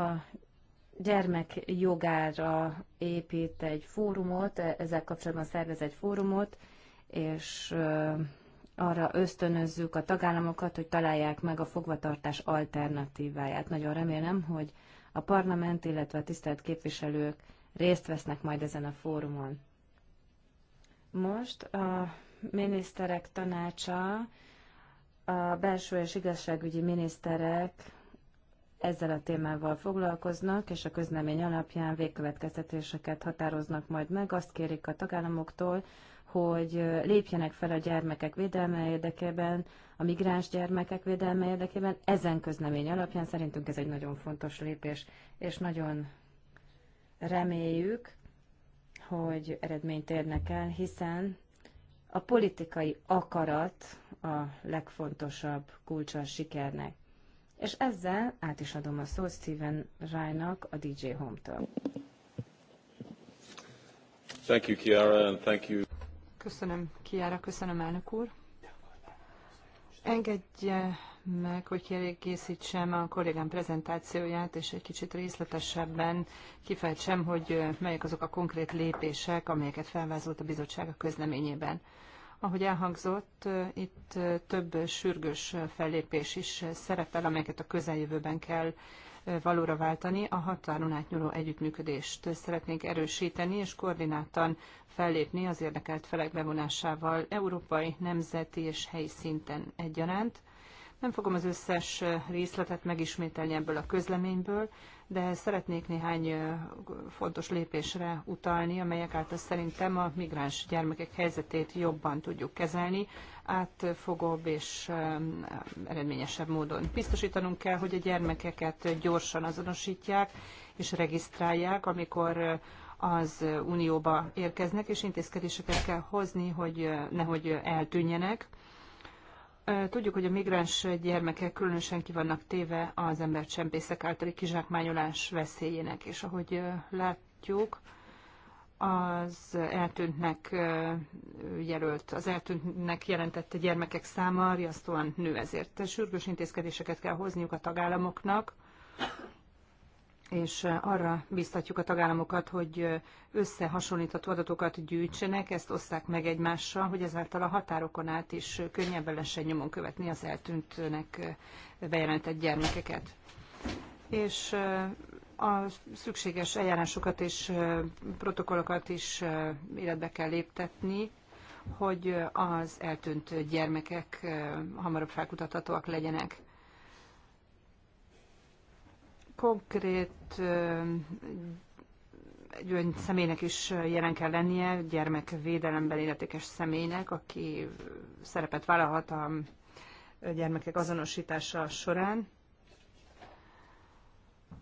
gyermek jogára épít egy fórumot, ezzel kapcsolatban szervez egy fórumot, és arra ösztönözzük a tagállamokat, hogy találják meg a fogvatartás alternatíváját. Nagyon remélem, hogy a parlament, illetve a tisztelt képviselők részt vesznek majd ezen a fórumon. Most a miniszterek tanácsa, a belső és igazságügyi miniszterek ezzel a témával foglalkoznak, és a közlemény alapján végkövetkeztetéseket határoznak majd meg. Azt kérik a tagállamoktól, hogy lépjenek fel a gyermekek védelme érdekében, a migráns gyermekek védelme érdekében. Ezen közlemény alapján szerintünk ez egy nagyon fontos lépés, és nagyon reméljük, hogy eredményt érnek el, hiszen a politikai akarat a legfontosabb kulcsa a sikernek és ezzel át is adom a szót Steven Ryan-nak a DJ Home-től. Thank you, Kiara, and thank you. Köszönöm, Kiara, köszönöm, elnök úr. Engedje meg, hogy kiegészítsem a kollégám prezentációját, és egy kicsit részletesebben kifejtsem, hogy melyek azok a konkrét lépések, amelyeket felvázolt a bizottság a közleményében. Ahogy elhangzott, itt több sürgős fellépés is szerepel, amelyeket a közeljövőben kell valóra váltani. A határon átnyúló együttműködést szeretnénk erősíteni és koordináltan fellépni az érdekelt felek bevonásával európai, nemzeti és helyi szinten egyaránt nem fogom az összes részletet megismételni ebből a közleményből, de szeretnék néhány fontos lépésre utalni, amelyek által szerintem a migráns gyermekek helyzetét jobban tudjuk kezelni, átfogóbb és eredményesebb módon. Biztosítanunk kell, hogy a gyermekeket gyorsan azonosítják és regisztrálják, amikor az Unióba érkeznek, és intézkedéseket kell hozni, hogy nehogy eltűnjenek Tudjuk, hogy a migráns gyermekek különösen ki vannak téve az embercsempészek általi kizsákmányolás veszélyének, és ahogy látjuk, az eltűntnek jelölt, az eltűntnek jelentette gyermekek száma riasztóan nő ezért. Sürgős intézkedéseket kell hozniuk a tagállamoknak és arra biztatjuk a tagállamokat, hogy összehasonlítható adatokat gyűjtsenek, ezt osszák meg egymással, hogy ezáltal a határokon át is könnyebben lesen nyomon követni az eltűntnek bejelentett gyermekeket. És a szükséges eljárásokat és protokollokat is életbe kell léptetni, hogy az eltűnt gyermekek hamarabb felkutathatóak legyenek konkrét egy olyan személynek is jelen kell lennie, gyermekvédelemben életékes személynek, aki szerepet vállalhat a gyermekek azonosítása során.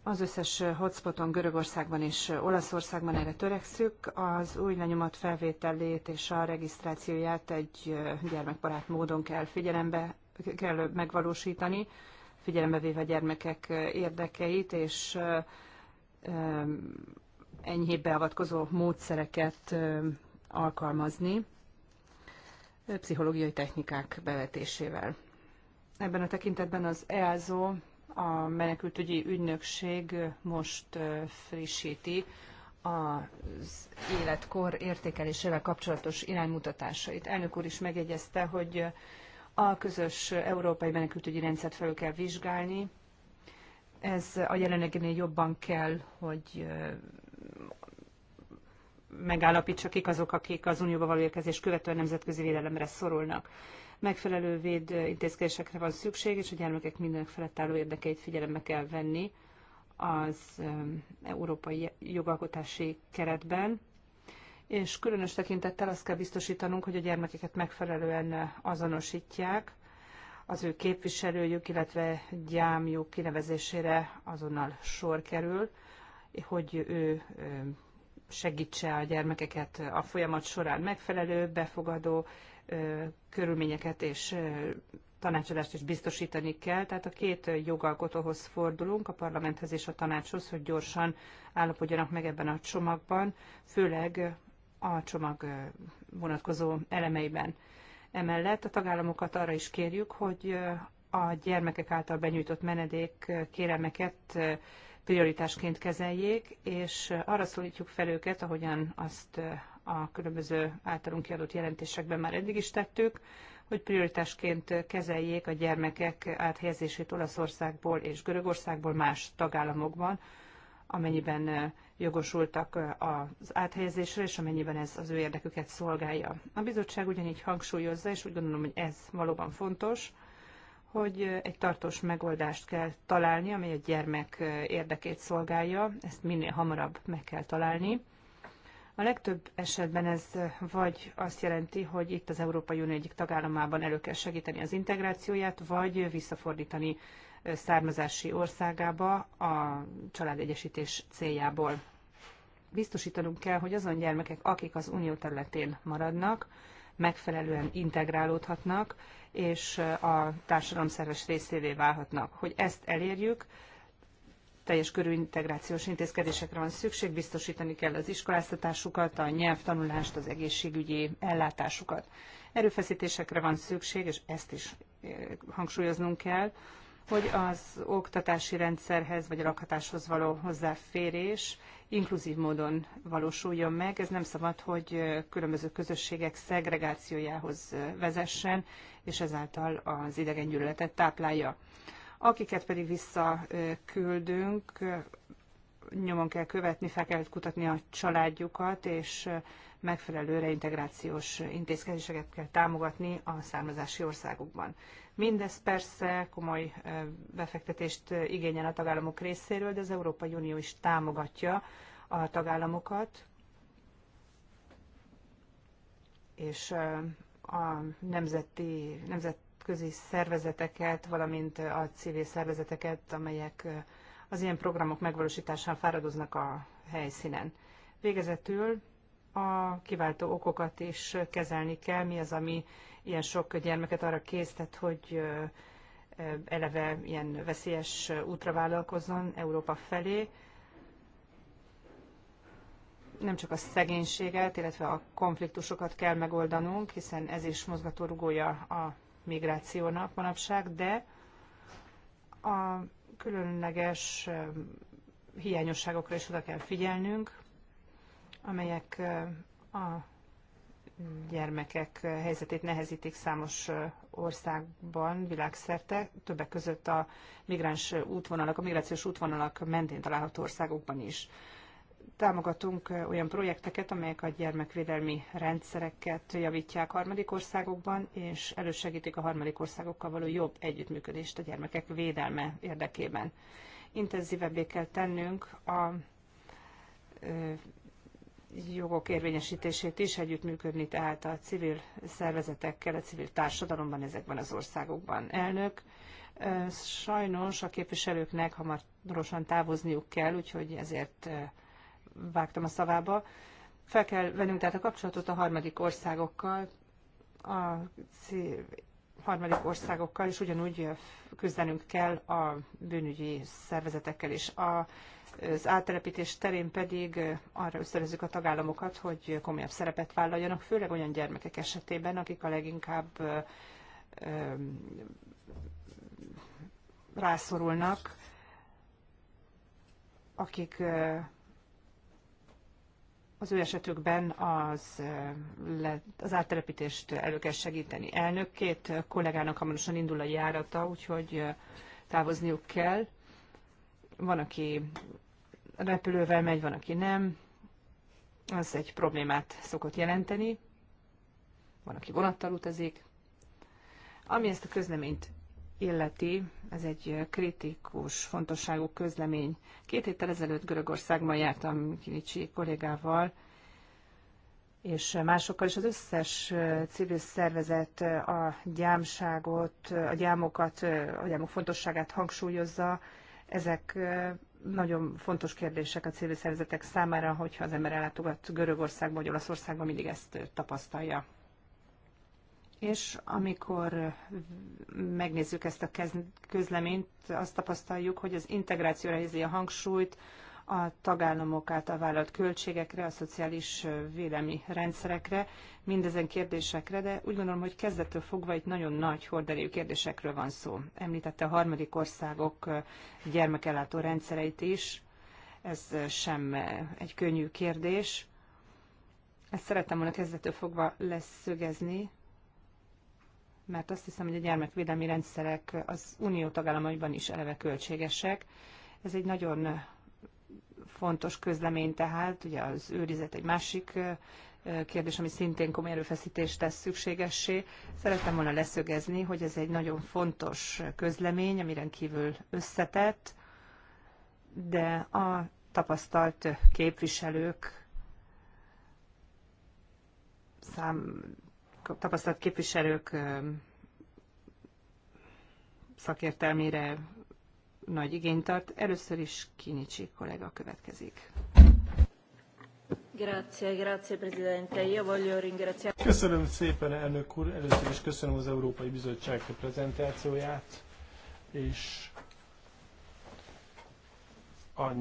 Az összes hotspoton Görögországban és Olaszországban erre törekszük. Az új lenyomat felvételét és a regisztrációját egy gyermekbarát módon kell figyelembe kell megvalósítani figyelembe véve a gyermekek érdekeit, és enyhébb beavatkozó módszereket alkalmazni pszichológiai technikák bevetésével. Ebben a tekintetben az EASO, a menekültügyi ügynökség most frissíti az életkor értékelésével kapcsolatos iránymutatásait. Elnök úr is megjegyezte, hogy a közös európai menekültügyi rendszert felül kell vizsgálni. Ez a jelenlegénél jobban kell, hogy megállapítsa, kik azok, akik az unióba való érkezés követően nemzetközi védelemre szorulnak. Megfelelő véd intézkedésekre van szükség, és a gyermekek mindenek felett álló érdekeit figyelembe kell venni az európai jogalkotási keretben, és különös tekintettel azt kell biztosítanunk, hogy a gyermekeket megfelelően azonosítják, az ő képviselőjük, illetve gyámjuk kinevezésére azonnal sor kerül, hogy ő segítse a gyermekeket a folyamat során megfelelő, befogadó körülményeket és tanácsadást is biztosítani kell. Tehát a két jogalkotóhoz fordulunk, a parlamenthez és a tanácshoz, hogy gyorsan állapodjanak meg ebben a csomagban, főleg a csomag vonatkozó elemeiben. Emellett a tagállamokat arra is kérjük, hogy a gyermekek által benyújtott menedék kérelmeket prioritásként kezeljék, és arra szólítjuk fel őket, ahogyan azt a különböző általunk kiadott jelentésekben már eddig is tettük, hogy prioritásként kezeljék a gyermekek áthelyezését Olaszországból és Görögországból más tagállamokban, amennyiben jogosultak az áthelyezésre, és amennyiben ez az ő érdeküket szolgálja. A bizottság ugyanígy hangsúlyozza, és úgy gondolom, hogy ez valóban fontos, hogy egy tartós megoldást kell találni, amely a gyermek érdekét szolgálja, ezt minél hamarabb meg kell találni. A legtöbb esetben ez vagy azt jelenti, hogy itt az Európai Unió egyik tagállamában elő kell segíteni az integrációját, vagy visszafordítani származási országába a családegyesítés céljából. Biztosítanunk kell, hogy azon gyermekek, akik az unió területén maradnak, megfelelően integrálódhatnak, és a társadalom szerves részévé válhatnak. Hogy ezt elérjük, teljes körű integrációs intézkedésekre van szükség, biztosítani kell az iskoláztatásukat, a nyelvtanulást, az egészségügyi ellátásukat. Erőfeszítésekre van szükség, és ezt is eh, hangsúlyoznunk kell, hogy az oktatási rendszerhez vagy a lakhatáshoz való hozzáférés inkluzív módon valósuljon meg. Ez nem szabad, hogy különböző közösségek szegregációjához vezessen, és ezáltal az idegen gyűlöletet táplálja. Akiket pedig visszaküldünk, nyomon kell követni, fel kell kutatni a családjukat, és megfelelő reintegrációs intézkedéseket kell támogatni a származási országukban. Mindez persze komoly befektetést igényel a tagállamok részéről, de az Európai Unió is támogatja a tagállamokat, és a nemzeti, nemzetközi szervezeteket, valamint a civil szervezeteket, amelyek az ilyen programok megvalósításán fáradoznak a helyszínen. Végezetül a kiváltó okokat is kezelni kell, mi az, ami ilyen sok gyermeket arra késztet, hogy eleve ilyen veszélyes útra vállalkozzon Európa felé. Nem csak a szegénységet, illetve a konfliktusokat kell megoldanunk, hiszen ez is mozgatórugója a migrációnak manapság, de a különleges hiányosságokra is oda kell figyelnünk, amelyek a gyermekek helyzetét nehezítik számos országban, világszerte, többek között a migráns útvonalak, a migrációs útvonalak mentén található országokban is. Támogatunk olyan projekteket, amelyek a gyermekvédelmi rendszereket javítják harmadik országokban, és elősegítik a harmadik országokkal való jobb együttműködést a gyermekek védelme érdekében. Intenzívebbé kell tennünk a jogok érvényesítését is együttműködni, tehát a civil szervezetekkel, a civil társadalomban ezekben az országokban. Elnök, sajnos a képviselőknek hamarosan távozniuk kell, úgyhogy ezért vágtam a szavába. Fel kell vennünk tehát a kapcsolatot a harmadik országokkal, a harmadik országokkal, és ugyanúgy küzdenünk kell a bűnügyi szervezetekkel is. A az áttelepítés terén pedig arra összerezzük a tagállamokat, hogy komolyabb szerepet vállaljanak, főleg olyan gyermekek esetében, akik a leginkább rászorulnak, akik az ő esetükben az, az áttelepítést elő kell segíteni. Elnök két kollégának hamarosan indul a járata, úgyhogy távozniuk kell. Van, aki repülővel megy, van, aki nem. Az egy problémát szokott jelenteni. Van, aki vonattal utazik. Ami ezt a közleményt illeti, ez egy kritikus, fontosságú közlemény. Két héttel ezelőtt Görögországban jártam Kinicsi kollégával, és másokkal, is az összes civil szervezet a gyámságot, a gyámokat, a gyámok fontosságát hangsúlyozza, ezek nagyon fontos kérdések a civil szervezetek számára, hogyha az ember ellátogat Görögországba vagy Olaszországba, mindig ezt tapasztalja. És amikor megnézzük ezt a közleményt, azt tapasztaljuk, hogy az integrációra helyezi a hangsúlyt, a tagállamok által vállalt költségekre, a szociális vélemi rendszerekre, mindezen kérdésekre, de úgy gondolom, hogy kezdettől fogva itt nagyon nagy horderejű kérdésekről van szó. Említette a harmadik országok gyermekellátó rendszereit is, ez sem egy könnyű kérdés. Ezt szerettem volna kezdettől fogva leszögezni, mert azt hiszem, hogy a gyermekvédelmi rendszerek az unió tagállamaiban is eleve költségesek. Ez egy nagyon fontos közlemény tehát, ugye az őrizet egy másik kérdés, ami szintén komoly erőfeszítést tesz szükségessé. Szerettem volna leszögezni, hogy ez egy nagyon fontos közlemény, amiren kívül összetett, de a tapasztalt képviselők szám, tapasztalt képviselők szakértelmére nagy igényt tart. Először is Kinicsi kollega következik. Grazie, grazie Presidente. Io voglio ringraziare... Köszönöm szépen, elnök úr. Először is köszönöm az Európai Bizottság prezentációját, és az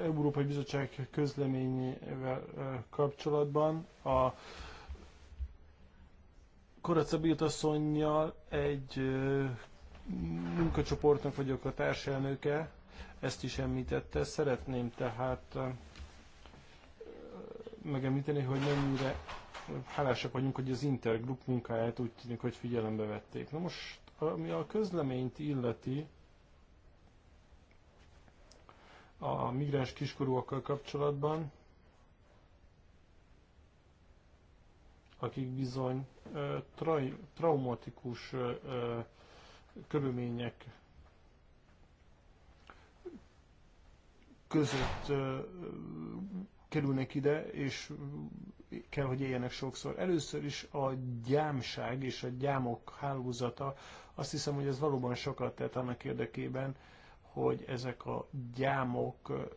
Európai Bizottság közleményével kapcsolatban a Koracabilt asszonynal egy munkacsoportnak vagyok a társelnöke, ezt is említette. Szeretném tehát megemlíteni, hogy mennyire hálásak vagyunk, hogy az Intergroup munkáját úgy tűnik, hogy figyelembe vették. Na most, ami a közleményt illeti, a migráns kiskorúakkal kapcsolatban, akik bizony ö, traj, traumatikus ö, körülmények között kerülnek ide, és kell, hogy éljenek sokszor. Először is a gyámság és a gyámok hálózata, azt hiszem, hogy ez valóban sokat tett annak érdekében, hogy ezek a gyámok,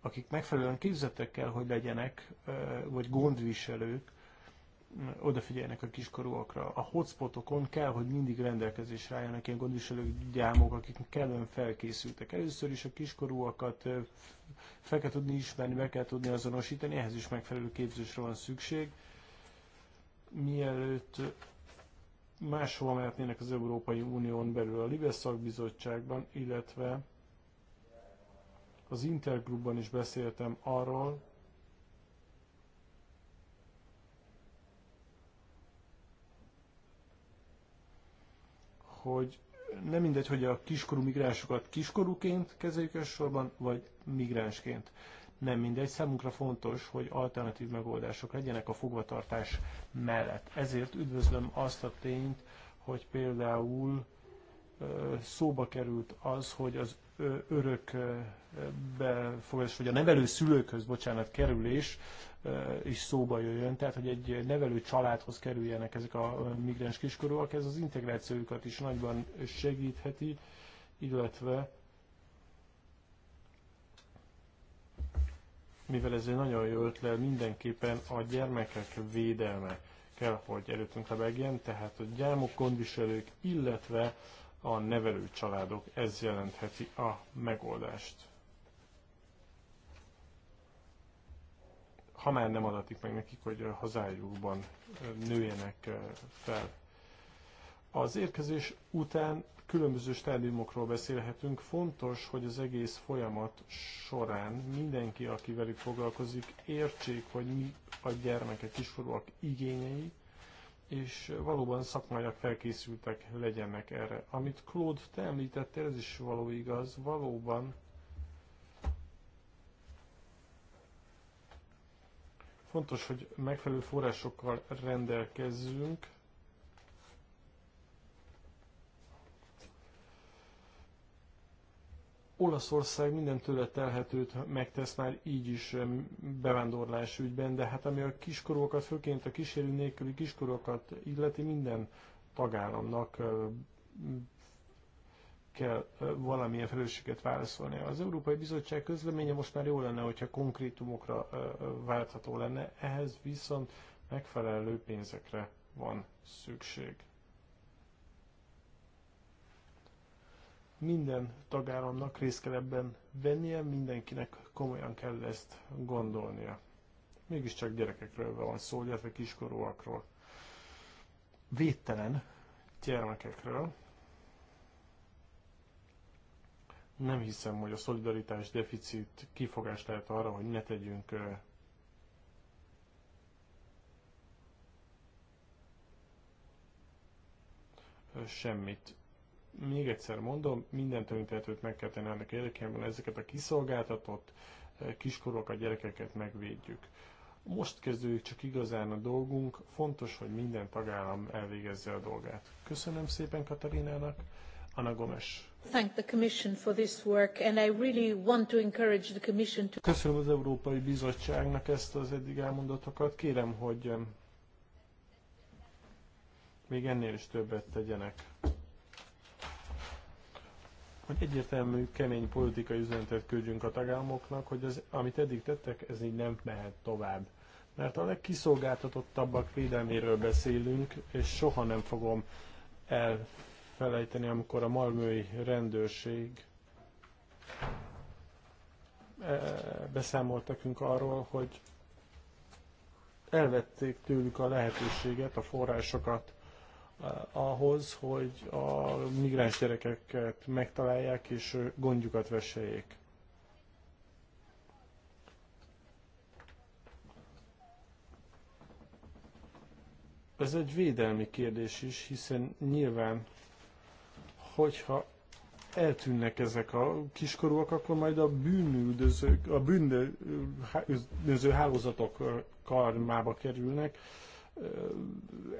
akik megfelelően képzettek kell, hogy legyenek, vagy gondviselők, odafigyeljenek a kiskorúakra. A hotspotokon kell, hogy mindig rendelkezésre álljanak ilyen gondviselők, gyámok, akik kellően felkészültek. Először is a kiskorúakat fel kell tudni ismerni, be kell tudni azonosítani, ehhez is megfelelő képzésre van szükség. Mielőtt máshova mehetnének az Európai Unión belül a Libes szakbizottságban, illetve az Intergrupban is beszéltem arról, hogy nem mindegy, hogy a kiskorú migránsokat kiskorúként kezeljük elsősorban, vagy migránsként. Nem mindegy, számunkra fontos, hogy alternatív megoldások legyenek a fogvatartás mellett. Ezért üdvözlöm azt a tényt, hogy például szóba került az, hogy az örök befogadás, vagy a nevelő szülőkhöz, bocsánat, kerülés is szóba jöjjön, tehát hogy egy nevelő családhoz kerüljenek ezek a migráns kiskorúak, ez az integrációjukat is nagyban segítheti, illetve mivel ez egy nagyon jó ötlet, mindenképpen a gyermekek védelme kell, hogy előttünk lebegjen, tehát a gyámok, gondviselők, illetve a nevelő családok, ez jelentheti a megoldást. ha már nem adatik meg nekik, hogy a hazájukban nőjenek fel. Az érkezés után különböző stádiumokról beszélhetünk. Fontos, hogy az egész folyamat során mindenki, aki velük foglalkozik, értsék, hogy mi a gyermekek, kisforúak igényei, és valóban szakmaiak felkészültek legyenek erre. Amit Claude, te említettél, ez is való igaz, valóban Fontos, hogy megfelelő forrásokkal rendelkezzünk. Olaszország minden tőle telhetőt megtesz már így is bevándorlás ügyben, de hát ami a kiskorúakat, főként a kísérő nélküli kiskorúakat illeti, minden tagállamnak kell valamilyen felelősséget válaszolni. Az Európai Bizottság közleménye most már jó lenne, hogyha konkrétumokra váltható lenne, ehhez viszont megfelelő pénzekre van szükség. Minden tagállamnak részt kell ebben vennie, mindenkinek komolyan kell ezt gondolnia. Mégiscsak gyerekekről van szó, illetve kiskorúakról. Védtelen gyermekekről, Nem hiszem, hogy a szolidaritás deficit kifogás lehet arra, hogy ne tegyünk semmit. Még egyszer mondom, minden tőntetőt meg kell tenni ennek érdekében, ezeket a kiszolgáltatott kiskorokat, gyerekeket megvédjük. Most kezdődik csak igazán a dolgunk, fontos, hogy minden tagállam elvégezze a dolgát. Köszönöm szépen Katarinának, Anna Gomes thank the Commission for this work, and I really want to encourage the Commission to... Köszönöm az Európai Bizottságnak ezt az eddig elmondottakat, Kérem, hogy még ennél is többet tegyenek. Hogy egyértelmű, kemény politikai üzenetet küldjünk a tagállamoknak, hogy az, amit eddig tettek, ez így nem mehet tovább. Mert a legkiszolgáltatottabbak védelméről beszélünk, és soha nem fogom el felejteni, amikor a malmői rendőrség e, beszámolt nekünk arról, hogy elvették tőlük a lehetőséget, a forrásokat e, ahhoz, hogy a migráns gyerekeket megtalálják és gondjukat veseljék. Ez egy védelmi kérdés is, hiszen nyilván hogyha eltűnnek ezek a kiskorúak, akkor majd a bűnüldözők, a bűnöző hálózatok karmába kerülnek.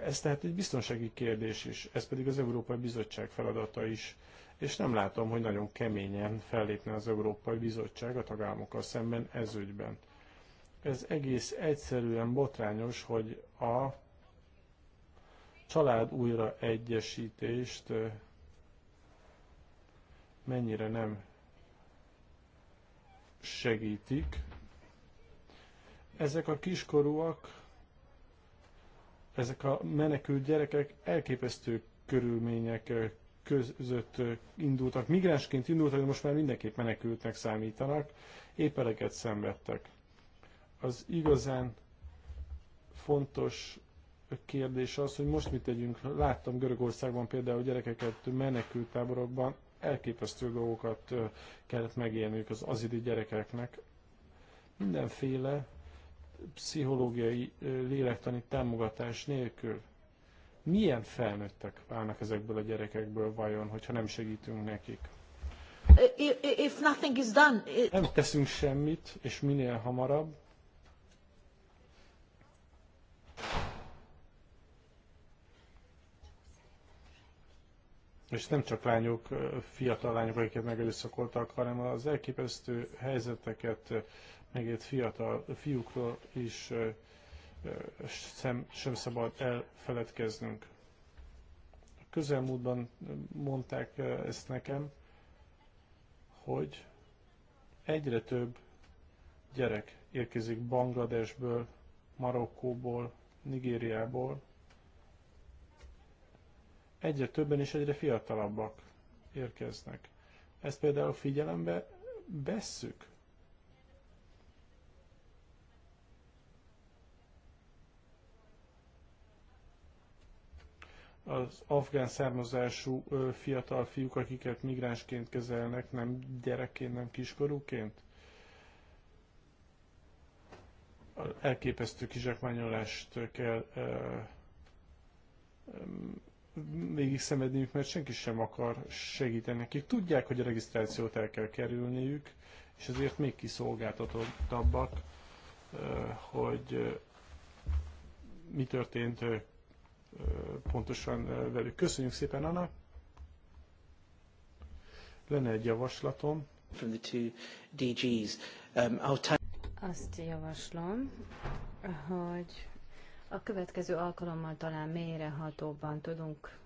Ez tehát egy biztonsági kérdés is, ez pedig az Európai Bizottság feladata is. És nem látom, hogy nagyon keményen fellépne az Európai Bizottság a tagállamokkal szemben ez ügyben. Ez egész egyszerűen botrányos, hogy a család újra mennyire nem segítik. Ezek a kiskorúak, ezek a menekült gyerekek elképesztő körülmények eh, között eh, indultak, migránsként indultak, de most már mindenképp menekültnek számítanak, épereket szenvedtek. Az igazán fontos kérdés az, hogy most mit tegyünk. Láttam Görögországban például gyerekeket menekült táborokban, elképesztő dolgokat kellett megélniük az azidi gyerekeknek. Mindenféle pszichológiai, lélektani támogatás nélkül. Milyen felnőttek válnak ezekből a gyerekekből vajon, hogyha nem segítünk nekik? If nothing is done, it... Nem teszünk semmit, és minél hamarabb, és nem csak lányok, fiatal lányok, akiket megerőszakoltak, hanem az elképesztő helyzeteket megért fiatal fiúkról is sem, sem szabad elfeledkeznünk. A közelmúltban mondták ezt nekem, hogy egyre több gyerek érkezik Bangladesből, Marokkóból, Nigériából, egyre többen és egyre fiatalabbak érkeznek. Ezt például figyelembe vesszük. Az afgán származású fiatal fiúk, akiket migránsként kezelnek, nem gyerekként, nem kiskorúként? Elképesztő kizsákmányolást kell végig szenvedniük, mert senki sem akar segíteni nekik. Tudják, hogy a regisztrációt el kell kerülniük, és ezért még kiszolgáltatottabbak, hogy mi történt pontosan velük. Köszönjük szépen, Anna! Lenne egy javaslatom. From the two DGs. Um, I'll azt javaslom, hogy a következő alkalommal talán mélyrehatóbban tudunk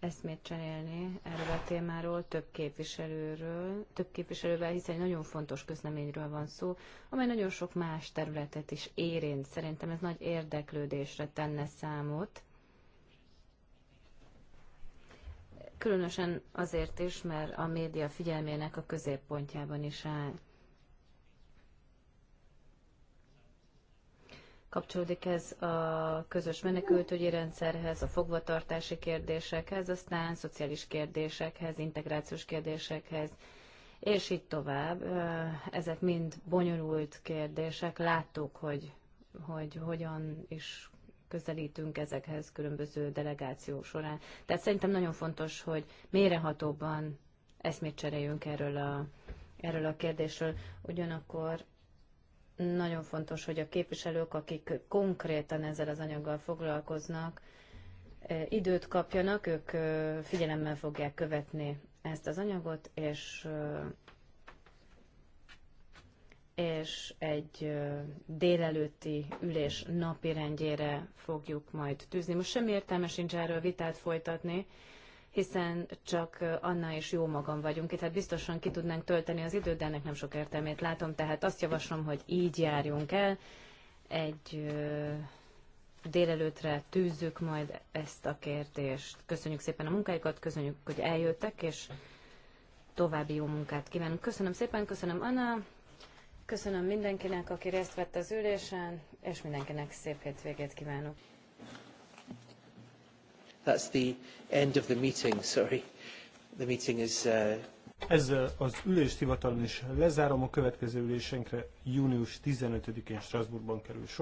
eszmét cserélni erről a témáról, több képviselőről, több képviselővel, hiszen egy nagyon fontos közleményről van szó, amely nagyon sok más területet is érint. Szerintem ez nagy érdeklődésre tenne számot. Különösen azért is, mert a média figyelmének a középpontjában is áll. kapcsolódik ez a közös menekültügyi rendszerhez, a fogvatartási kérdésekhez, aztán szociális kérdésekhez, integrációs kérdésekhez, és így tovább. Ezek mind bonyolult kérdések. Láttuk, hogy, hogy hogyan is közelítünk ezekhez különböző delegáció során. Tehát szerintem nagyon fontos, hogy mélyrehatóban eszmét cseréljünk erről a, erről a kérdésről. Ugyanakkor nagyon fontos, hogy a képviselők, akik konkrétan ezzel az anyaggal foglalkoznak, e, időt kapjanak, ők e, figyelemmel fogják követni ezt az anyagot, és e, és egy délelőtti ülés napirendjére fogjuk majd tűzni. Most semmi értelme sincs erről vitát folytatni, hiszen csak Anna és jó magam vagyunk itt, tehát biztosan ki tudnánk tölteni az időt, de ennek nem sok értelmét látom, tehát azt javaslom, hogy így járjunk el. Egy délelőtre tűzzük majd ezt a kérdést. Köszönjük szépen a munkáikat, köszönjük, hogy eljöttek, és további jó munkát kívánunk. Köszönöm szépen, köszönöm Anna, köszönöm mindenkinek, aki részt vett az ülésen, és mindenkinek szép hétvégét kívánok. That's the end of the meeting, sorry. The meeting is... Uh... Ezzel az ülést is lezárom, a következő ülésenkre június 15-én Strasbourgban kerül sor.